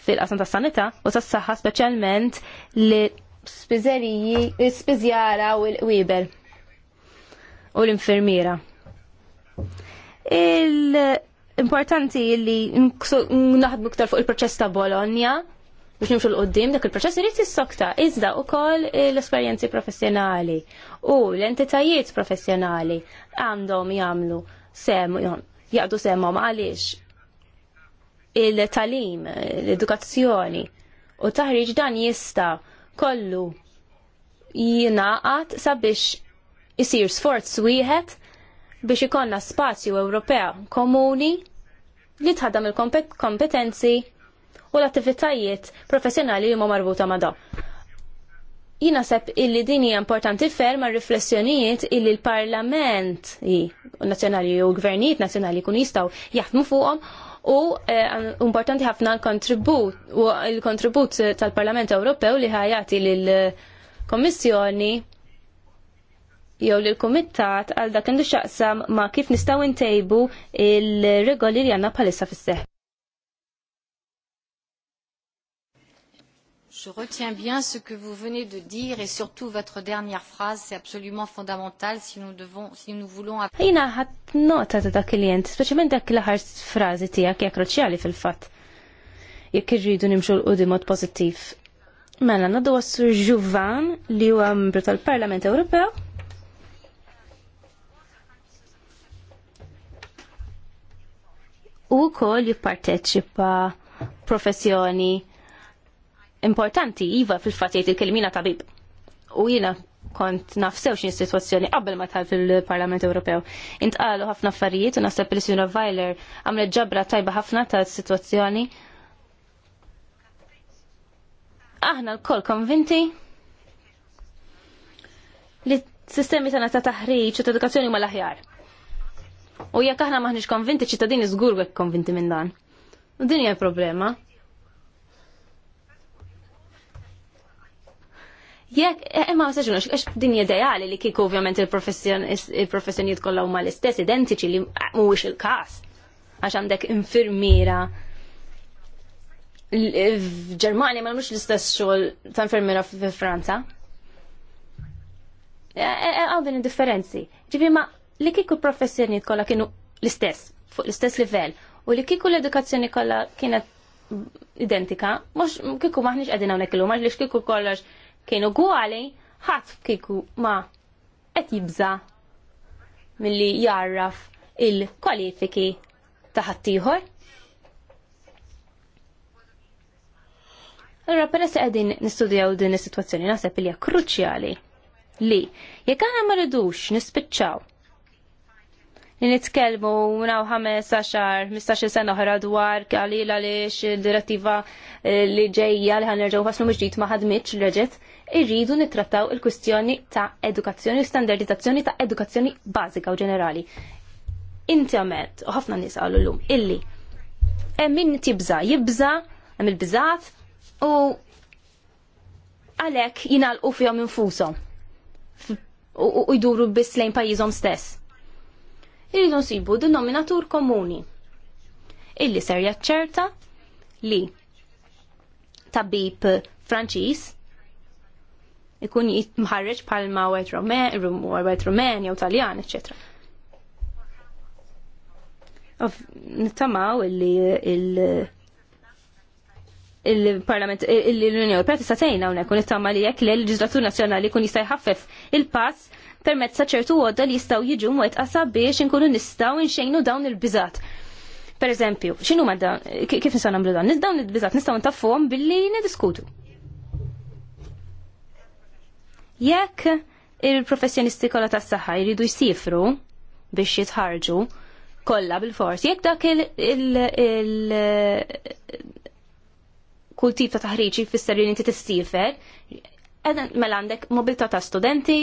fil-qasam tas sanità u s-saxħa specialment li spizzeriji, spizzjara u l-wiber u l-infermiera. Il- importanti li naħdmu iktar fuq il-proċess ta' Bologna biex nimxu l-qoddim dak il-proċess irid jissokta iżda wkoll l-esperjenzi professjonali u l-entitajiet professjonali għandhom jagħmlu sem jaqdu semhom għaliex il-talim, l-edukazzjoni u taħriġ dan jista' kollu jinaqat sabiex isir sforz wieħed biex ikonna spazju Ewropea komuni li tħaddam il-kompetenzi u l-attivitajiet professjonali li huma marbuta ma' dawn. Jina sepp illi din hija importanti ferm ma' riflessjonijiet illi l-Parlament nazzjonali u l-gvernijiet nazzjonali kun jistgħu jaħdmu fuqhom u eh, importanti ħafna l-kontribut u l-kontribut tal-Parlament Ewropew li ħajati lill-Kommissjoni jew lil kumittat għal dak għandu xaqsam ma' kif nistgħu ntejbu il-regoli li għandna bħalissa fis-seħ.
Je retiens bien ce que vous venez de dire et surtout votre dernière phrase, c'est absolument fondamental si nous devons, si nous voulons. Jina ħat
nota ta' dak klient, speċjalment dak l-aħħar frażi tiegħek hija kruċjali fil-fatt. Jekk irridu nimxu l-qudiem mod pożittiv. Mela nadu għas-Sur Juvan li huwa membru tal-Parlament Ewropew u kol jipparteċipa professjoni importanti iva fil-fatijiet il-kelmina tabib. U jina kont nafsew xin situazzjoni qabel ma tal fil-Parlament Ewropew. Intqalu ħafna affarijiet u naħseb li Sinjora Weiler għamlet ġabra tajba ħafna tal situazzjoni. Aħna l kol konvinti li s sistemi tana ta' taħriġ u ta' edukazzjoni ma l-aħjar U jekk aħna maħniex konvinti ċittadini zgur għek konvinti minn dan. U din hija problema. Jekk, imma e, e, ma saġunux, għax din ideali li kik ovvjament il-professjonijiet kollha huma l-istess identiċi li mhuwiex il-każ. Għax għandek infirmiera f'Ġermanja ma l-istess xogħol ta' infirmiera fi Franza. E, għaw din differenzi. Ġifi ma' li kiku professjoni kolla kienu l-istess, fuq l-istess livell, u li kiku l-edukazzjoni kolla kienet identika, mux kiku maħniġ għedina unek l-lum, li kiku kollox kienu għuali, ħat kiku ma qed jibza mill-li jarraf il-kwalifiki taħattijħor. Allora, se għedin nistudjaw din is-situazzjoni, naħseb li kruċjali li jekk aħna ma rridux nispiċċaw li nitkellmu naw ħames għaxar, mistax sena oħra dwar għalila li id-direttiva eh, li ġejja li ħanerġgħu ħasnu miġdid ma l reġet, irridu nittrattaw il kustjoni ta' edukazzjoni, standardizzazzjoni ta' edukazzjoni bażika u ġenerali. Inti għamet, u ħafna nies qalu illi hemm min jibza jibża, hemm il għalek u għalhekk jingħalqu fihom infushom u jduru biss lejn pajjiżhom stess irridu nsibu denominatur komuni illi ser jaċċerta li tabib Franċiż ikun jitmħarreġ palma għet Rumen, jew Taljan, etc. Nittamaw illi il- il-Parlament, l-Unjoni Ewropea tista' tgħinna hawnhekk u nittama li jekk l-Leġislatur Nazzjonali jkun jista' jħaffef il-pass permezz ta' ċertu għodda li jistgħu jiġu qasab biex inkunu nistgħu nxejnu dawn il-biżat. Per eżempju, x'inhu ma dawn kif nistgħu nagħmlu dan? Dawn il-biżat nistgħu ntaffuhom billi nidiskutu. Jekk il-professjonisti kollha tas-saħħa jridu jsifru biex jitħarġu kollha bil-forsi, jekk dak il- kull tip ta' taħriġ jfisser li inti tistifer, mela għandek mobilità ta' studenti,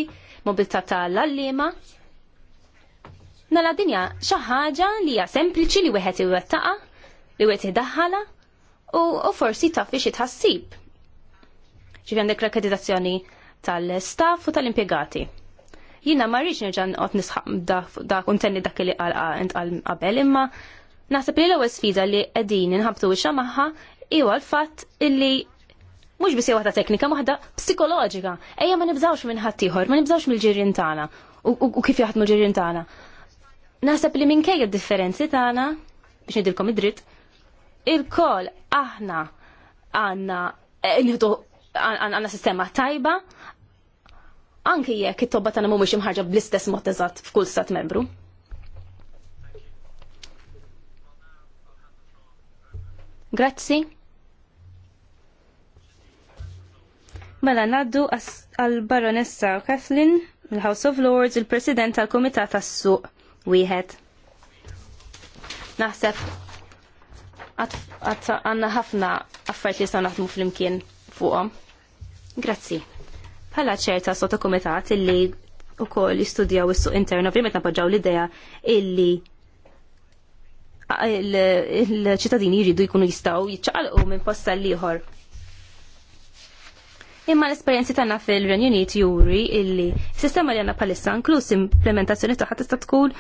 mobilità ta' l-allima. Nala mela dinja xi ħaġa li hija sempliċi li wieħed iwettaqa, li wieħed idaħħala u forsi taf biex itħassib. Ġifi għandek l-akkreditazzjoni tal-staff u tal-impjegati. Jina marriċ nirġan għot nisħaq da kontenni dak li għal qabel imma Naħseb li l-ewwel sfida li qegħdin inħabtu wixxa magħha iwa l-fatt illi mhux biss ta' teknika waħda psikoloġika. Ejja ma nibżawx minn ħattijħor, ma nibżawx mill-ġirien tagħna u kif jaħdmu l-ġirien tana. Naħseb li minn d-differenzi tagħna biex nidilkom id-dritt, il-kol aħna għanna eh, nħidu għanna sistema tajba, anki jekk it-tobba tagħna mhumiex imħarġa bl-istess mod eżatt f'kull stat membru. Grazzi. Mela naddu għal baronessa Kathleen, il-House of Lords, il-President tal kumitat tas-Suq wieħed. Naħseb għanna ħafna affarijiet li sa naħdmu flimkien fuqhom. Grazzi. Bħala ċerta sotto komitat illi u koll jistudjaw is-suq intern, ovvijament napoġġaw l-idea illi il-ċittadini jridu jkunu jistaw jitċaqalqu minn posta l-liħor Imma l-esperjenzi tagħna fil-Renju Unit juri illi s-sistema li għandna bħalissa inkluż implementazzjoni tagħha tista' tkun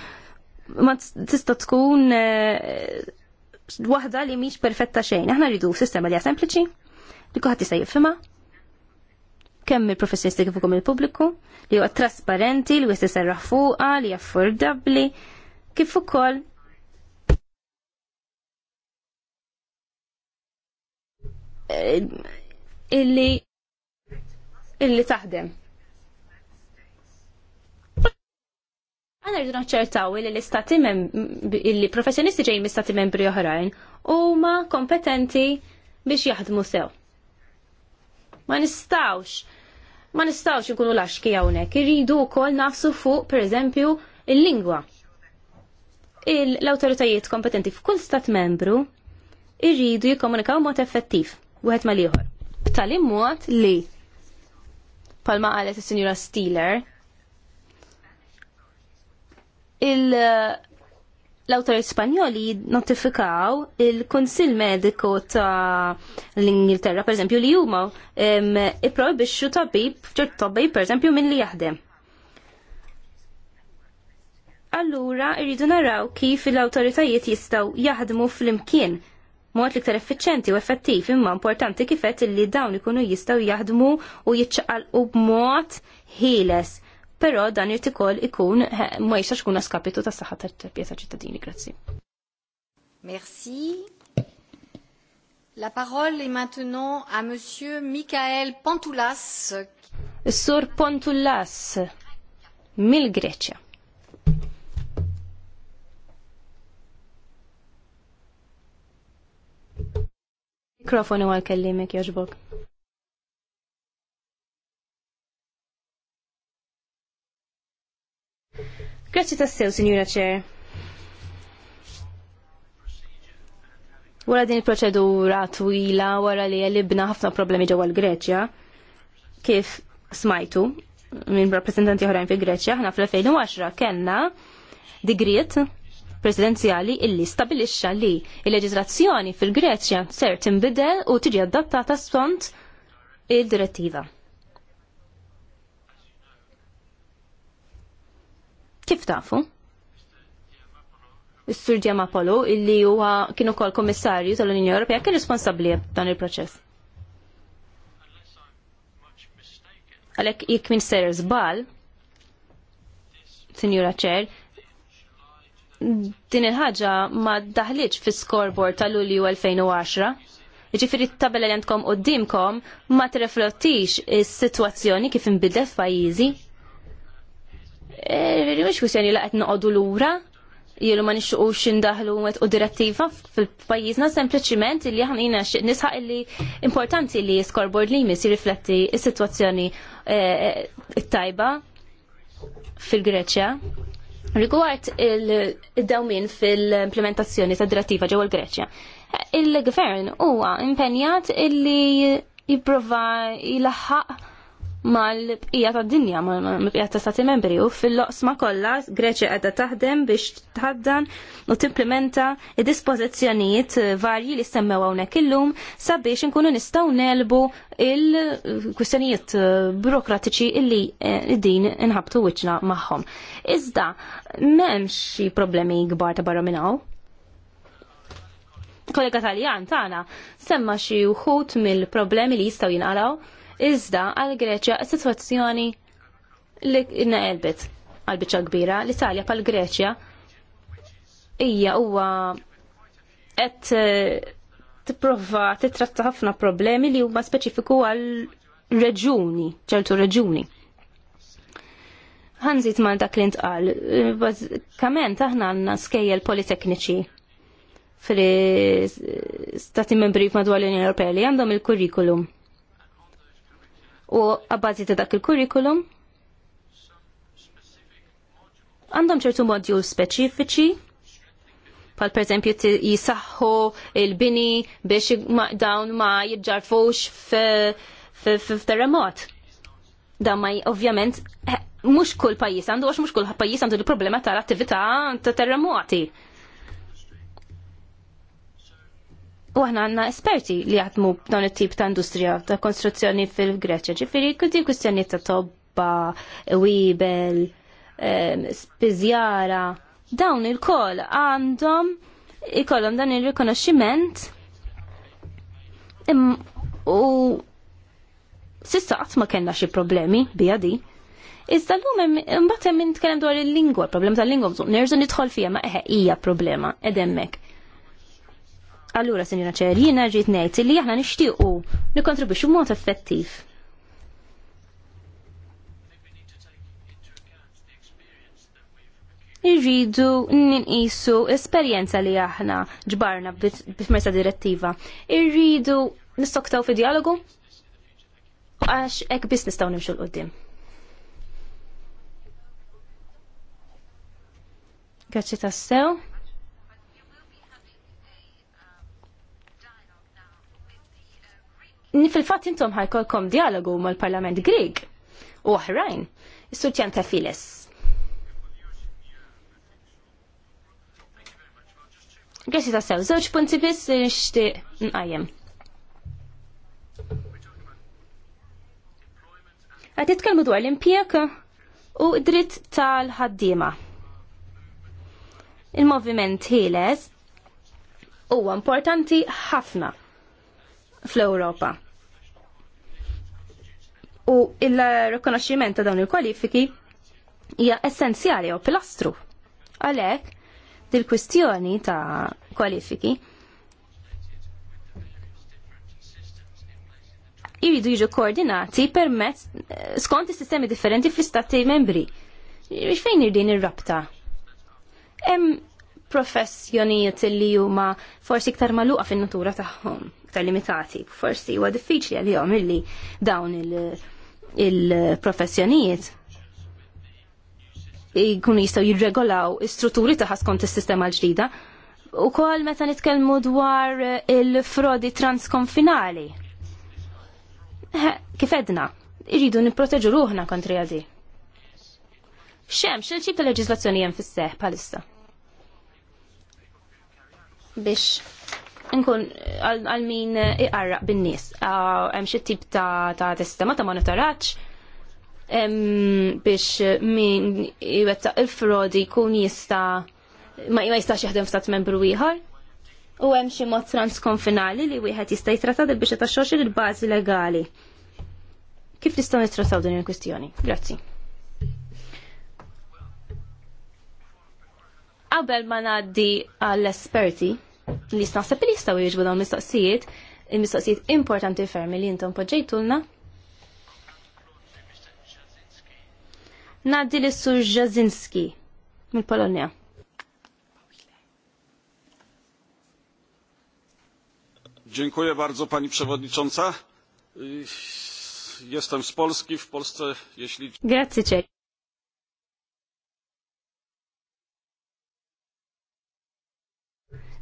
ma tista' tkun eh, waħda li mhix perfetta xejn. Aħna rridu sistema li hija sempliċi, li kulħadd jista' jifhimha, kemm il-professjonisti kif ukoll il-pubbliku, li huwa trasparenti, li jista' serraħ fuqha, li affordabbli, kif ukoll eh, illi illi taħdem. Għan rridu naċċertaw li l-istati illi professjonisti ġejjin mistati membri oħrajn huma kompetenti biex jaħdmu sew. Ma nistawx, ma nistawx ikunu laxki hawnhekk, irridu wkoll nafsu fuq pereżempju il-lingwa. L-awtoritajiet kompetenti f'kull stat membru irridu jikkomunikaw mod effettiv wieħed mal-ieħor. B'tali mod li palma qalet is-Sinjura Steeler, l-autorit spanjoli notifikaw il-Konsil Mediku ta' l-Ingilterra, per li huma iprojbixxu tabib, ċert tabib, per eżempju, minn li jaħdem. Allura, irridu naraw kif l-autoritajiet jistaw jaħdmu fl-imkien mod liktar effiċenti u effettiv imma importanti kifet li dawn ikunu jistaw jaħdmu u jitċaqalqu b'mod ħieles. Però dan irid ikun ma jistax tkun skapitu tas saħħa tat pieta ċittadini. Grazzi.
Merci. La parole est maintenant à monsieur Michael Pantoulas.
Sur Pantoulas, mill Grecia. Mikrofoni għal kellimek jaġbok. Grazzi tassew, Signora Chair. Wara din il-proċedura twila wara li għalibna ħafna problemi ġewwa l-Greċja, kif smajtu minn rappresentanti oħrajn fil-Greċja, ħna fl-2010 kellna digriet presidenzjali illi stabilixxa li il leġizrazzjoni fil-Greċja ser tinbidel u tiġi adattata skont il-direttiva. Kif tafu? Is-Sur Diamapolo illi huwa kien ukoll kommissarju tal-Unjoni Ewropea kien responsabbli dan il-proċess. Għalhekk jekk min ser żball, Sinjura Ċer, din il-ħaġa ma daħliċ fis scoreboard tal-Lulju 2010. Ġifiri t-tabella li għandkom u dimkom ma t-reflottix il-situazzjoni kif f-pajizi. Rridu mux li laqet noqodu l-ura, jilu ma u indaħlu għet u direttiva fil-pajizna sempliciment li ħanina nisħaq li importanti li scoreboard li jmiss jirrifletti il-situazzjoni e, e, tajba fil-Greċja. Rigward il-dawmin fil-implementazzjoni ta' direttiva ġewwa l-Greċja, il-gvern huwa impenjat illi jipprova jilaħħaq mal-bqija ta' dinja, mal-bqija ta' stati membri u fil-loqsma kollha Greċja qiegħda taħdem biex tħaddan u timplementa dispożizzjonijiet varji li semmew hawnhekk illum sabiex inkunu nistgħu nelbu il-kwistjonijiet burokratiċi illi eh, din inħabtu wiċċna magħhom. Iżda m'hemmx xi problemi kbar ta' barra minn Kollega Taljan tagħna semma xi wħud mill-problemi li jistgħu jinqalgħu Iżda għal Greċja situazzjoni li naqelbet għal biċċa kbira l-Italja pal Greċja hija huwa qed eh, tipprova titratta ħafna problemi li huma speċifiku għal reġuni, ċertu reġuni ħanżit ma dak li ntqal, bazzikament aħna għandna skejjel politekniċi fil stati membri madwar l-Unjoni Ewropea li għandhom il-kurrikulum u għabbażi ta' dak il-kurrikulum għandhom ċertu modjul speċifiċi pal per eżempju jisaħħu il-bini biex dawn ma f f'terremot. Da ma ovvjament mhux kull pajjiż għandu għax mhux kull pajjiż għandu il-problema tal-attività ta' terremoti. Ta U aħna għandna esperti li jaħdmu dan it-tip ta' industrija ta' konstruzzjoni fil-Greċja. Ġifieri kudi kustjoni ta' tobba, wibel, spizjara, dawn il-kol għandhom ikollhom dan ir-rikonoxximent u sissa qatt ma kellna xi problemi bija di. Iżda l imbagħad hemm nitkellem dwar il-lingwa, problem tal-lingwa nerżu nidħol fija ma eħe hija problema qed hemmhekk. Allura, Sinjora Ċer, jiena ġiet ngħid li aħna nixtiequ nikkontribwixxu b'mod effettiv. Irridu ninqisu esperjenza li aħna ġbarna bifmessa direttiva. Irridu nistoktaw fi dialogu għax hekk biss nistgħu nimxu l-qoddim. Grazzi tassew. fil-fatt intom ħajkolkom dialogu mal-Parlament Grieg u oħrajn, is-Sur ta' Files. Grazzi ta' sew, żewġ punti biss eh, nixtieq nqajjem. Qed titkellmu dwar l-impjeg u dritt tal-ħaddiema. Il-moviment ħiles huwa importanti ħafna fl-Ewropa. U il-rekonoxximent ta' dawn il-kwalifiki hija essenzjali u pilastru. Għalhekk dil-kwistjoni ta' kwalifiki Iridu jiġu koordinati permezz eh, skont is-sistemi differenti fl-istati membri. Fejn irdin ir-rabta? Hemm professjonijiet li huma forsi iktar maluqa fin-natura tagħhom, iktar limitati. Forsi huwa diffiċli għalihom illi dawn il-professjonijiet jkunu jistgħu jirregolaw is-strutturi tagħha skont is-sistema l-ġdida. Ukoll meta nitkellmu dwar il-frodi transkonfinali. Kif edna, irridu nipproteġu ruħna kontri għadi. Xemx il-ċip ta' leġislazzjoni jem fis-seħ palissa biex nkun għal min iqarraq bin-nies. Hemm xi tip ta' sistema ta' monitoraġġ biex min iwettaq il-frodi jkun jista' ma jistax jaħdem f'stat membru ieħor. U hemm xi mod transkonfinali li wieħed jista' jitrata biex ta' xogħol il-bażi legali. Kif nistgħu nittrattaw din il-kwistjoni? Grazzi. Qabel ma naddi għall-esperti li s-nasab li jistgħu jiġbu dawn mistoqsijiet, il-mistoqsijiet importanti fermi li jintom poġġejtulna. Naddi l sur Jazinski mil-Polonia.
Dziękuję bardzo pani przewodnicząca. Jestem z Polski, w Polsce jeśli...
Grazie, Czech.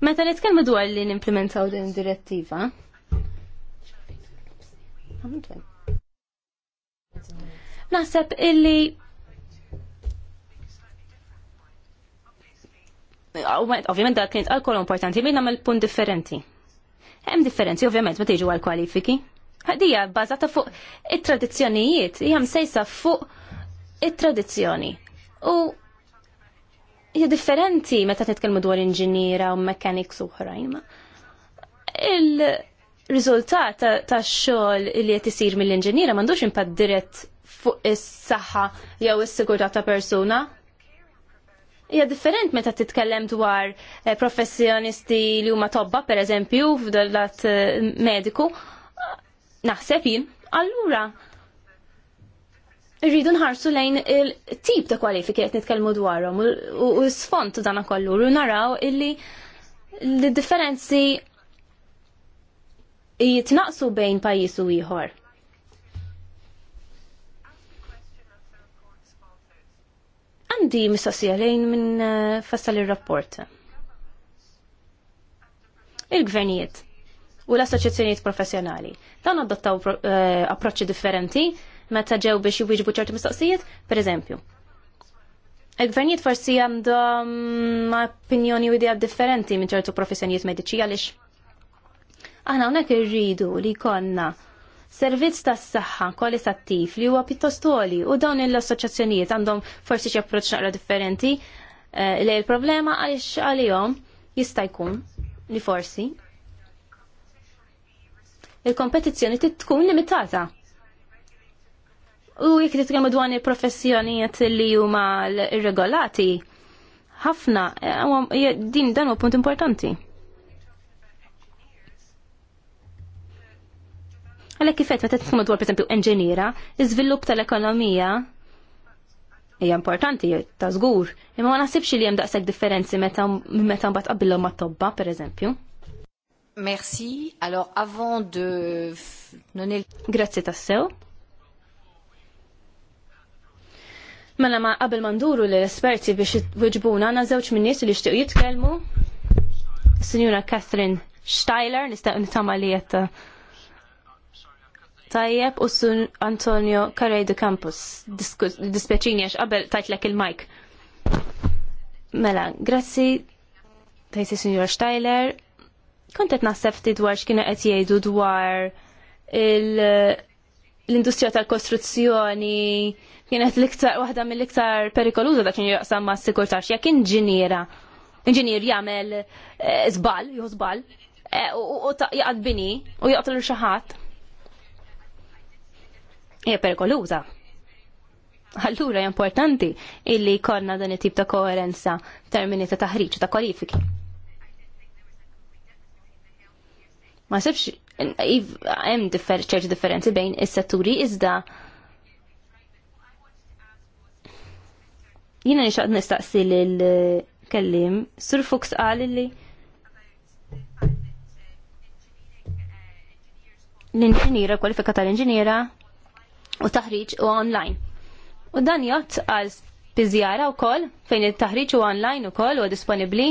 Meta nitkellmu dwar li nimplementaw din direttiva. Naħseb illi Ovvijament dak kienet għal importanti, minna mill punt differenti. Hemm differenzi ovvjament meta jiġu għal kwalifiki. Ħadija bbażata fuq it-tradizzjonijiet, hija msejsa fuq it-tradizzjoni. U hija differenti meta titkellmu dwar inġiniera u mechanics oħrajn. Il-riżultat tax-xogħol li qed isir mill-inġiniera m'għandux impatt dirett fuq is-saħħa jew is-sigurtà ta' persuna. Hija differenti meta titkellem dwar eh, professjonisti li huma tobba pereżempju f'dollat eh, mediku. Naħseb jien, allura rridu nħarsu lejn il-tip ta' kwalifiki qed nitkellmu dwarhom u s-sfont dan kollu u naraw illi l-differenzi jitnaqsu bejn pajjiż u ieħor. Għandi mistoqsija lejn minn eh, fassal il rapport Il-gvernijiet u l-assoċjazzjonijiet professjonali dan adottaw eh, approċċi differenti meta ġew biex jwieġbu ċertu mistoqsijiet, pereżempju. Il-gvernijiet forsi għandhom opinjoni u idea differenti minn ċertu professjonijiet mediċi għaliex. Aħna hawnhekk irridu li konna servizz tas saħħa attiv li huwa pjuttost għoli u dawn l-assoċjazzjonijiet għandhom forsi xi approċċ naqra differenti eh, li l-problema għaliex għalihom jista' jkun li forsi il-kompetizzjoni tkun limitata. U jek titkellmu dwar il-professjonijiet li huma irregolati, ħafna eh, eh, din dan huwa punt importanti. Għalhekk kifet meta tkun dwar esempio, enġiniera, iżvilupp tal-ekonomija hija importanti ta' żgur, imma ma naħsibx li hemm daqshekk differenzi meta meta mbagħad ma' mat-tobba pereżempju.
Merci. Alors avant de Grazie tassew.
Mela ma qabel ma nduru l-esperti biex wiġbuna, għandna żewġ minn nies li jixtiequ jitkellmu. Sinjura Catherine Steiler nista' nitama li qed uh, tajjeb u sun Antonio Carrey de Campos dispeċini għax qabel tajtlek il-mike. Mela, grazzi tajsi Sinjura Steiler. Kontet naħseb ftit dwar x'kienu qed jgħidu dwar l-industrija tal-kostruzzjoni kienet l-iktar waħda mill-iktar perikoluża dak kien jaqsam ma' sikurtax jekk inġiniera inġinier jagħmel eh, żball, jew żball, eh, u jaqad bini u jaqtlu xi ħadd. Hija perikoluża. Allura importanti illi jkollna dan it-tip ta' koerenza termini ta' taħriġ ta' kwalifiki. Ma sibx hemm ċerti differenzi bejn is-setturi iżda Jina nixaqt nistaqsi l-kellim, eh, Sur Fuchs li l-inġiniera, kwalifika tal-inġiniera u taħriġ u online. U dan jott għal pizjara u kol, fejn il-taħriġ u online u kol u disponibli.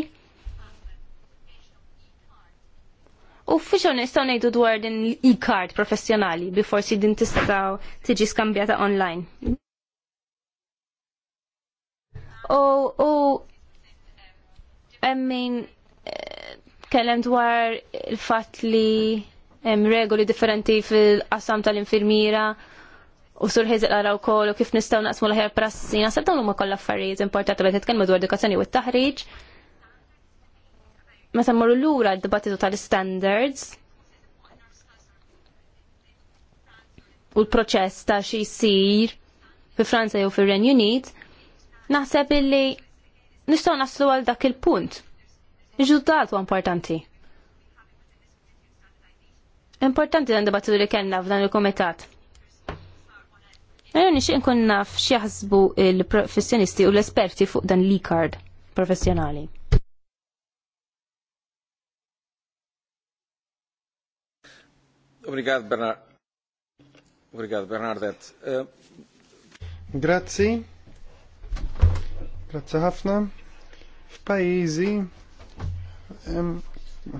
U fiċo nistaw nejdu dwar din e-card professjonali bi forsi din tistaw tiġi skambjata online u emmin eh, kellem dwar il-fat li hemm regoli differenti fil-qasam tal-infirmiera u sur ħiżel għara u kol u kif nistaw naqsmu l-ħjar prassi. Nasab dawn huma kollha affarijiet importanti bħed nitkellmu dwar edukazzjoni u t-taħriġ. sammur l lura d-dibattitu tal-standards u l-proċess ta' xi jsir fi Franza jew fir-Renju Unit, Naħseb illi nistgħu naslu għal dak il-punt. Iġuddat huwa importanti. Importanti dan dibattu li kellna f'dan il-komitat. Għajja nixin nkun naf xieħzbu il-professjonisti u l-esperti fuq dan l-e-card professjonali.
Obrigad Bernard. Obrigad Bernardet. Eh,
Grazie. Grazie ħafna. F'pajjiżi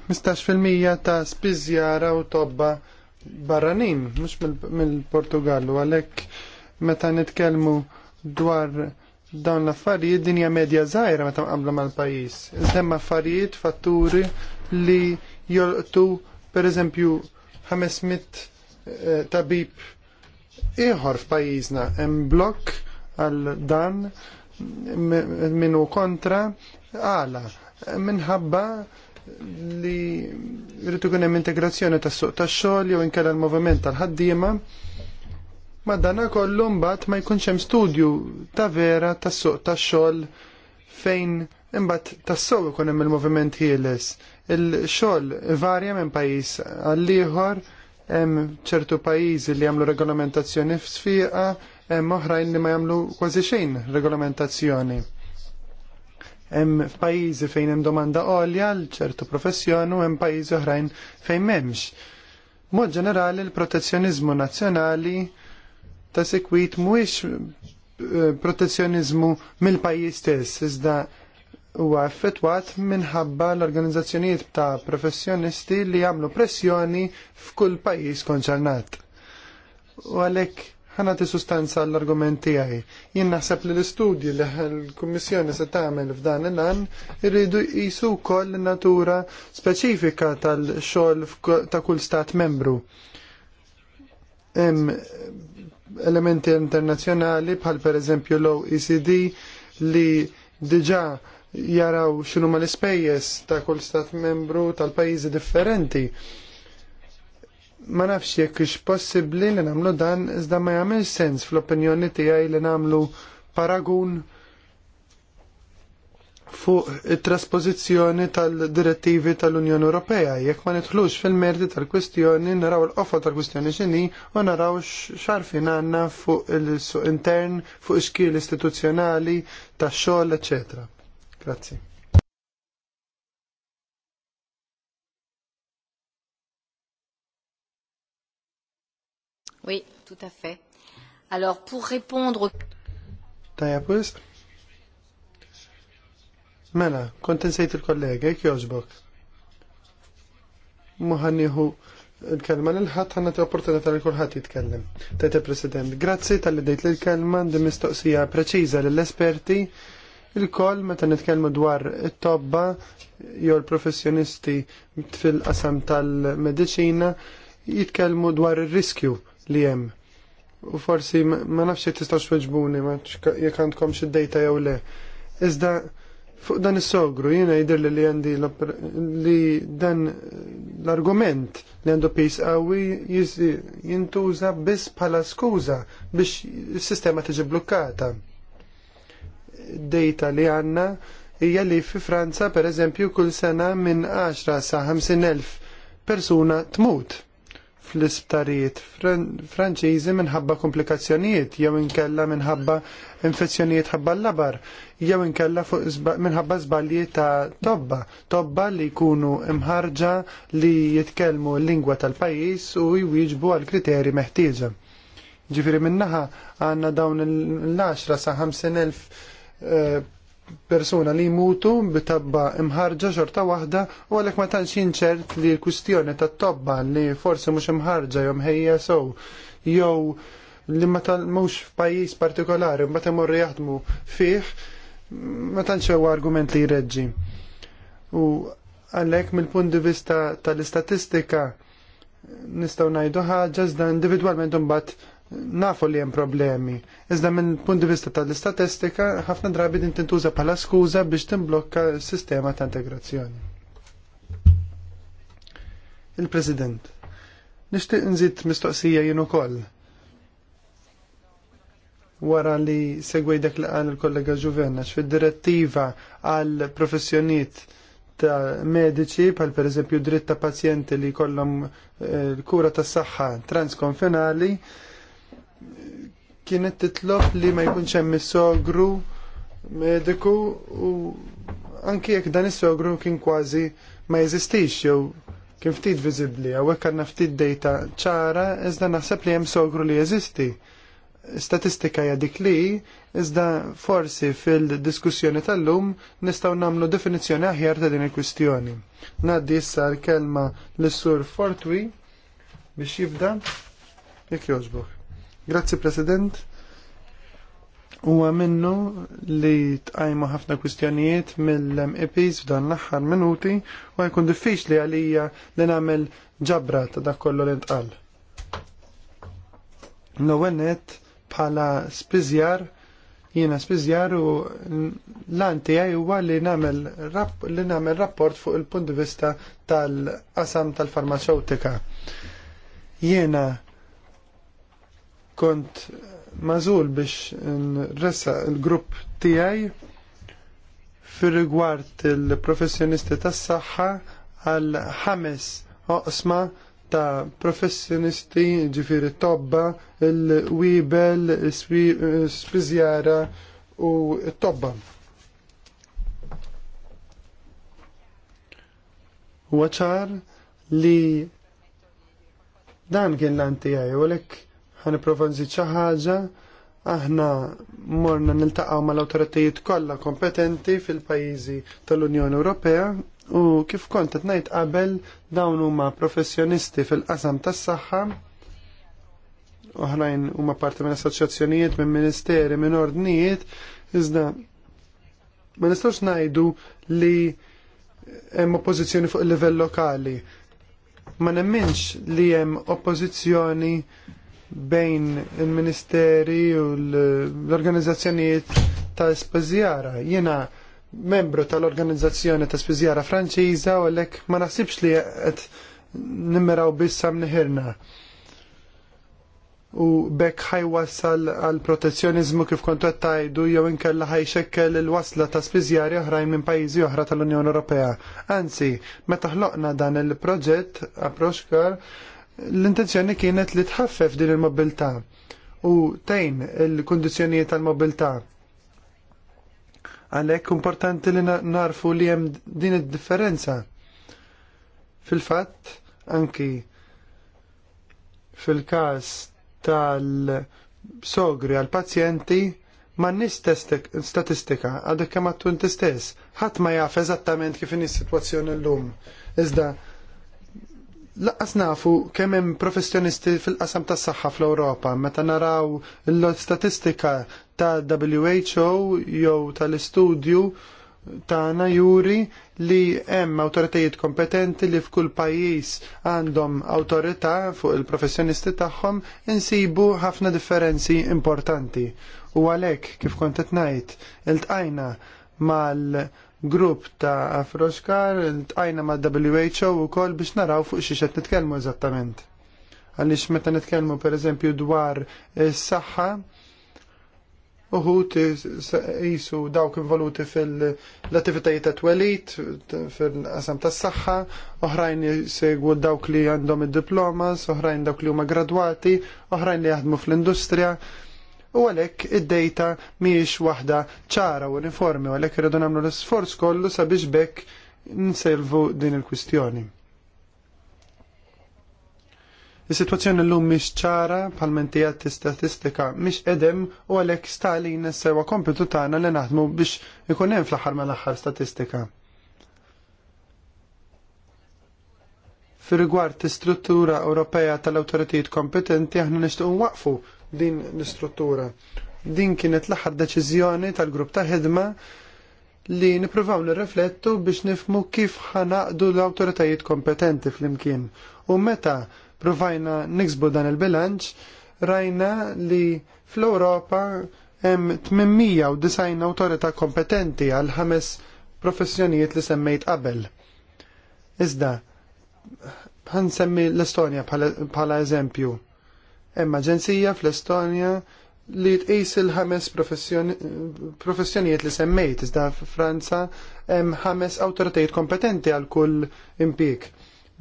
mistax 15% ta' spiżjara u tobba barranin, mhux mill-Portugallu, għalhekk meta nitkellmu dwar dawn l-affarijiet dinja medja żgħira meta qabla mal-pajjiż. Iżda affarijiet fatturi li jolqtu pereżempju 500 eh, tabib ieħor f'pajjiżna hemm blokk għal dan minu kontra għala minħabba li rritu kunem integrazzjoni tas suq tax xogħol jew inkella l-moviment tal-ħaddiema ma dana kollu mbagħad ma jkunx hemm studju ta' vera tas suq tax xogħol fejn imbagħad tassew ikun hemm il-moviment ħieles. Il-xogħol varja minn pajjiż għall ieħor hemm ċertu pajjiżi li jagħmlu regolamentazzjoni f'sfiqa hemm oħrajn li ma jagħmlu kważi xejn regolamentazzjoni. Hemm f'pajjiżi fejn hemm domanda għolja għal ċertu professjoni u hemm pajjiżi oħrajn fejn m'hemmx. Mod ġenerali l-protezzjonizmu nazzjonali ta' sekwit mhuwiex eh, protezzjonizmu mill-pajjiż stess, iżda huwa effettwat minħabba l-organizzazzjonijiet ta' professjonisti li jagħmlu pressjoni f'kull pajjiż konċernat. U għalhekk ħana ti sustanza l-argument tiegħi. Jien naħseb li l-istudji li l-Kummissjoni se tagħmel f'dan il-an irridu jisu wkoll natura speċifika tal-xogħol ta' kull stat membru. Hemm elementi internazzjonali bħal pereżempju l-OECD li diġa' jaraw x'inhuma l-ispejjeż ta' kull stat membru tal-pajjiżi differenti ma nafx jekk ix possibbli li nagħmlu dan iżda ma jagħmel sens fl-opinjoni tiegħi li nagħmlu paragun fuq it-traspożizzjoni tal-direttivi tal-Unjoni Ewropea. Jekk ma nidħlux fil-merdi tal-kwistjoni, naraw l-qofa tal-kwistjoni x'inhi u naraw x'arfin għandna fuq il-suq intern, fuq ix-xkiel istituzzjonali, tax-xogħol, eċetera. Grazzi.
Oui, tout à fait. Alors, pour répondre...
Tajja Mela, konten sejt il-kollega, jek joġbok. Muħanniħu il-kelma l-ħat ħanna ti opportunità li kulħadd jitkellem. Tajta President, grazzi tal-li dejt l-kelma di mistoqsija preċiża lill-esperti il-koll meta nitkellmu dwar it-tobba jew l-professjonisti fil-qasam tal medicina jitkellmu dwar ir-riskju li hemm. U forsi ma nafx jek weġbuni xweġbuni ma jekk għandkom xi dejta jew le. Iżda fuq dan is-sogru jina jidher li għandi li dan l-argument li għandu pis qawwi jintuża biss bħala skuża biex is-sistema tiġi blokkata. Dejta li għandna hija li fi Franza pereżempju kull sena minn 10 sa 50 persuna tmut fl-isptarijiet Franċiżi minħabba komplikazzjonijiet jew inkella minħabba infezzjonijiet ħabba l-labar jew inkella minħabba żbalji ta' tobba, tobba li jkunu imħarġa li jitkellmu l-lingwa tal-pajjiż u jwieġbu għal kriteri meħtieġa. Ġifieri minnaħa għandna dawn l-10 sa' 50,000 persuna li jmutu bitabba imħarġa xorta waħda u għalhekk ma tantx jinċert li l-kwistjoni ta' tobba li forsi mhux imħarġa jom ħejja sow jew li ma tal mhux f'pajjiż partikolari mbagħad imorru jaħdmu fih ma tantx jow argument li jreġi. U għalhekk mill-punt di vista tal-istatistika nistgħu ngħidu ħaġa iżda individwalment imbagħad nafu li hemm problemi. Iżda minn punt di vista tal-istatistika, ħafna drabi din tintuża bħala skuża biex timblokka s-sistema ta' integrazzjoni. Il-President, nixtieq nżid mistoqsija jien ukoll. Wara li segwej dak li qal il-kollega Ġuvenna fid-direttiva għal professjoniet ta' mediċi, pal per eżempju dritt ta' pazjenti li kollom l-kura eh, tas saħħa transkonfinali, kienet titlob li ma jkunx hemm is-sogru mediku u anki jekk dan is-sogru kien kważi ma jeżistix jew kien ftit viżibbli hawnhekk għandna ftit dejta ċara iżda naħseb li hemm sogru li jeżisti. Statistika hija dik li iżda forsi fil-diskussjoni tal-lum nistgħu nagħmlu definizzjoni aħjar ta' din il-kwistjoni. Ngħaddi issa l-kelma lis sur Fortwi biex jibda jekk jogħġbok. Grazzi President. Huwa minnu li tqajmu ħafna kwistjonijiet mill-MEPs f'dan l-aħħar minuti u jkun diffiċli għalija li nagħmel ġabra ta' dak kollu li ntqal. L-ewwel bħala spizjar, jiena spiżjar u l-an huwa li li nagħmel rapport fuq il-punt di vista tal-qasam tal-farmaceutika. Jiena kont mażul biex nressa il-grupp tijaj fir rigward il-professjonisti tas-saħħa għal ħames oqsma ta' professjonisti ġifiri tobba, il-wibel, spizjara u tobba. Waċar li dan kien l-antijaj, u Ma iprofa nżid xi ħaġa aħna morna niltaqgħu mal-awtoritajiet kollha kompetenti fil-pajjiżi tal-Unjoni Ewropea u kif kont qed ngħid qabel dawn huma professjonisti fil-qasam tas-saħħa oħrajn huma parti minn assoċjazzjonijiet minn ministeri minn ordnijiet iżda ma nistax ngħidu li hemm oppożizzjoni fuq il-livell lokali. Ma nemminx li hemm oppożizzjoni bejn il-Ministeri u l-organizzazzjonijiet ta' Spazjara. Jena membru tal-organizzazzjoni ta' Spazjara Franċiża u għalek ma naħsibx li qed nimmeraw bissam niħirna u bekk ħajwassal għal protezzjonizmu kif kontu għattajdu jew inkella xekkel il-wasla ta' spiżjari oħrajn minn pajjiżi oħra tal-Unjoni Ewropea. Anzi, meta ħloqna dan il-proġett approxkar l-intenzjoni kienet li tħaffef din il-mobilità u tejn il kondizjoni tal-mobilità. Għalhekk importanti li narfu li hemm din id-differenza. Fil-fatt anki fil-każ tal-sogri għal-pazjenti ma nistess statistika għadek kemm għattu inti Ħadd ma jaf eżattament kif in is-sitwazzjoni llum. Iżda Laqqas nafu kemm hemm professjonisti fil-qasam tas-saħħa fl-Ewropa meta naraw l-statistika ta' WHO jew tal-istudju tagħna juri li hemm awtoritajiet kompetenti li f'kull pajjiż għandhom awtorità fuq il-professjonisti tagħhom insibu ħafna differenzi importanti. U għalhekk kif kont qed ngħid iltqajna mal- grupp ta' Afroskar tqajna ma' WHO u kol biex naraw fuq xi xed nitkellmu eżattament. Għaliex meta nitkellmu pereżempju dwar is-saħħa uħut jisu dawk involuti fil-attivitajiet ta' twelit, fil-qasam tas saħħa oħrajn jisegwu dawk li għandhom id-diplomas, oħrajn dawk li huma gradwati, oħrajn li jaħdmu fl-industrija, u għalhekk id-dejta mhijiex waħda ċara u uniformi u għalhekk irridu nagħmlu l-isforz kollu sabiex bekk nselvu din il-kwistjoni. Is-sitwazzjoni llum mhix ċara bħalmentijat statistika mhix edem u għalhekk stalin sewa kompetu tagħna li naħdmu biex ikun hemm fl-aħħar mal-aħħar statistika. fir rigward istruttura Ewropea tal-awtoritajiet kompetenti aħna nixtiequ waqfu din l-istruttura. Din kienet l-aħħar deċiżjoni tal-grupp ta' ħidma li nipruvaw nirreflettu biex nifmu kif ħanaqdu l-autoritajiet kompetenti fl-imkien. U meta provajna niksbu dan il-bilanċ, rajna li fl-Europa hemm 890 autorità kompetenti għal ħames professjonijiet li semmejt qabel. Iżda, ħansemmi l-Estonja bħala eżempju. Hemm aġenzija fl-Estonja li tqis il-ħames professjonijiet li semmejt, iżda f'Franza hemm ħames awtoritajiet kompetenti għal kull impik.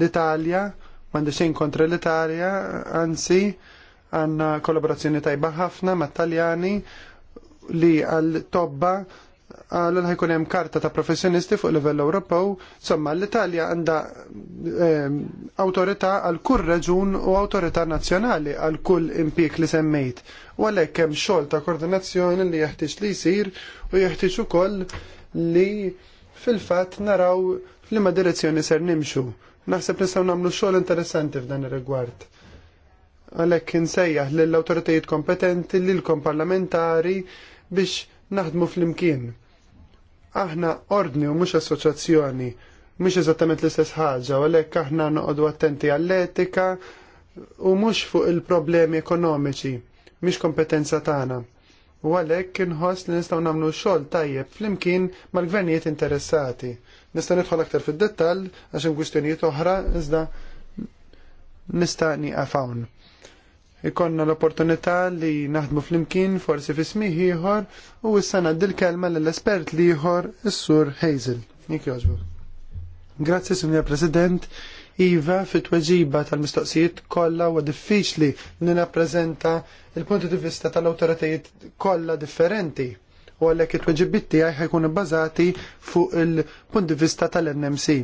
L-Italja m'għandi xejn kontra l-Italja, anzi għandna kollaborazzjoni tajba ħafna mat-Taljani li għal tobba għal ħajkun hemm karta ta' professjonisti fuq livell Ewropew, somma l-Italja għandha awtorità għal kull raġun u awtorità nazzjonali għal kull impik li semmejt. U għalhekk hemm xogħol ta' koordinazzjoni li jeħtieġ li jsir u jeħtieġ ukoll li fil-fatt naraw f'liema direzzjoni ser nimxu. Naħseb nistgħu nagħmlu xogħol interessanti f'dan ir-rigward għalek insejjaħ l-autoritajiet kompetenti l-kom parlamentari biex naħdmu fl-imkien aħna ordni u mhux assoċjazzjoni, mhux eżattament l-istess ħaġa, u għalhekk aħna noqogħdu attenti għall-etika u mhux fuq il-problemi ekonomiċi, mhix kompetenza tagħna. U għalhekk inħoss li nistgħu nagħmlu xogħol tajjeb flimkien mal-gvernijiet interessati. Nista' nidħol aktar fid-dettall għax hemm kwistjonijiet oħra iżda nista' nieqaf hawn ikonna l-opportunità li naħdmu fl-imkien forsi fi smih ieħor u issa ngħaddi l-kelma lill-espert li ieħor is-sur Hazel. Nik jogħġbu. Grazzi, Sinja President. Iva fit-tweġiba tal-mistoqsijiet kollha huwa diffiċli li nappreżenta il-punti di vista tal-awtoritajiet kollha differenti u għalhekk it-tweġibiet tiegħi ħajkunu bbażati fuq il-punt di vista tal-NMC.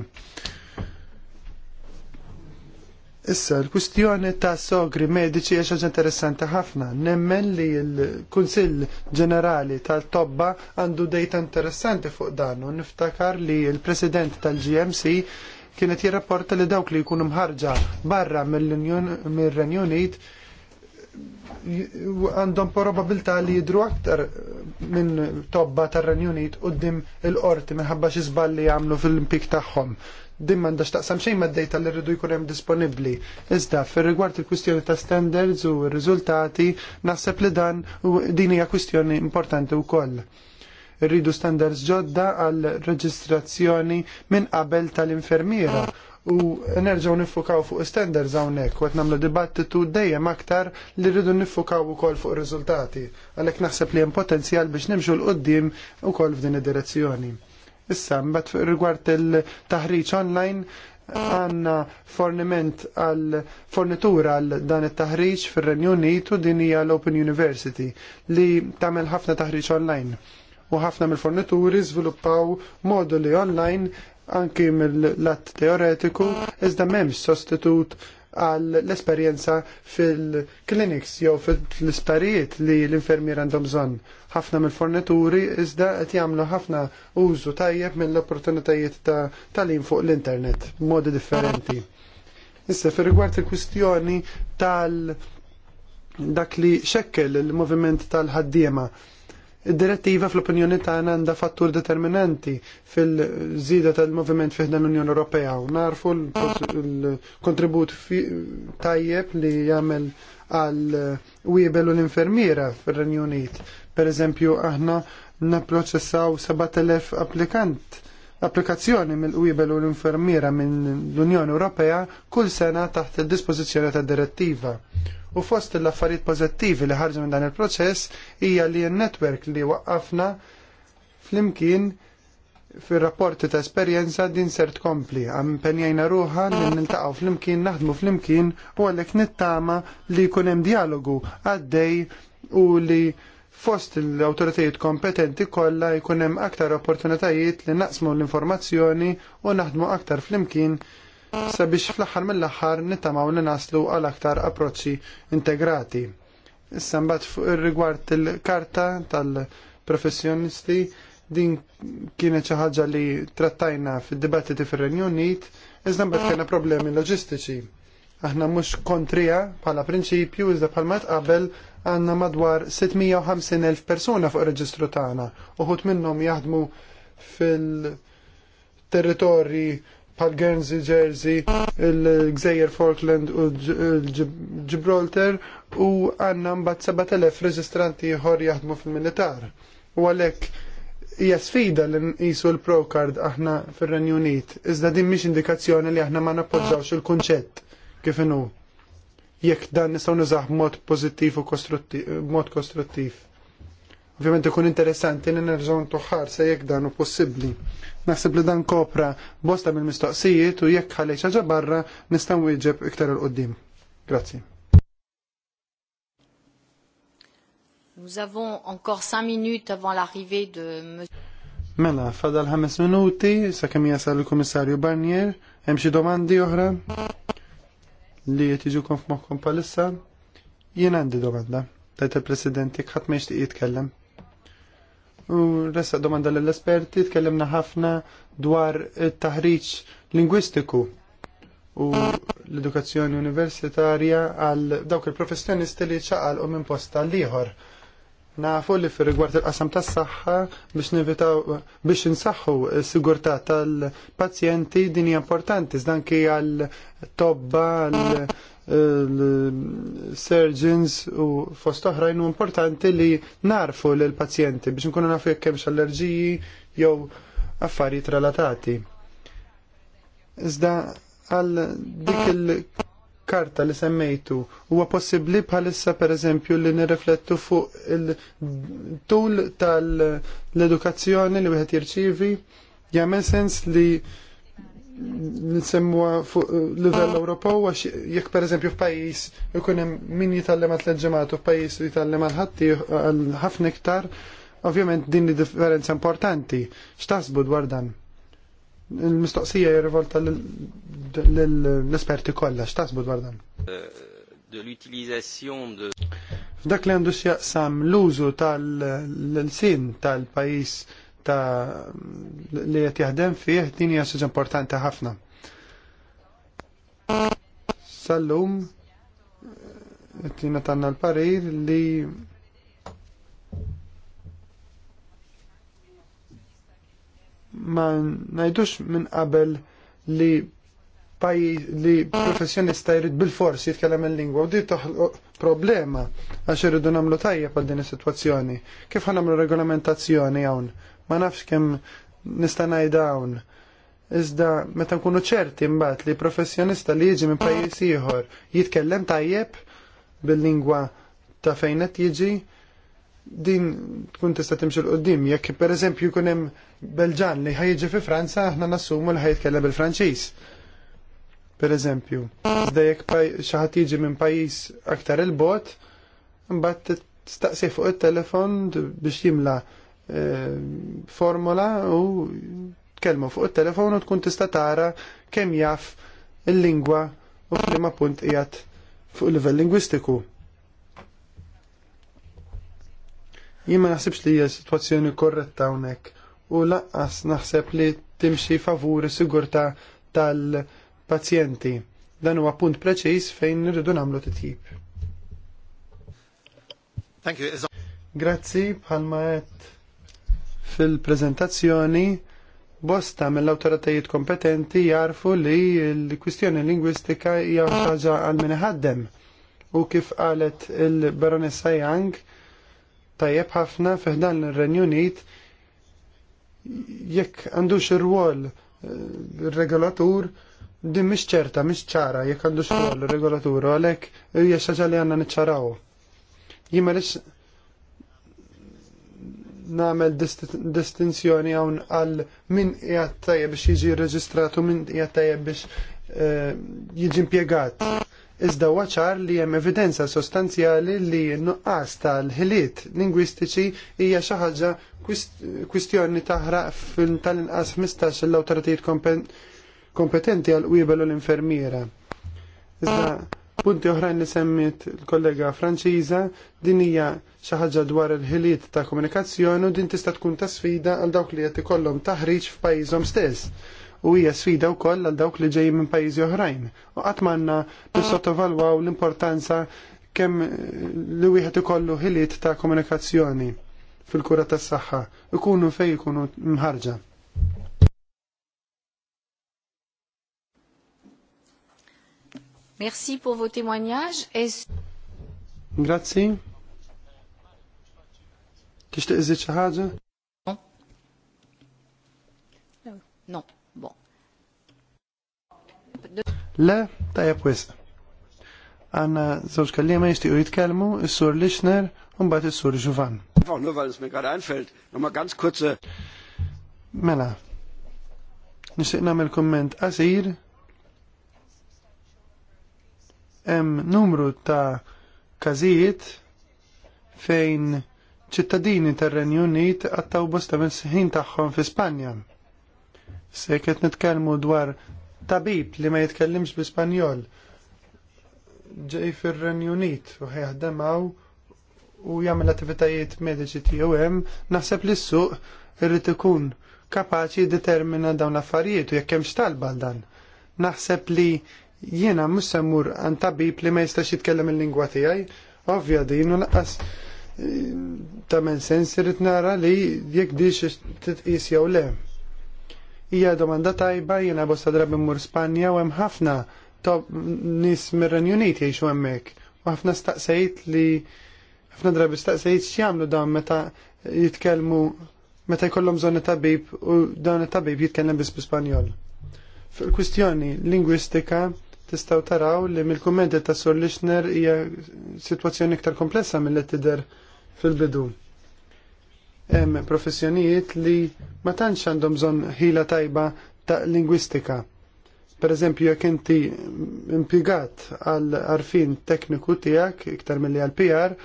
Issa, l-kustjoni ta' sogri medici hija interessanti ħafna. Nemmen li l-Kunsill Ġenerali tal-Tobba għandu dejta interessanti fuq dan u niftakar li l-President tal-GMC kienet jirrapporta li dawk li jkunu mħarġa barra mill-Renju Unit għandhom probabilta li jidru aktar minn tobba tar-Renju Unit qudiem il-qorti minħabba xi żballi jagħmlu fil-impik tagħhom din m'għandax taqsam xejn d dejta li rridu jkun hemm disponibbli. Iżda fir-rigward il-kwistjoni ta' standards u r-riżultati naħseb li dan din hija kwistjoni importanti wkoll. Irridu standards ġodda għal reġistrazzjoni minn qabel tal-infermiera u nerġaw nifukaw fuq standards hawnhekk u qed nagħmlu dibattitu dejjem aktar li rridu nifukaw ukoll fuq riżultati. Għalhekk naħseb li hemm potenzjal biex nimxu l qudiem ukoll f'din id-direzzjoni. Issa, mbagħad rigward il-taħriġ online għandna forniment għal fornitura għal dan it-taħriġ fir-Renju Unit u din hija l-Open University li tagħmel ħafna taħriġ online. U ħafna mill-fornituri żviluppaw moduli online anki mill-lat teoretiku iżda m'hemmx sostitut għal l-esperjenza fil-clinics jew fil-isparijiet li l-infermier għandhom bżonn. Ħafna mill-fornituri iżda qed jagħmlu ħafna użu tajjeb mill-opportunitajiet ta' tal-in fuq l-internet b'modi differenti. Issa fir-rigward il-kwistjoni tal- dak li xekkel il-moviment tal-ħaddiema Id-direttiva fl-opinjoni tagħna għandha fattur determinanti fil-żida tal-moviment fiħna l unjon Ewropea u narfu l-kontribut tajjeb li jagħmel għal wiebel u l-infermiera fir-Renju Unit. Per eżempju, aħna napproċessaw 7000 applikant applikazzjoni mill-qwiebel u l-infermiera minn l-Unjoni Ewropea kull sena taħt il-dispożizzjoni ta' direttiva. U fost l-affarijiet pożittivi li ħarġu minn dan il-proċess hija li n-netwerk li waqqafna flimkien fil-rapporti ta' esperjenza din sert tkompli. Għampenjajna ruħa li niltaqgħu flimkien, naħdmu flimkien u għalhekk nittama li jkun hemm dialogu għaddej u li fost l-autoritajiet kompetenti kollha jkun hemm aktar opportunitajiet li naqsmu l-informazzjoni u naħdmu aktar flimkien sabiex fl-aħħar mill-aħħar nittamaw li naslu għal aktar approċċi integrati. Issa mbagħad rigward il-karta tal-professjonisti din kienet xi ħaġa li trattajna fid-dibattiti fir-Renju Unit, iżda mbagħad kellna problemi loġistiċi. Aħna mhux kontrija bħala prinċipju iżda bħalma qabel għanna madwar 650.000 persuna fuq reġistru tagħna. Uħut minnhom jaħdmu fil-territorji bħal Guernsey, Jersey, il-Gżejjer Falkland u Gibraltar u għanna mbagħad 7,000 reġistranti ieħor jaħdmu fil-militar. U għalhekk hija sfida li nqisu l-Procard aħna fir-Renju Unit, iżda din mhix indikazzjoni li aħna ma nappoġġawx il-kunċett kif inhu jekk dan nistgħu nizaħ mod pożittiv u mod kostruttiv. Ovvjament ikun interessanti li nerġgħu ntuħħar se jekk dan hu possibbli. Naħseb li dan kopra bosta mill-mistoqsijiet u jekk ħalej ħaġa barra nista' nwieġeb iktar il qudiem Grazzi.
Nous avons encore 5 minutes avant l'arrivée de
Mela, fadal ħames minuti, sa' kemija sal il-Kummissarju Barnier, hemm xi domandi oħra? li jtiġukom f'moħħkom palissa, jien għandi domanda, tajt il-President jek meċ meċti jitkellem. U resa domanda l-esperti, tkellemna ħafna dwar taħriċ lingwistiku u l-edukazzjoni universitarja għal dawk il-professjonisti li ċaqal u minn posta liħor. ieħor Nafu li fir rigward il-qasam tas saħħa biex nivitaw biex insaħħu s-sigurtà tal-pazjenti din hija importanti żdanki għal tobba l-surgeons u fost oħrajn u importanti li narfu l-pazjenti biex nkunu nafu jekk hemmx allerġiji jew affarijiet relatati. Iżda għal dik il- karta li semmejtu huwa possibbli bħalissa pereżempju li nirriflettu fuq il-tul tal-edukazzjoni li wieħed jirċievi jagħmel sens li nsemmuha fuq livell Ewropew għax jekk pereżempju f'pajjiż ikun hemm min jitallem għat tleġġemat u f'pajjiż li jitallem għal ħatti għal ħafna iktar, ovvjament din li differenza importanti. X'taħsbu dwar dan? il-mistoqsija jirrivolta l-esperti kollha x'taħsbu dwar dan?
De l'utilisation de
F'dak li għandu x'jaqsam l-użu tal-sin tal-pajjiż ta' li qed jaħdem fih din hija xi importanti ħafna. Sallum qed jingħatanna l-parir li ma najdux minn qabel li pajjiż li professjonista jrid bil-forsi jitkellem il-lingwa u di toħloq problema għax irridu nagħmlu tajjeb għal din is-sitwazzjoni. Kif ħanamlu regolamentazzjoni hawn? Ma nafx kemm nista' ngħidha hawn. Iżda meta nkunu ċerti mbagħad li professjonista li jiġi minn pajjiż ieħor jitkellem tajjeb bil-lingwa ta' fejn qed jiġi din tkun tista' timxi l qudiem jekk pereżempju jkun hemm Belġan li ħajġi fi Franza aħna nassumu li ħajtkellem bil-Franċiż. Per eżempju, iżda jekk xi ħadd jiġi minn pajjiż aktar il-bot, mbagħad staqsi fuq it-telefon biex jimla eh, formola u tkellmu fuq it-telefon u tkun tista' tara kemm jaf il-lingwa u f'liema punt qiegħed fuq il-livell lingwistiku. Jien ma naħsibx li hija sitwazzjoni korretta hawnhekk u laqqas naħseb li timxi favur sigurta tal-pazjenti. Dan huwa punt preċiż fejn nirridu nagħmlu titjib. Grazzi bħalma qed fil-preżentazzjoni bosta mill-awtoritajiet kompetenti jarfu li l-kwistjoni lingwistika hija ħaġa għal min ħaddem u kif qalet il-baronessa Young tajjeb ħafna dan l-Renju Unit jekk għandux ir-rwol eh, regolatur din mhix ċerta, mhix ċara, jekk għandux rwol regolatur għalhekk hija xi ħaġa li għandna niċċaraw. Jien m'għaliex nagħmel distinzjoni hawn għal min qiegħed tajjeb biex jiġi rreġistrat u min qiegħed tajjeb biex eh, jiġi impjegat. Iżda waċar li hemm evidenza sostanzjali li n nuqqas tal-ħiliet lingwistiċi hija xi ħaġa kwistjoni taħraq tal inqas mistax l-autoritajiet kompetenti għal qwiebel u l-infermiera. Iżda punti oħrajn li semmit l kollega Franċiża din hija xi ħaġa dwar il-ħiliet ta' komunikazzjoni u din tista' tkun ta' sfida għal dawk li qed ikollhom taħriġ f'pajjiżhom stess. U hija sfida wkoll għal dawk li ġej minn pajjiżi oħrajn. U qatt m'għandna nissottovalwaw l-importanza kemm li wieħed ikollu ħiliet ta' komunikazzjoni fil-kura tas saħħa ikunu fej ikunu mħarġa.
Merci pour vos témoignages. Et...
Grazzi. Kiex tiqżid xi Non.
Euh, non. bon.
Le, tajab wisq għanna zoċ kallima jishtiqu jitkelmu, s-sur Lishner, Und bei der sur Ġuvan. Einfach nur, weil es mir gerade einfällt, nochmal ganz kurze. Mela, nixtieq nagħmel komment qasir. Em numru ta' każijiet fejn ċittadini tar-Renju Unit għattaw bosta minn sħin tagħhom fi Spanja. Se qed nitkellmu dwar tabib li ma jitkellimx bi Spanjol ġej fir-Renju Unit u ħejħdem u jagħmel attivitajiet mediċi tiegħu hemm, naħseb li s-suq irrid ikun kapaċi determina dawn l-affarijiet u jekk hemm xtalba dan. Naħseb li jiena mhux se mmur tabib li ma jistax jitkellem il-lingwa tiegħi, ovvja din u Ta' eh, tamen sens irrit nara li jekk dix titqis jew le. Hija domanda tajba jiena bosta drabi mur Spanja u hemm ħafna top nies mir renjuniti jiexu jgħixu hemmhekk. U ħafna staqsejt li ħafna drabi staqsejt x'jagħmlu dawn meta jitkellmu meta jkollhom bżonn tabib u dan it-tabib jitkellem biss b'Ispanjol. Fil-kwistjoni lingwistika tistgħu taraw li mill-kummenti ta' Sur Lixner hija sitwazzjoni iktar komplessa mill-li tidher fil-bidu. Hemm professjonijiet li ma tantx għandhom bżonn ħila tajba ta' lingwistika. Per eżempju, jekk inti impjegat għal arfin tekniku tiegħek iktar milli għal PR,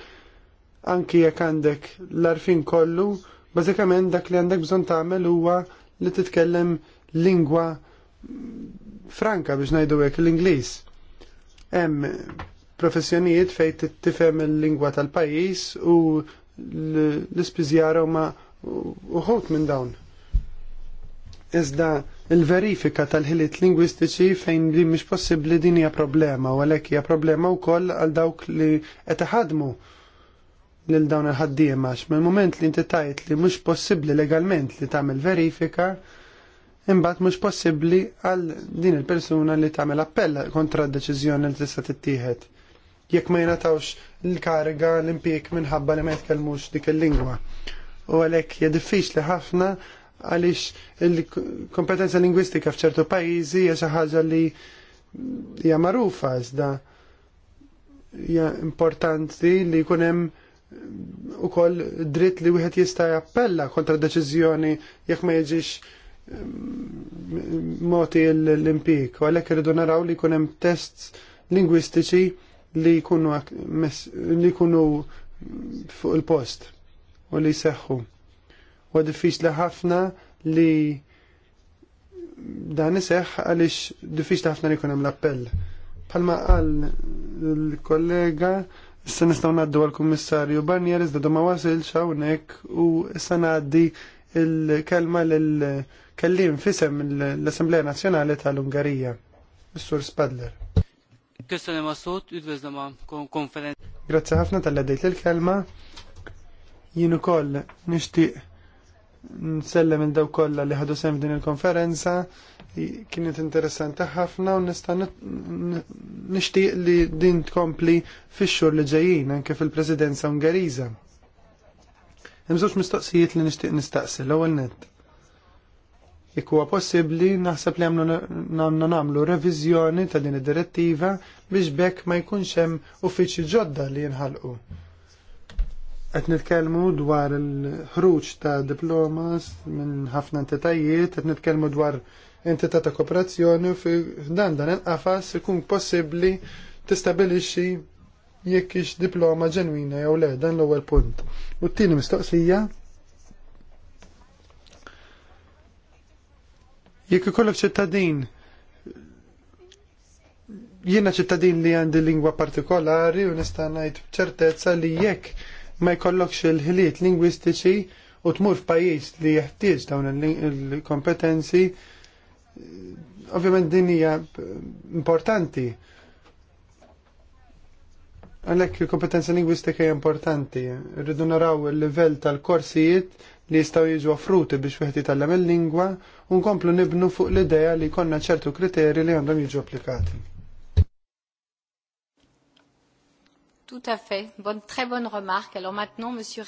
anki jekk għandek l-arfin kollu, bażikament dak li għandek bżonn tagħmel huwa li titkellem lingwa franka biex ngħidu hekk l-Ingliż. Hemm professjonijiet fejn tifhem il-lingwa tal-pajjiż u l-ispiżjara huma uħut minn dawn. Iżda il-verifika tal-ħiliet lingwistiċi fejn li mhix possibbli din hija problema, u għalhekk hija problema wkoll għal dawk li qed iħadmu lil dawn il ħaddiemax għax mill-moment li inti tajt li mhux possibbli legalment li tagħmel verifika, imbagħad mhux possibbli għal din il-persuna li tagħmel appell kontra d-deċiżjoni li tista' tittieħed. Jekk ma jingħatawx l-kariga l-impjek minħabba li ma jitkellmux dik il-lingwa. U għalhekk hija diffiċli ħafna għaliex il-kompetenza lingwistika f'ċertu pajjiżi hija xi ħaġa li hija magħrufa iżda hija importanti li jkun hemm u koll dritt li wieħed jista' jappella kontra deċiżjoni jekk ma jiġix mm, moti l-impik. U għalhekk irridu naraw li jkun hemm tests lingwistiċi li jkunu li jkunu fuq il-post u li seħħu. U diffiċli ħafna li dan iseħħ għaliex diffiċli ħafna li jkun hemm l-appell. Palma qal l-kollega Issa nistgħu ngħaddu għall-Kummissarju Barnier iżda ma wasil hawnhekk u issa ngħaddi il-kelma lill-kellim fisem l-Assemblea Nazzjonali tal-Ungarija, Mr. Spadler.
Kissanem ma sot jidveżna ma' konferenza.
Grazzi ħafna tal-għaddejt il-kelma. Jien ukoll nixtieq nsellem il-daw kollha li ħadu sem din il-konferenza kienet interessanti ħafna u nista' nixtieq li din tkompli fix-xhur li ġejjin anke fil-Presidenza Ungeriża. Hemm żewġ mistoqsijiet li nixtieq nistaqsi l-ewwel nett. Jekk huwa possibbli naħseb li għamlu nagħmlu reviżjoni ta' din id-direttiva biex bekk ma jkunx hemm uffiċċji ġodda li jinħalqu. Qed nitkellmu dwar il-ħruġ ta' diplomas minn ħafna entitajiet, qed nitkellmu dwar entità ta' kooperazzjoni fi f'dan dan il-qafas ikun possibbli tistabilixxi jekk ix diploma ġenwina jew le dan l-ewwel punt. U t-tieni mistoqsija jekk ikollok ċittadin jiena ċittadin li għandi lingwa partikolari u nista' ngħid b'ċertezza li jekk ma jkollokx il-ħiliet lingwistiċi u tmur f'pajjiż li jeħtieġ dawn il-kompetenzi il ovvjament din hija eh, importanti. Għalhekk il-kompetenza lingwistika hija importanti. Rridu naraw il-livell tal-korsijiet li jistgħu jiġu offruti biex wieħed jitallem il-lingwa u nkomplu nibnu fuq l-idea li jkollna ċertu kriterji li għandhom jiġu applikati.
Tout à fait. Bonne, très bonne remarque. Alors maintenant, monsieur...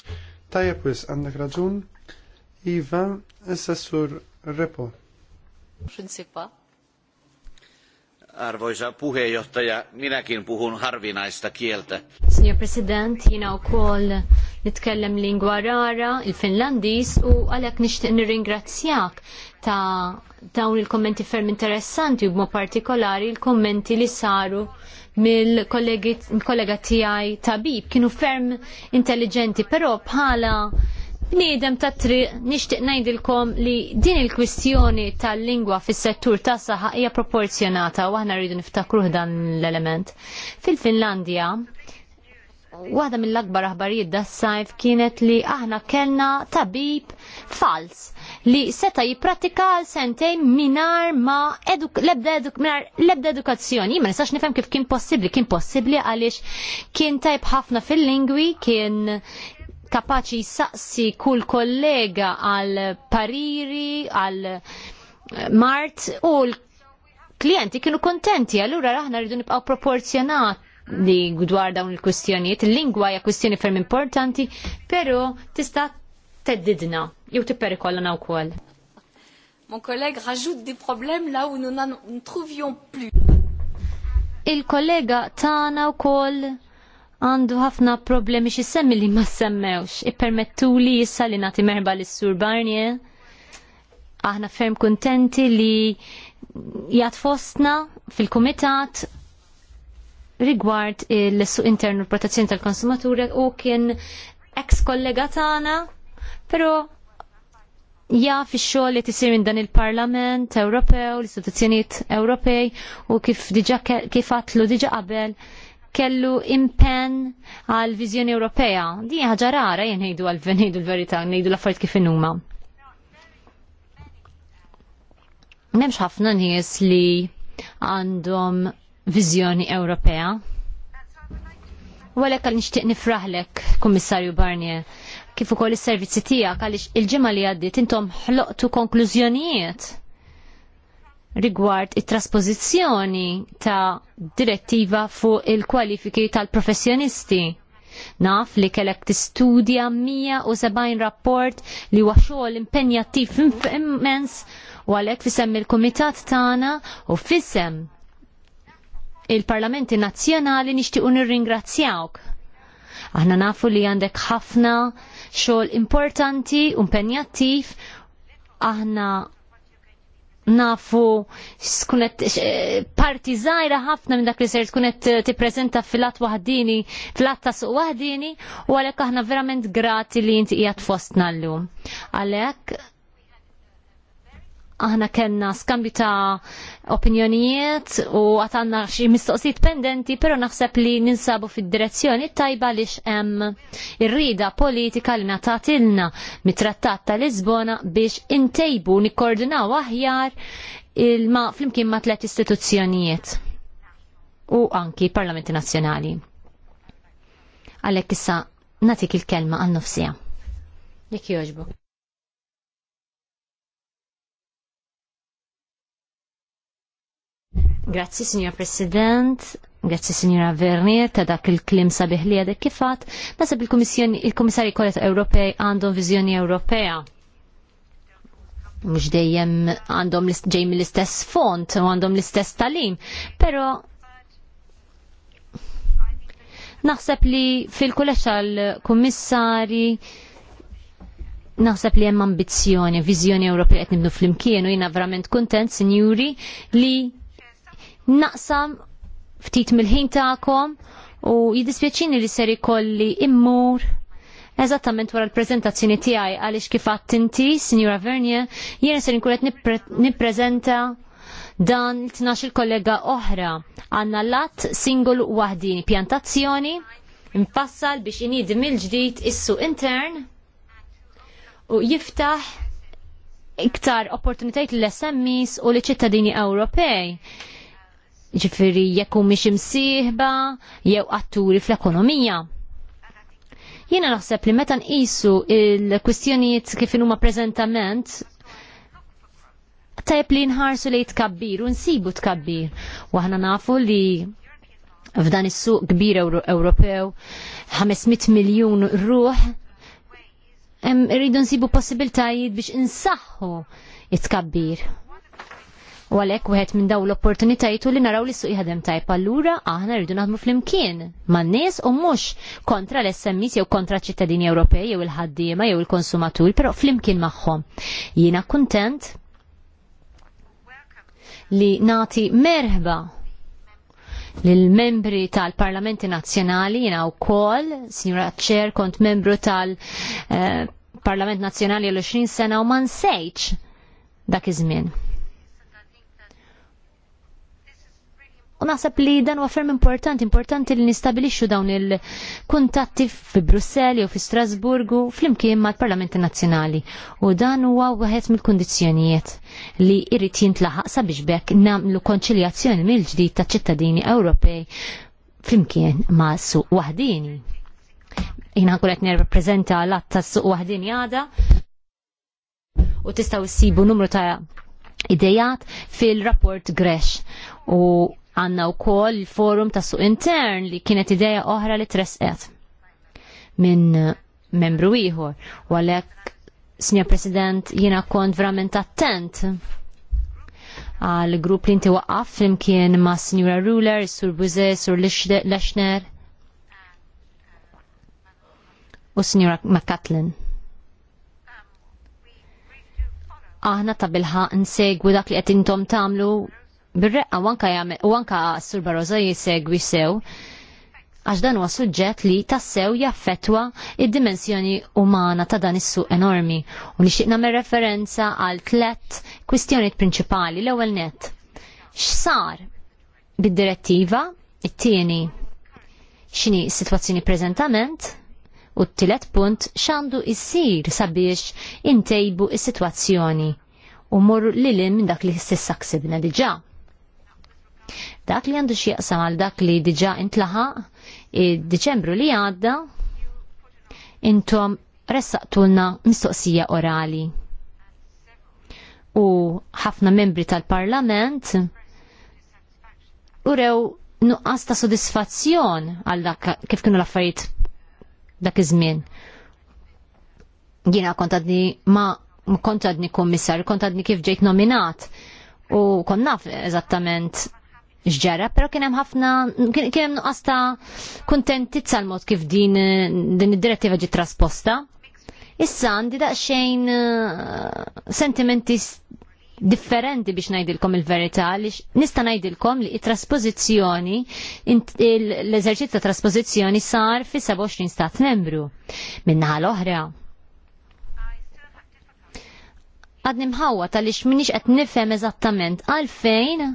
Tajab, wis, għandek raġun. Iva, issa sur repo.
Arvoisa puheenjohtaja, minäkin puhun harvinaista kieltä.
Signor President, jina u kol nitkellem lingwa rara, il-Finlandis, u għalek nixtieq nirringrazzjak ta' dawn il-kommenti ferm interessanti u partikolari il-kommenti li saru mill-kollega tiegħi tijaj tabib. Kienu ferm intelligenti, pero bħala bniedem ta' triq nixtieq ngħidilkom li din il-kwistjoni tal-lingwa fis-settur ta' saħa hija proporzjonata u aħna rridu niftakruh dan l-element. Fil-Finlandja waħda mill-akbar aħbarijiet tas sajf kienet li aħna kellna tabib fals li seta għal sentejn minar ma eduk, lebda, eduk, minar, lebda edukazzjoni. Ma nistax nifhem kif kien possibbli, kien possibbli għaliex kien tajb ħafna fil-lingwi, kien kapaċi jissaqsi kull kollega għal pariri, għal eh, mart u l-klienti kienu kontenti, allura aħna rridu nibqaw proporzjonat li dwar dawn il-kwistjonijiet. Il-lingwa hija kwistjoni ferm importanti, pero tista' teddidna jew tipperikollna wkoll.
Mon collègue rajoute des problèmes là où nous n'en trouvions plus.
Il-kollega tana wkoll għandu ħafna problemi xi semmi li ma semmewx. Ippermettu li jissa li nagħti merba lis sur Barnier. Aħna ferm kuntenti li jgħat fostna fil-kumitat rigward il-suq internu protezzjoni tal-konsumaturi u kien ex kollega tagħna, però ja fix xogħol li tisir minn dan il-Parlament Ewropew, l-istituzzjonijiet Ewropej u kif diġà kif għatlu diġà qabel kellu impen għal viżjoni Ewropea. Di ħaġa rara jien ngħidu għal ngħidu l-verità, ngħidu l-affarijiet kif inhuma. M'hemmx ħafna nies li għandhom viżjoni Ewropea. Walek għal nixtieq nifraħlek, Kummissarju Barnier, kif ukoll is-servizzi tiegħek għaliex il-ġimgħa li għaddiet intom ħloqtu konklużjonijiet rigward it-traspożizzjoni ta' direttiva fuq il-kwalifiki tal-professjonisti. Naf li kellek tistudja 170 rapport li huwa xogħol impenjattiv immens u għalhekk fisem il-kumitat tagħna u fisem il-parlamenti nazzjonali nixtiequ nirringrazzjawk. Aħna nafu li għandek ħafna xogħol importanti, u impenjattiv, aħna nafu skunet eh, parti zaħira ħafna minn dak li ser tkunet tippreżenta fil-att waħdini, fil-att ta' suq waħdini, u għalhekk aħna verament grati li inti qiegħed fostna llum. Għalhekk aħna kellna skambju ta' opinjonijiet u għatanna xi mistoqsijiet pendenti, però naħseb li ninsabu fid-direzzjoni tajba li hemm ir-rida politika li natatilna mit-trattat ta' Lisbona biex intejbu nikkoordinaw aħjar il-ma flimkien ma' tliet istituzzjonijiet u anki parlamenti nazzjonali. Għalhekk issa natik il-kelma għan-nofsija. Jekk joġbu. Grazzi, Signor President. Grazzi, Signora Vernier, ta' dak il-klim sabiħ li għadek kifat. Nasab il-Komissari Kolet Ewropej għandhom vizjoni Ewropea. Mux dejjem għandhom ġej mill-istess font u għandhom l-istess talim, pero naħseb li fil-kulleċ għal-Komissari naħseb li hemm ambizzjoni, viżjoni Ewropea qed nibnu flimkien u jiena verament kuntent, sinjuri, li naqsam ftit mill-ħin tagħkom u jiddispjaċini li ser ikolli immur eżattament wara l-prezentazzjoni tiegħi għaliex kif għadt inti, Sinjura Vernier, jiena ser inkun qed nippreżenta dan il-12 kollega oħra għandna lat singol waħdin pjantazzjoni infassal biex inidi mill-ġdid issu intern u jiftaħ iktar opportunitajt l-SMEs u l-ċittadini Ewropej ġifiri jekku miex imsieħba jew atturi fl-ekonomija. Jiena naħseb li meta nqisu il-kwistjonijiet kif huma preżentament tajb li nħarsu li tkabbir u nsibu tkabbir. Waħna nafu li f'dan is-suq kbir Ewropew 500 miljun ruħ irridu nsibu possibiltajiet biex insaħħu it-tkabbir. U għalhekk wieħed minn dawn l opportunitajtu li naraw li suq jħadem tajb allura aħna rridu naħdmu flimkien man-nies u mhux kontra l sms jew kontra ċittadini Ewropej jew il-ħaddiema jew il-konsumatur, però flimkien magħhom. Jiena kuntent li nati merħba lill-membri tal-Parlamenti Nazzjonali jiena wkoll, Sinjura Ċer, kont membru tal-Parlament eh, Nazzjonali l-20 sena u ma nsejx dak iż-żmien U naħseb li dan huwa ferm importanti, importanti li nistabilixxu dawn il-kuntatti fi Brussell jew fi Strasburgu flimkien mal-Parlamenti Nazzjonali. U dan huwa waħed mill-kundizzjonijiet li jrid jintlaħaq sabiex bekk nagħmlu konċiljazzjoni mill-ġdid taċ ċittadini Ewropej flimkien ma' suq waħdini. Jina kunet nirrappreżenta l-att tas suq waħdini għada u tistgħu issibu numru ta' idejat fil-rapport Gresh u għanna u koll forum ta' suq intern li kienet ideja oħra li tresqet minn membru ieħor. U għalhekk, Sinja President, jiena kont verament attent għal grupp li inti waqqaf flimkien ma' Sinjura Ruler, Sur Buze, Sur Lexner u Sinjura McCatlin. Aħna ta' bilħa nsegwu dak li qed intom tagħmlu bir-reqqa wanka jagħmel wanka Sur Barroso jisegwi sew għax dan huwa suġġett li tassew jaffettwa id-dimensjoni umana ta' dan is-suq enormi u nixtieq nagħmel referenza għal tlet kwistjonijiet prinċipali l-ewwel nett. X'sar bid-direttiva, it-tieni x'inhi s-sitwazzjoni preżentament u t-tielet punt x'għandu jsir sabiex intejbu is-sitwazzjoni u mur lilin minn dak li s-sissa ksibna diġa'. Dak li għandu xieqsam għal dak li diġa intlaħaq, id-Deċembru li għadda, intom ressaqtulna mistoqsija orali. U ħafna membri tal-Parlament urew nuqqas ta' sodisfazzjon għal dak kif kienu l-affarijiet dak iż-żmien. Jiena kontadni ma kontadni kommissar, kontadni kif ġejt nominat u konnaf eżattament xġara, pero kien hemm ħafna kien hemm kontenti ta' kuntentizza l mod kif din din id-direttiva ġiet trasposta. Issa għandi daqsxejn eh, sentimenti differenti biex ngħidilkom il-verità li nista' ngħidilkom li t traspożizzjoni l-eżerċizzju ta' traspożizzjoni sar fi 27 stat membru. Minna l-oħra għadni mħawwa tal-ix minix qed nifhem eżattament għalfejn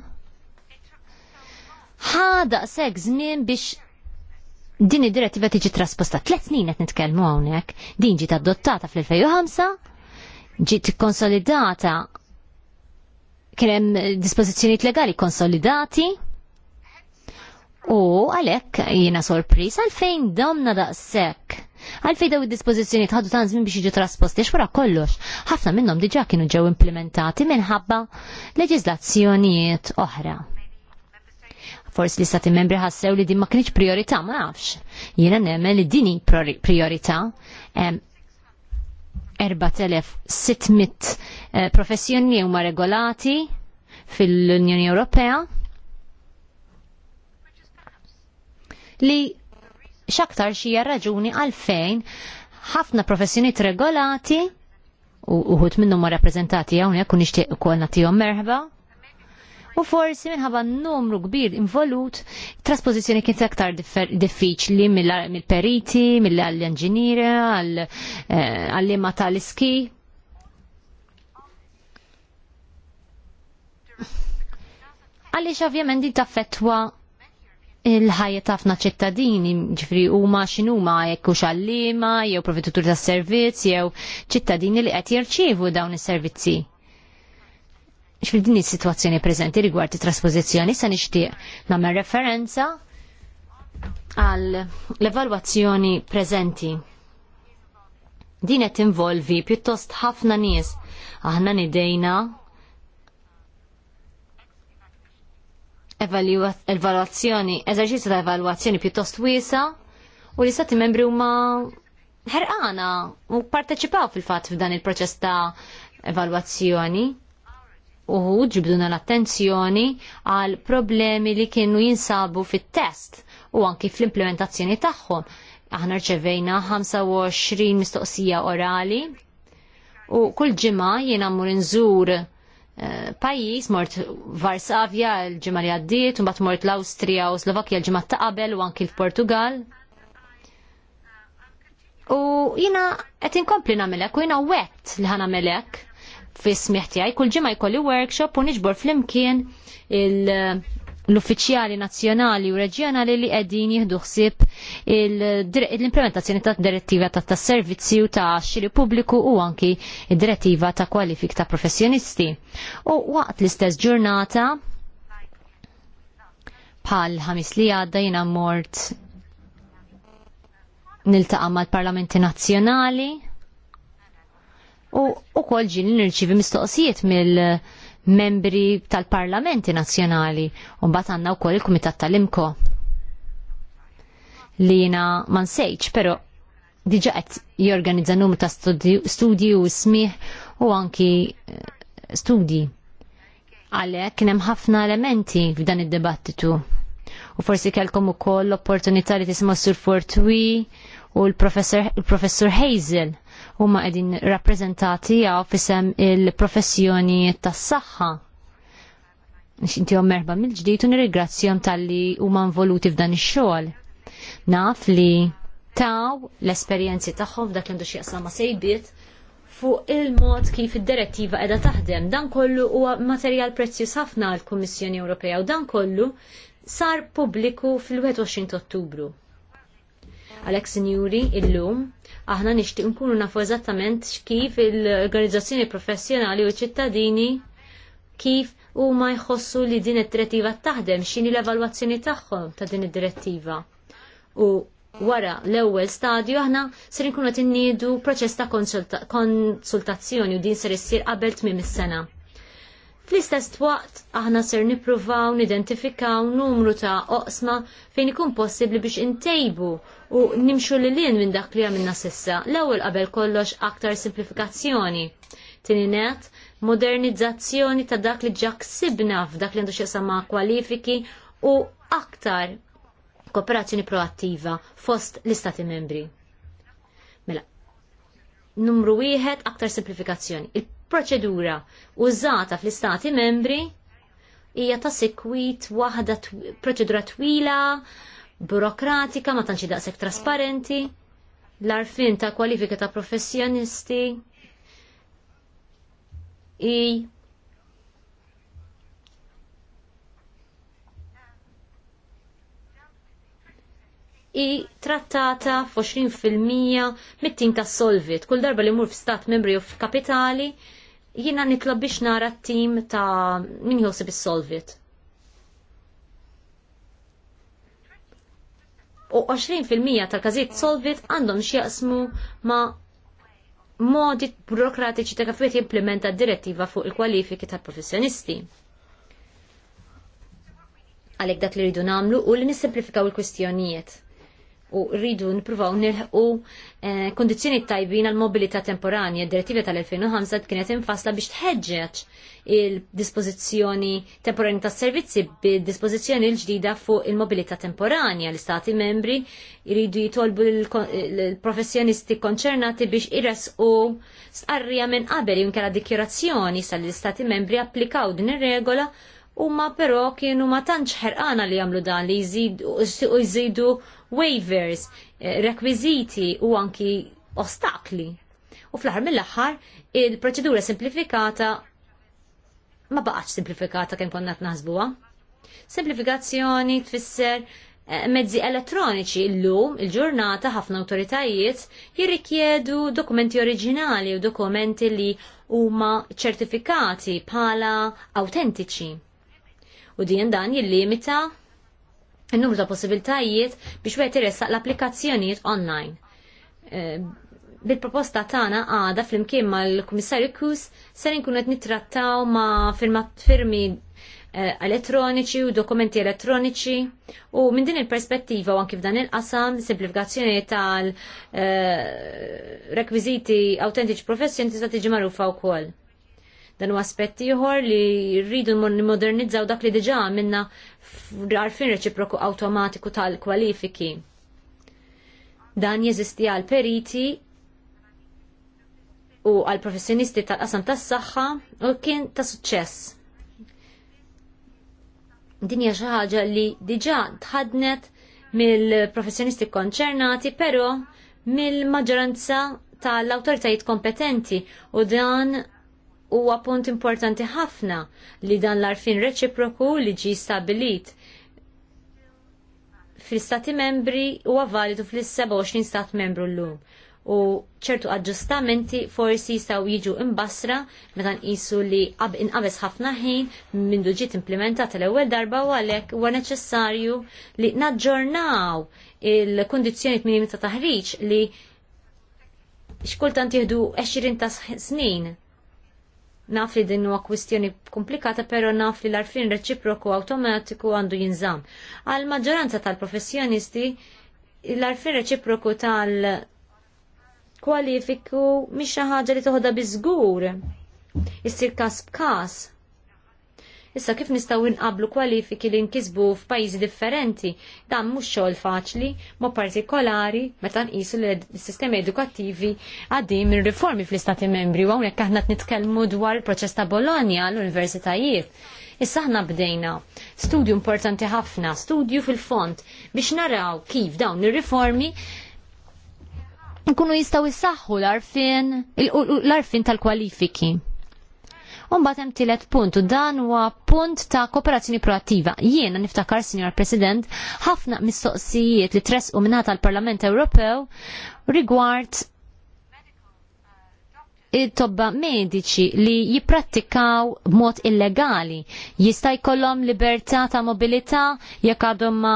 ħada seg żmien biex din id-direttiva tiġi trasposta. Tlet snin qed nitkellmu hawnhekk. Din ġiet adottata fl-2005, ġiet konsolidata kien hemm dispożizzjonijiet legali konsolidati. U għalhekk jiena sorpriż għalfejn domna daqshekk għalfej daw id dispożizzjonijiet tħaddu ta' żmien biex jiġu trasposti xwara kollox. Ħafna minnhom diġà kienu ġew implementati minħabba leġiżlazzjonijiet oħra forsi li stati membri ħassew li din ma kienx priorità ma nafx. Jiena nemmen li dini priorità 4600 eh, professjoni huma regolati fil-Unjoni Ewropea li xaktar xija raġuni għalfejn ħafna professjoni regolati u uħut minnum ma rappresentati għawni għakun ixtieq ukoll natijom merħba u forsi minħabba numru kbir involut, trasposizjoni kienet aktar diffiċli mill-periti, mill-inġiniera, eh, għall-imma tal-iski. Għaliex ovvjament di taffetwa il-ħajja tafna ċittadini, ġifri huma x'inhuma jekk hux għallima, jew provveduturi tas-servizz, jew ċittadini li qed jirċievu dawn is-servizzi x'fil-din is-sitwazzjoni preżenti rigward it-trasposizzjoni sa nixtieq nagħmel referenza għal l-evalwazzjoni preżenti. Din qed involvi pjuttost ħafna nies aħna nidejna evalwazzjoni, eżerċizzju ta' evalwazzjoni pjuttost wiesa u li stati membri huma ħerqana u parteċipaw fil-fatt f'dan il-proċess ta' evalwazzjoni uħu ġibduna l-attenzjoni għal problemi li kienu jinsabu fit-test u anki fl-implementazzjoni tagħhom. Aħna rċevejna 25 mistoqsija orali u kull ġimgħa jiena mmur inżur eh, pajjiż mort Varsavja l-ġimgħa li għaddiet, u mbagħad mort l-Awstrija u Slovakkja l-ġimgħa ta' qabel u anki l-Portugal. U jina qed inkompli nagħmel, u jina wett li ħanamelek fi smieħtijaj, kull ġimma jkolli workshop u niġbor flimkien l-uffiċjali nazzjonali u reġjonali li qegħdin jieħdu ħsieb l-implementazzjoni ta' direttiva ta' tas servizzi u ta' xiri pubbliku u anki direttiva ta' kwalifik ta' professjonisti. U waqt l-istess ġurnata bħal ħamis li għadda jina mort niltaqa' mal-Parlamenti Nazzjonali u wkoll ġieli nirċivi mistoqsijiet mill-membri tal-parlamenti nazzjonali u mbagħad għandna wkoll il-kumitat tal-imko li jina ma nsejċ, pero diġa qed jorganizza numru ta' studji u smih u anki eh, studji. Għalhekk kien hemm ħafna elementi f'dan id-dibattitu. U forsi kellkom ukoll l-opportunità li tismu Sur Fortwi u l-professur Hazel huma qegħdin rappresentati għaw fisem il-professjoni tas-saħħa. għom merba mill-ġdid u nirringrazzjahom talli huma voluti f'dan ix-xogħol. Naf li taw l-esperjenzi tagħhom f'dak l-għandu xieqsa ma' sejbiet fuq il-mod kif id-direttiva qiegħda taħdem. Dan kollu huwa materjal prezzjuż ħafna għall kummissjoni Ewropea u dan kollu sar pubbliku fil-21 Ottubru. Alex Sinjuri illum Aħna nixtieq nkunu nafu eżattament x'kif il-organizzazzjoni professjonali u ċittadini kif huma jħossu li din id-direttiva taħdem x'inhi l-evalwazzjoni tagħhom ta' din id-direttiva. U wara l-ewwel stadju aħna ser nkunu qed inniedu proċess ta' konsultazzjoni u din ser issir qabel tmiem is-sena. Fl-istess waqt aħna ser nippruvaw nidentifikaw numru ta' oqsma fejn ikun possibbli biex intejbu u nimxu li lin minn dak li għamilna sissa. L-ewwel qabel kollox aktar simplifikazzjoni. Tininet, modernizzazzjoni ta' dak li ġa ksibna f'dak li għandu xesama kwalifiki u aktar kooperazzjoni proattiva fost l-Istati membri. Mela, numru wieħed aktar simplifikazzjoni. Il-proċedura użata fl-Istati membri hija ta' sekwit waħda proċedura twila, burokratika, ma tantx daqshekk trasparenti, l-arfin ta' kwalifika ta' professjonisti, i i trattata f'20% mit-tim ta' solvit. Kull darba li mur f'stat membri u f'kapitali, jina nitlob biex nara t-tim ta' min jħosib is-solvit. u 20% tal-każijiet solvit għandhom x'jaqsmu ma' modi burokratiċi ta' kif qed jimplementa d-direttiva fuq il-kwalifiki ta' professjonisti. Għalhekk dak li rridu nagħmlu u li nissimplifikaw il-kwistjonijiet u rridu nipruvaw nilħu eh, kondizjoni tajbin għal mobilità temporanja. Direttiva tal-2005 kienet infasla biex tħeġġeġ il-dispozizjoni temporanja tas servizzi bil-dispozizjoni l-ġdida fuq il-mobilità temporanja. l istati membri jridu jitolbu l-professjonisti konċernati biex irres u sqarrija minn qabel jinkera dikjerazzjoni sal istati membri applikaw din ir-regola Umma però kienu ma tantx ħerqana li jagħmlu dan li jżidu u jżidu waivers, eh, rekwiziti u anki ostakli. U fl-aħħar mill-aħħar il-proċedura simplifikata ma baqgħetx simplifikata kemm konna qed naħsbuha. Simplifikazzjoni tfisser eh, mezzi elettroniċi illum il-ġurnata ħafna autoritajiet jirrikjedu dokumenti oriġinali u dokumenti li huma ċertifikati bħala autentiċi. U din dan jillimita il numru ta' possibiltajiet biex wieħed iressaq l-applikazzjonijiet online. Eh, bil-proposta tagħna għada flimkien mal-Kummissarju Kus ser inkunu qed nittrattaw ma' firmi eh, elettroniċi u dokumenti elettroniċi u minn din il-perspettiva u anki f'dan il-qasam simplifikazzjoni tal-rekwiziti eh, autentiċi professjoni tista' tiġi magħrufa wkoll Dan u aspetti ieħor li rridu modernizzaw dak li diġà minna għarfin reċiproku awtomatiku tal-kwalifiki. Dan jeżisti għal periti u għal professjonisti tal-qasam tas-saħħa u kien ta' suċċess. Din hija xi ħaġa li diġà tħadnet mill-professjonisti konċernati, però mill-maġġoranza tal-awtoritajiet kompetenti u dan huwa punt importanti ħafna li dan l-arfin reċiproku li ġi stabilit fl-istati membri huwa validu fl-27 stat membru llum u ċertu aġġustamenti forsi jistgħu jiġu imbasra meta nqisu li qab inqabes ħafna ħin mindu ġiet implementat l-ewwel darba u għalhekk huwa neċessarju li naġġornaw il-kundizzjoni minimi ta' taħriġ li xkultant jieħdu 20 ta' snin Naf li din huwa kwistjoni komplikata, pero naf li l-arfin reċiproku awtomatiku għandu jinżam. Għal maġġoranza tal-professjonisti, l-arfin reċiproku tal- kwalifiku mhix xi ħaġa li toħodha biżgur. Issir każ b'każ Issa kif nistgħu inqablu kwalifiki li nkisbu f'pajjiżi differenti, dan mhux xogħol faċli, ma partikolari meta nqisu l s-sistemi edukattivi għaddi minn riformi fl-Istati Membri u hawnhekk aħna nitkellmu dwar il-proċess ta' Bologna l-universitajiet. Issa aħna bdejna studju importanti ħafna, studju fil-font biex naraw kif dawn ir-riformi nkunu jistgħu jissaħħu l-arfin, l-arfin tal-kwalifiki. Umbat hemm tielet punt u dan huwa punt ta' kooperazzjoni proattiva. Jiena niftakar, Sinjor President, ħafna mistoqsijiet li tresqu minnata tal parlament Ewropew rigward il tobba medici li jiprattikaw b'mod illegali. Jista' jkollhom libertà ta' mobilità jekk għadhom ma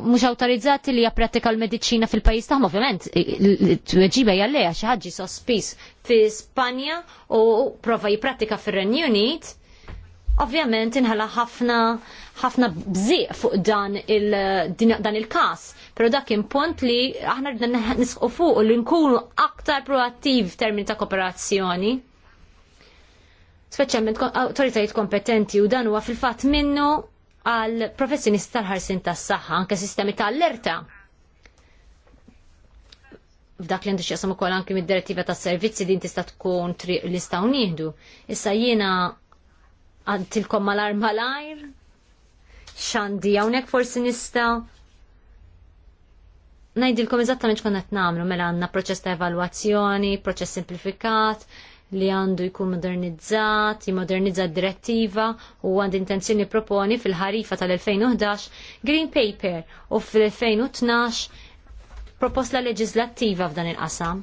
mhux awtorizzati li japprattika l-mediċina fil-pajjiż tagħhom. Ovvjament, tweġiba lejha xi ħaġi sospiż fi Spanja u prova jipprattika fir-Renju Unit. Ovvjament inħala ħafna ħafna bżiq fuq dan il każ Pero dak kien punt li aħna rridna nisqu fuq li nkunu aktar proattiv f'termini ta' kooperazzjoni. Speċjalment autoritajiet kompetenti u dan huwa fil-fatt minnu għal professjonisti tal-ħarsin tas-saħħa anke sistemi ta' allerta f'dak li għandu xieqsam u kol anki mid-direttiva ta' servizzi din tista' tkun triq li staw nieħdu. Issa jiena għandilkom mal-ar mal-ar, xandi għawnek forsi nista' najdilkom eżattament xkun qed nagħmlu mela għandna proċess ta' evalwazzjoni, proċess simplifikat li għandu jkun modernizzat, jimodernizza d-direttiva u għand intenzjoni proponi fil-ħarifa tal-2011 Green Paper u fil-2012 proposta leġislattiva f'dan il-qasam.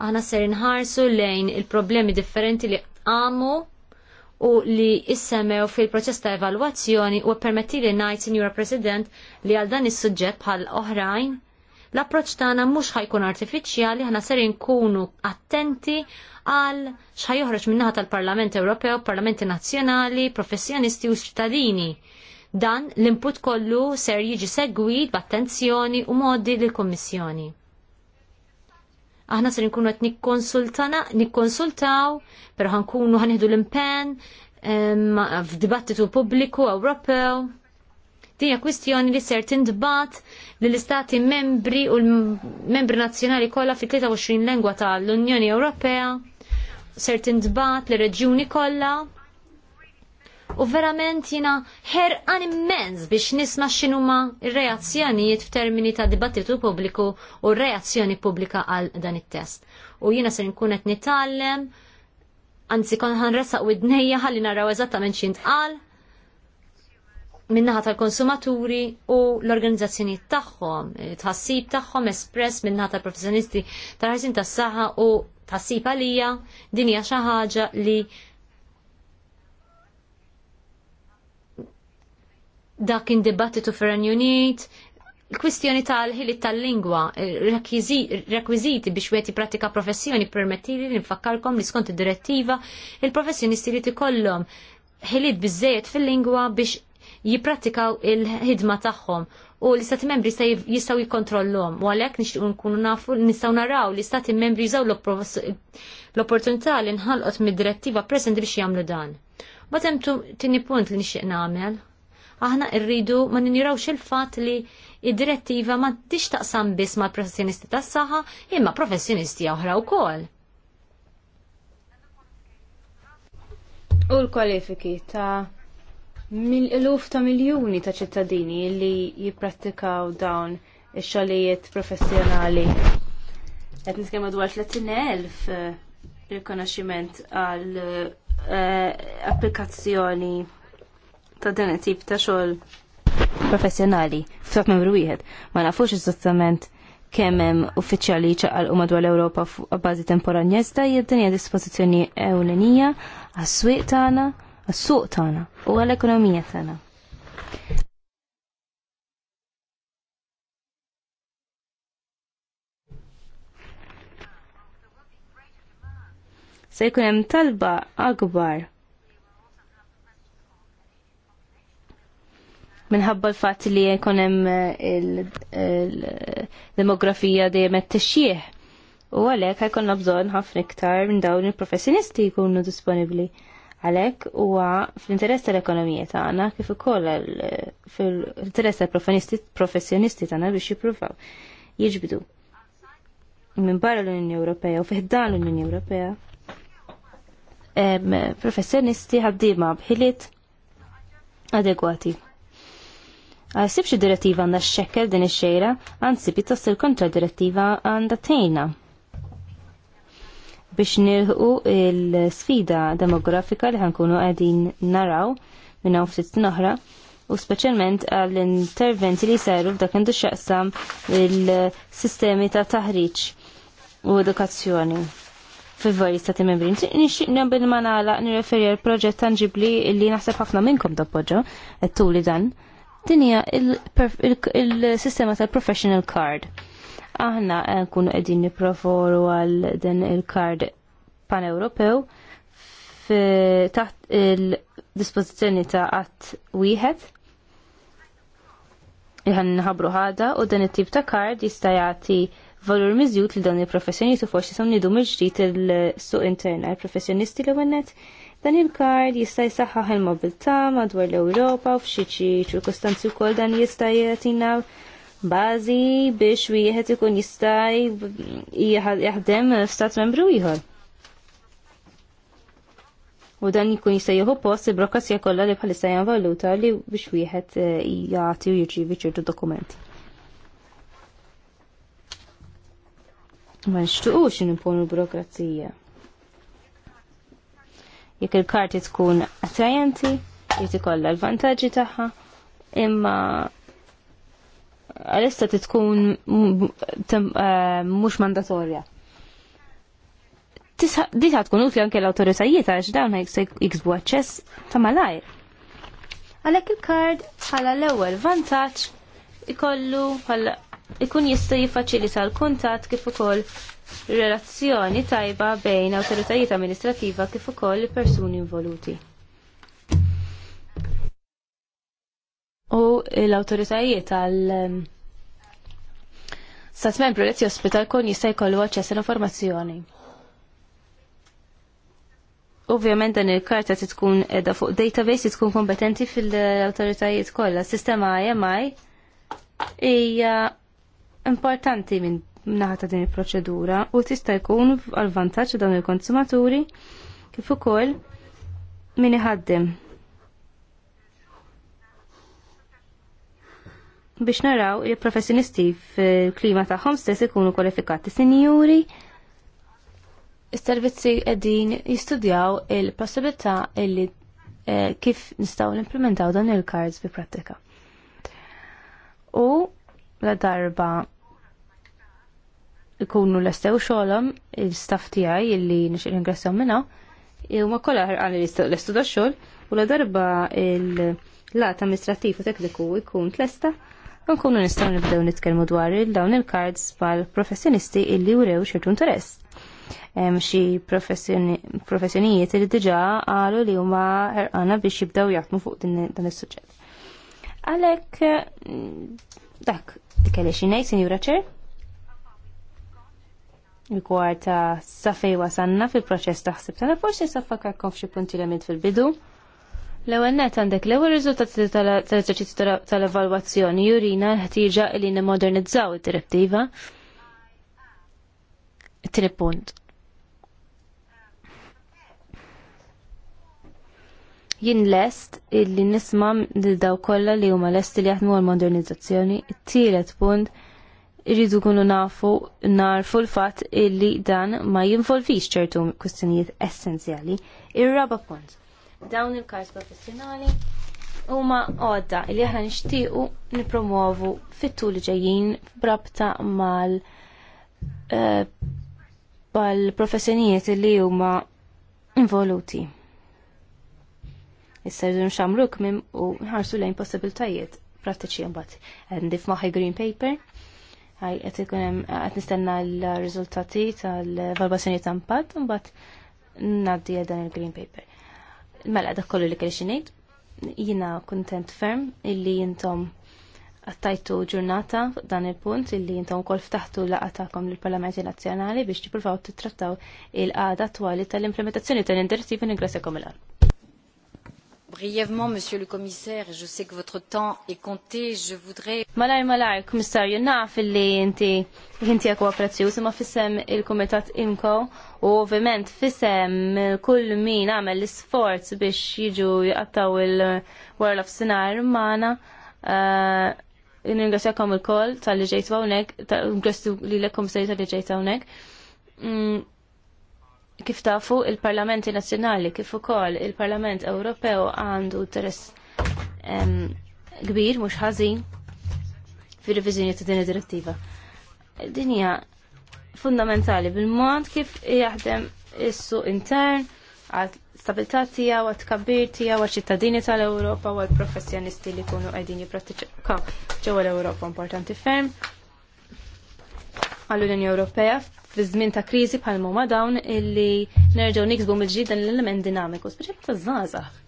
Aħna ser inħarsu lejn il-problemi differenti li għamu u li issemew fil-proċess ta' evalwazzjoni u permetti li ngħid, Sinjura President, li għal dan is-suġġett bħal oħrajn l-approċ tagħna mhux ħajkun artifiċjali, ħna ser nkunu attenti għal x'ħaj joħroġ minnaħa tal-Parlament Ewropew, Parlamenti Nazzjonali, professjonisti u ċittadini. Dan l-input kollu ser jiġi segwit b'attenzjoni u modi lill kummissjoni aħna ser nkunu qed nikkonsultana nikkonsultaw, però ħankunu ħanieħdu l-impenn f'dibattitu pubbliku Ewropew. Dinja kwistjoni li ser tindbat lill istati membri u l-membri nazzjonali kollha fi 23 lengwa tal-Unjoni Ewropea ser tindbat l reġjuni kollha u verament jina ħerqan immens biex nisma xinuma r-reazzjonijiet f'termini ta' dibattitu pubbliku u reazzjoni pubblika għal dan it-test. U jina se nkun qed nitgħallem, anzi u id widnejja ħalli naraw eżattament għal minnaħa tal-konsumaturi u l-organizzazzjonijiet tagħhom, tħassib tagħhom espress minnaħa tal-professjonisti tal-ħarsin tas-saħħa u tħassib għalija din hija xi ħaġa li dak in-dibattitu fir Unit, il kwistjoni tal ħili tal-lingwa, rekwiziti biex wieħed pratika professjoni permettili li nfakkarkom li skont id-direttiva il-professjonisti li ikollhom ħilit biżejjed fil-lingwa biex jipratikaw il-ħidma tagħhom u l-istati membri jistaw jikontrollhom u għalhekk nixtiequ nkunu nafu nistgħu naraw li stati membri jżaw l-opportunità li nħalqot mid-direttiva preżenti biex jagħmlu dan. Batem tini punt li nixtieq nagħmel aħna irridu ma ninirawx il-fatt li id-direttiva ma tixtaqsam biss ma' professjonisti tas saħħa imma professjonisti oħra wkoll. U l-kwalifiki ta'
mil-eluf ta' miljuni ta' ċittadini li jipprattikaw dawn ix-xogħlijiet professjonali. Qed niskema dwar 30,000 eh, rikonoxximent għal eh, applikazzjoni ta' dan it-tip ta' xogħol professjonali f'sat membru wieħed. Ma nafux eżattament kemm hemm uffiċjali ċaqalqu madwar l-Ewropa f'bażi temporanja iżda hija dinja dispożizzjoni ewlenija għas-swieq tagħna, għas-suq tagħna u għall-ekonomija tagħna. Se jkun hemm talba akbar minħabba l fat li jkun hemm eh, il-demografija dejjem qed tixjih. U għalhekk ħajkonna bżonn ħafna iktar minn dawn il-professjonisti jkunu disponibbli. Għalhekk huwa fl-interess tal-ekonomija tagħna kif ukoll eh, fil-interess tal-professjonisti tagħna biex jippruvaw jiġbdu minn barra l-Unjoni Ewropea u fiħdan l-Unjoni Ewropea professjonisti ħaddiema bħiliet adegwati. Għasibx direttiva għanda xekkel din ix-xejra, anzi pjuttost il-kontra direttiva għanda tejna. Biex nirħu il-sfida demografika li ħankunu għedin naraw minna u ftit oħra, u speċjalment għall-interventi li jsaru f'dak għandu xaqsam il-sistemi ta' taħriġ u edukazzjoni fil-vari stati membri. Nixtieq nabbil ma nagħlaq nirreferi għal proġett tangibli li naħseb ħafna minnkom tappoġġa, li dan. Din hija il-sistema tal-professional card. Aħna nkunu qegħdin niproforu għal dan il-card pan-Ewropew taħt il-dispożizzjoni ta' att wieħed Iħan nħabru ħada u dan it-tip ta' card jista' jagħti valur miżjut li dan il-professjonisti fuq xi nidu il ġdid il-suq interna, il-professjonisti li għennet Dan il-kard jista' jsaħħaħ il-mobilità madwar l-Ewropa u f'xi ċirkustanzi wkoll dan jista' jagħtina bażi biex wieħed ikun jista' jaħdem f'stat membru ieħor. U dan jkun jista' jieħu post il-brokassja kollha li bħalissa hija valuta li biex wieħed eh, jagħti u jirċievi ċertu dokumenti. Ma nixtuqux nimponu burokrazija jekk il-karti tkun attrajenti, jrid ikollha l-vantaġġi tagħha, imma għalissa tkun eh, mhux mandatorja. Dita tkun utli anke l-autoritajiet għax dawn jiksbu aċċess ta' malajr. Għalhekk il-kard bħala l-ewwel vantaġġ ikollu bħala ikun jista' jiffaċilita l-kuntatt kif ukoll relazzjoni tajba bejn awtoritajiet amministrativa kif ukoll persuni involuti. U l-awtoritajiet tal ehm, stat membru li jospita jkun jista' jkollu aċċess informazzjoni. Ovvjament dan il-karta tkun edha fuq database tkun kompetenti fil-awtoritajiet kollha. Sistema IMI hija importanti minn naħa ta' din il-proċedura u tista' jkun għal vantaġġ dawn il-konsumaturi kif ukoll min iħaddem. biex naraw li professjonisti fil-klima tagħhom stess ikunu kwalifikati sinjuri. Is-servizzi qegħdin jistudjaw il-possibilità illi eh, kif nistgħu nimplementaw dan il-cards bi prattika. U la darba ikunu l-estew xolom il-staff tijaj illi nixin ingressaw minna u ma kolla ħarqan l-estu da xol u la darba il-lat amministrativ u tekniku ikun tlesta nkunu nistaw nibdew nitkelmu dwar il-dawn il-cards pal professjonisti illi urew xertu interess xi professjonijiet li diġa għalu li huma ħerqana biex jibdew jaħdmu fuq dan is-suġġett. Għalhekk mm, dak dik għaliex ngħid, Sinjura Ċer? rigward ta' safej wasanna fil-proċess taħsib Tana forsi saffakarkom f'xi punti l fil-bidu. L-ewwel net għandek l-ewwel riżultati tal-eżerċizzju tal-evalwazzjoni jurina l-ħtieġa li nimmodernizzaw id-direttiva. Tieni punt. jien lest illi nisma' lil daw kollha li huma lest li jaħdmu għal modernizzazzjoni. It-tielet punt irridu kunu nafu narfu l-fat illi dan ma jinvolvix ċertu kustinijiet essenzjali. Ir-raba punt. Dawn il-kars professjonali huma għodda li aħna nishtiqu nipromuovu fit-tul ġejjin brabta mal uh, professjonijiet li huma involuti. Issa rridu xamruk mim u nħarsu lejn possibiltajiet prattiċi mbagħad. Ndif maħi green paper għaj qed ikun hemm nistenna l-riżultati tal valbazzjoni ta' impatt mbagħad naddi dan il-green paper. Mela dak kollu li kelli xi ngħid. Jiena kuntent ferm illi intom għattajtu ġurnata dan il-punt illi jintom kol ftaħtu laqatakom l-Parlamenti Nazjonali biex t-trattaw il-għada twali tal-implementazzjoni tal-indirettivi ningrasakom il-għal.
Brièvement, Monsieur le Commissaire, je sais que votre temps est compté, je voudrais...
Malaj, malaj, Komissarju, naf li inti, inti għakwa prezzju, sema fissem il-Komitat Imko, u ovviment fissem kull min għamel l-sforz biex jiġu jgħattaw il-World of Sinar maħna. Eh, Ningrazjakom il-koll tal-li ġejt għawnek, ngrastu li l-Komissarju tal-li ġejt għawnek. Mm, Kif tafu il-Parlamenti Nazzjonali kif ukoll il-Parlament Ewropew għandu interess kbir mhux ħażin fir-reviżjoni ta' din id-direttiva. Din hija fundamentali bil-mod kif jaħdem is-suq intern għal stabilità tiegħu għat tkabbir tiegħu għal ċittadini tal-Ewropa u għal professjonisti li jkunu qegħdin jipprattikaw ġewwa l-Ewropa importanti ferm għall-Unjoni Ewropea fiż żmien ta' kriżi bħal ma dawn illi nerġgħu niksbu mill-ġdid dan l-element dinamiku, speċjalment taż-żgħażagħ.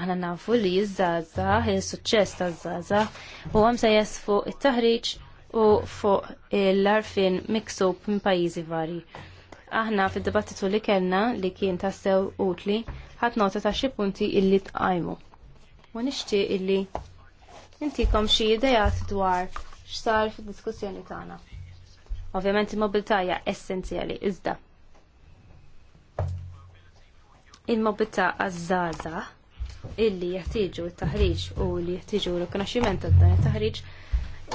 Aħna nafu li ż-żgħażagħ, is-suċċess taż-żgħażagħ huwa msejjes fuq it-taħriġ u fuq l-arfin miksub minn pajjiżi varji. Aħna fid-dibattitu li kellna li kien tassew utli ħadd nota ta' xi punti illi tqajmu. U nixtieq illi intikom xi idejat dwar x'sar fid-diskussjoni tagħna. Ovvjament il-mobilità hija essenzjali iżda. Il-mobilità għaż żgħażagħ illi jeħtieġu t-taħriġ u li jeħtieġu rikonoxximent ta' dan it-taħriġ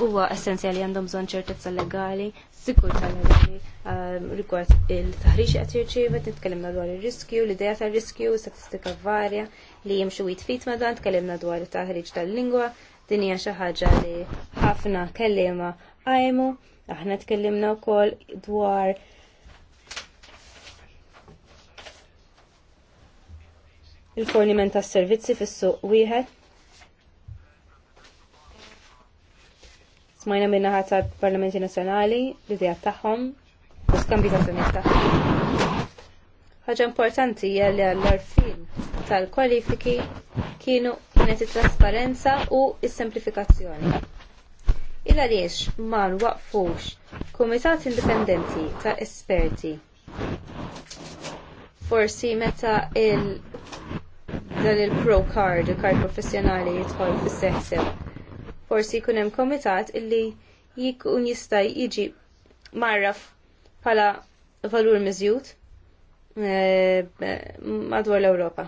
huwa essenzjali għandhom bżonn ċertezza legali, sikurtà legali ehm, rigward il-taħriġ qed jirċieva, nitkellimna dwar ir-riskju, l-idea tar-riskju, statistika varja li jimxu jitfit ma dan, tkellimna dwar it-taħriġ tal-lingwa, din hija xi ħaġa li ħafna kelliema għajmu Aħna tkellimna wkoll dwar il-forniment tas servizzi fis-suq wieħed. Smajna minna tal parlamenti nazzjonali l-idea tagħhom, u skambi ta' femmit tagħhom. Ħaġa importanti hija li għall-arfin tal-kwalifiki kienu kienet it-trasparenza u s-semplifikazzjoni il għaliex ma nwaqfux kumitat indipendenti ta' esperti. Forsi meta il dan il-pro card, il-kard professjonali jidħol fis-seħseb. Forsi jkun hemm komitat illi jikun jista' jiġi marraf bħala valur miżjud eh, madwar l-Ewropa.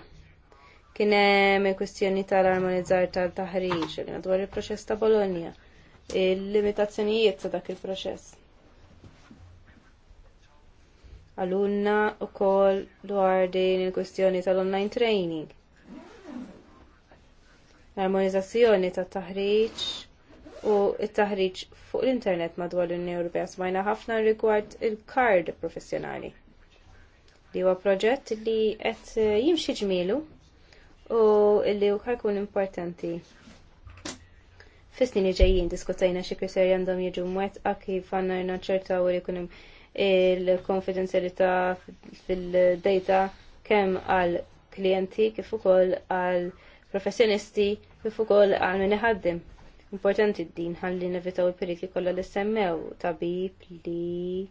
Kien hemm il-kwistjoni tal-armonizzar tal-taħriġ madwar il-proċess ta' Bologna il-limitazzjonijiet ta' dak il-proċess. Għalunna u koll dwar din il kustjoni tal-online training. L-armonizzazzjoni ta' taħriġ u il taħriġ fuq l-internet madwar l-Unjoni Ewropea smajna ħafna rigward il-kard professjonali. Li huwa proġett li qed jimxi ġmielu u li jkun importanti fis-snin ġejjin diskutajna xi kriterji għandhom jiġu mwettqa kif għandna naċċertaw li jkun hemm il-konfidenzjalità fil-data kemm għal klijenti kif ukoll għal professjonisti kif ukoll għal min iħaddim. Importanti din ħalli nevitaw il-periti kollha li semmew tabib li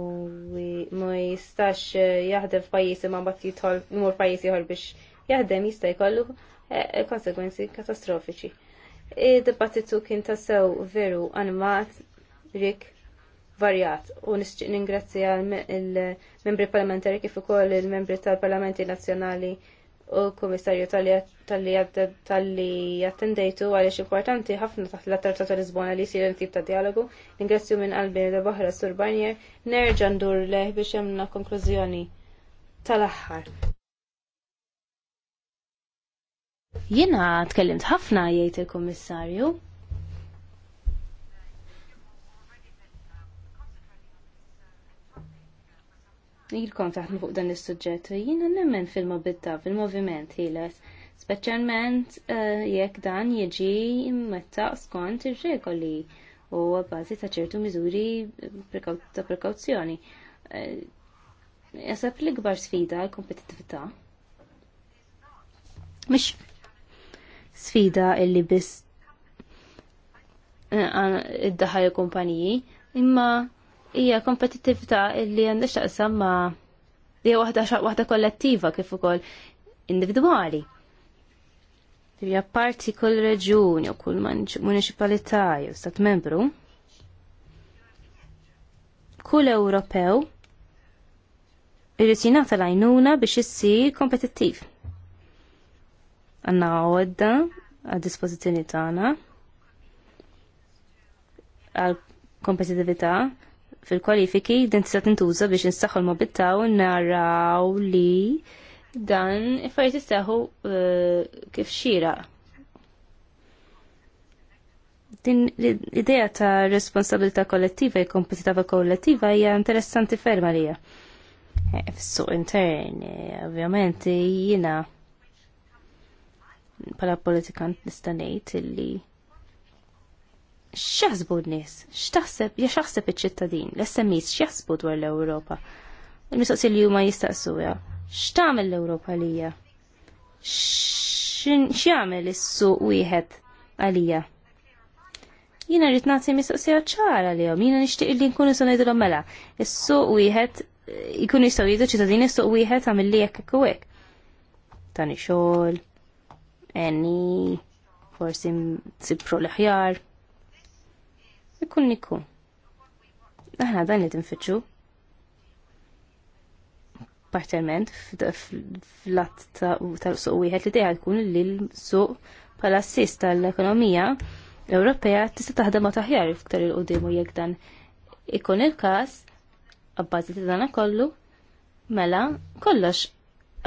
ma jistax jaħdem f'pajjiż imma mbagħad jidħol imur pajjiż ieħor biex jaħdem jista' jkollu eh, konsekwenzi katastrofiċi. Id-dibattitu kien tassew veru animat, rik, varjat u nisċi ningrazzja il-membri parlamentari kif ukoll il-membri tal-Parlamenti Nazzjonali u l-Kummissarju tal-li attendejtu għaliex importanti ħafna taħt l-Attarta ta' Lisbona li jsir tip ta' dialogu. Ningrazzju minn qalbi l boħra Sur Barnier, nerġa' ndur leh biex jemna konklużjoni tal-aħħar. Jiena tkellimt ħafna jgħid il-Kummissarju. Ilkom taħdmu fuq dan is-suġġett jiena nemmen fil-mobilità, fil-moviment ħieles, speċjalment eh, jekk dan jiġi metta skont ir-regoli u bażi ta' ċertu miżuri ta' prekawzjoni. Eh, jasab l-ikbar sfida l-kompetittività. Mish sfida illi biss eh, id-daħal il-kumpaniji, imma hija kompetittività illi għandha x'taqsam ma' hija waħda waħda kollettiva kif ukoll individwali. Hija parti kull reġjuni u kull municipalità jew stat membru. Kull Ewropew irrid jingħata l-għajnuna biex issir kompetittiv għanna għodda għad dispozizjoni tagħna għal kompetitività fil-kwalifiki din tista' tintuża biex nsaħħu l mobittaw naraw li dan affarijiet jistgħu eh, kif xira. Din l-idea ta' responsabilità kollettiva e kompetitiva kollettiva hija interessanti ferma lija. Eh, fis intern, eh, ovvjament, jina pala politikant nistanejt illi xaħsbu n-nis, xtaħseb, jaxaħseb iċ-ċittadin, l-SMIs xaħsbu dwar l-Europa. Il-mistoqsi li huma jistaqsuja, xtamel l-Europa lija? X'jagħmel is-suq wieħed għalija? Jina rrit nagħti mistoqsija ċara li jiena nixtieq li nkunu se ngħidulhom mela. Is-suq wieħed eh, jkunu jistgħu jgħidu ċittadini is-suq wieħed għamilli hekk li jekk hekk. Tani xogħol, Enni forsi nsibru l-ħjar. Ikun nikku. Aħna dan li tinfittxu. Parterment fl-att tal-suq wieħed li dejja jkun li l-suq bħala assist l ekonomija Ewropea tista' taħdem ma taħjar iktar il-qudiem u jekk dan ikun il-każ abbażi ta' dan kollu mela kollox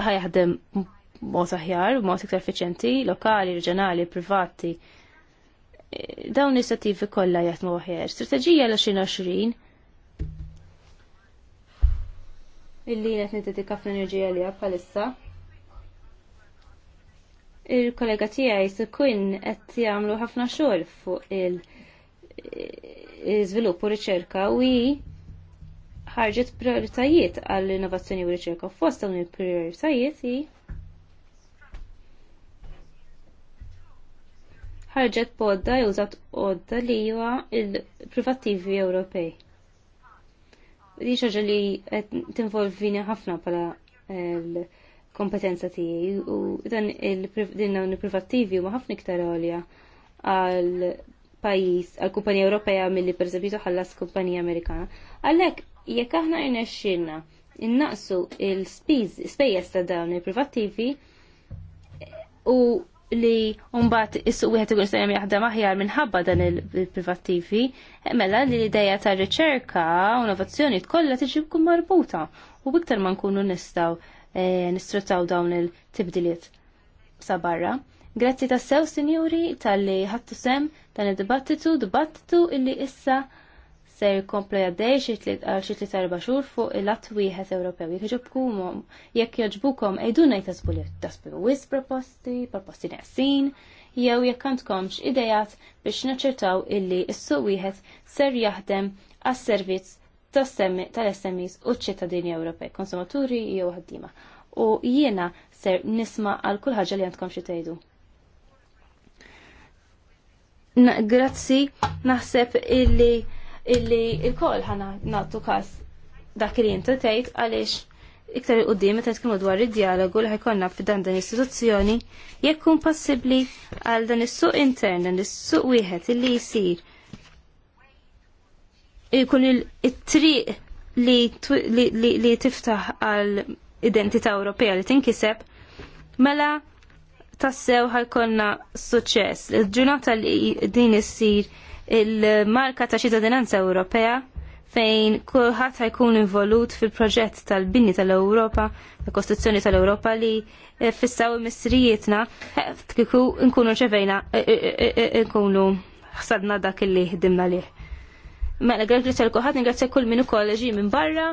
ħajħdem b'mod aħjar, b'mod iktar efficienti, lokali, reġjonali, privati. E, dawn l-istattivi kollha jaħdmu aħjar. Strateġija l-2020 illi qed nitedika fl-enerġija li bħalissa. Il-kollega tiegħi se kun qed jagħmlu ħafna xogħol fuq il-żvilupp e, u riċerka u ħarġet prioritajiet għall innovazzjoni u riċerka fost dawn il-prioritajiet hi ħarġet podda jużat odda li huwa il-privattivi Ewropej. Di xaġa li tinvolvini ħafna pala eh, l-kompetenza tiegħi u dan il-dinna privattivi huma ħafna iktar għolja għal pajjiż għal kumpanija Ewropea milli pereżempju ħallas kumpanija Amerikana. Għalhekk jekk aħna rnexxinna innaqsu il-spejjeż ta' dawn il-privattivi u li umbat issu wieħed ikun sejjem jaħdem aħjar minħabba dan il privattifi eh, mela li l-ideja ta' riċerka u innovazzjoni kollha tiġi kum marbuta u iktar ma nkunu nistgħu eh, nistrutaw dawn il-tibdiliet sa barra. Grazzi ta' sew sinjuri tal-li ħattu sem dan id-dibattitu, dibattitu illi issa Se jkomplu jabdej xi tliet erba' xhur fuq il-att wieħed Ewropew. Jekk jogħġobkom jekk jogħġbukom ejduna jtasbu li tasbu wis proposti, proposti neqsin, jew jekk għandkomx idejat biex naċċertaw illi s-suq wieħed ser jaħdem għas-servizz tal-SMEs u ċ-ċittadini Ewropej, konsumaturi jew ħaddiema. U jiena ser nisma' għal kull ħaġa li għandkom xi tgħidu. Grazzi, naħseb illi illi il-koll ħana nattu kas dak li jinta tgħid għaliex iktar il-qoddim meta kimu dwar id-dialogu li ħajkonna f'dan dan l-istituzzjoni jekk kun possibbli għal dan is-suq intern dan is-suq wieħed illi jisir ikun il-triq li tiftaħ għal identità Ewropea li tinkiseb mela tassew ħajkonna suċċess. il ġunata li din issir il-marka ta' ċittadinanza Ewropea fejn kulħadd ħajkun involut fil-proġett tal-binni tal-Ewropa, tal-Kostituzzjoni tal-Ewropa li eh, fissaw missrijietna eh, kiku nkunu ċevejna, eh, nkunu ħsadna dak li ħdimna lih. Mela l kulħadd ningrazzja kull minn ukoll ġi minn barra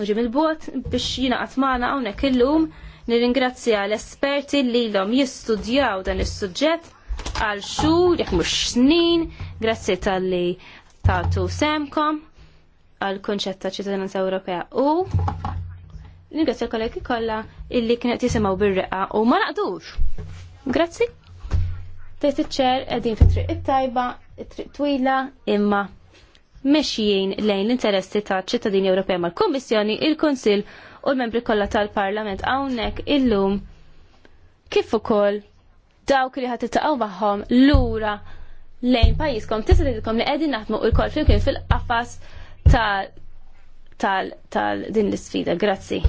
u ġi bot biex jina għatmana hawnhekk illum nirringrazzja l-esperti li l-om jistudjaw dan is-suġġett għal xhur, jekk mhux snin, grazzi tal-li tagħtu semkom għal konċett ta' ċittadinanza Ewropea u Ningrazzja kollegi kollha illi kienet jisimgħu bir-reqa u ma naqdux. Grazzi. Tejt iċ-ċer qegħdin fit-triq it-tajba, it-triq twila imma mexjin lejn l-interessi ta' ċittadini Ewropea mal-Kummissjoni, il-Kunsill u l-membri kollha tal-Parlament hawnhekk illum kif ukoll dawk li ħat maħħom l lura lejn pajjiżkom tista' tgħidilkom li qegħdin u l flimkien fil-qafas tal tal din l-isfida. Grazzi.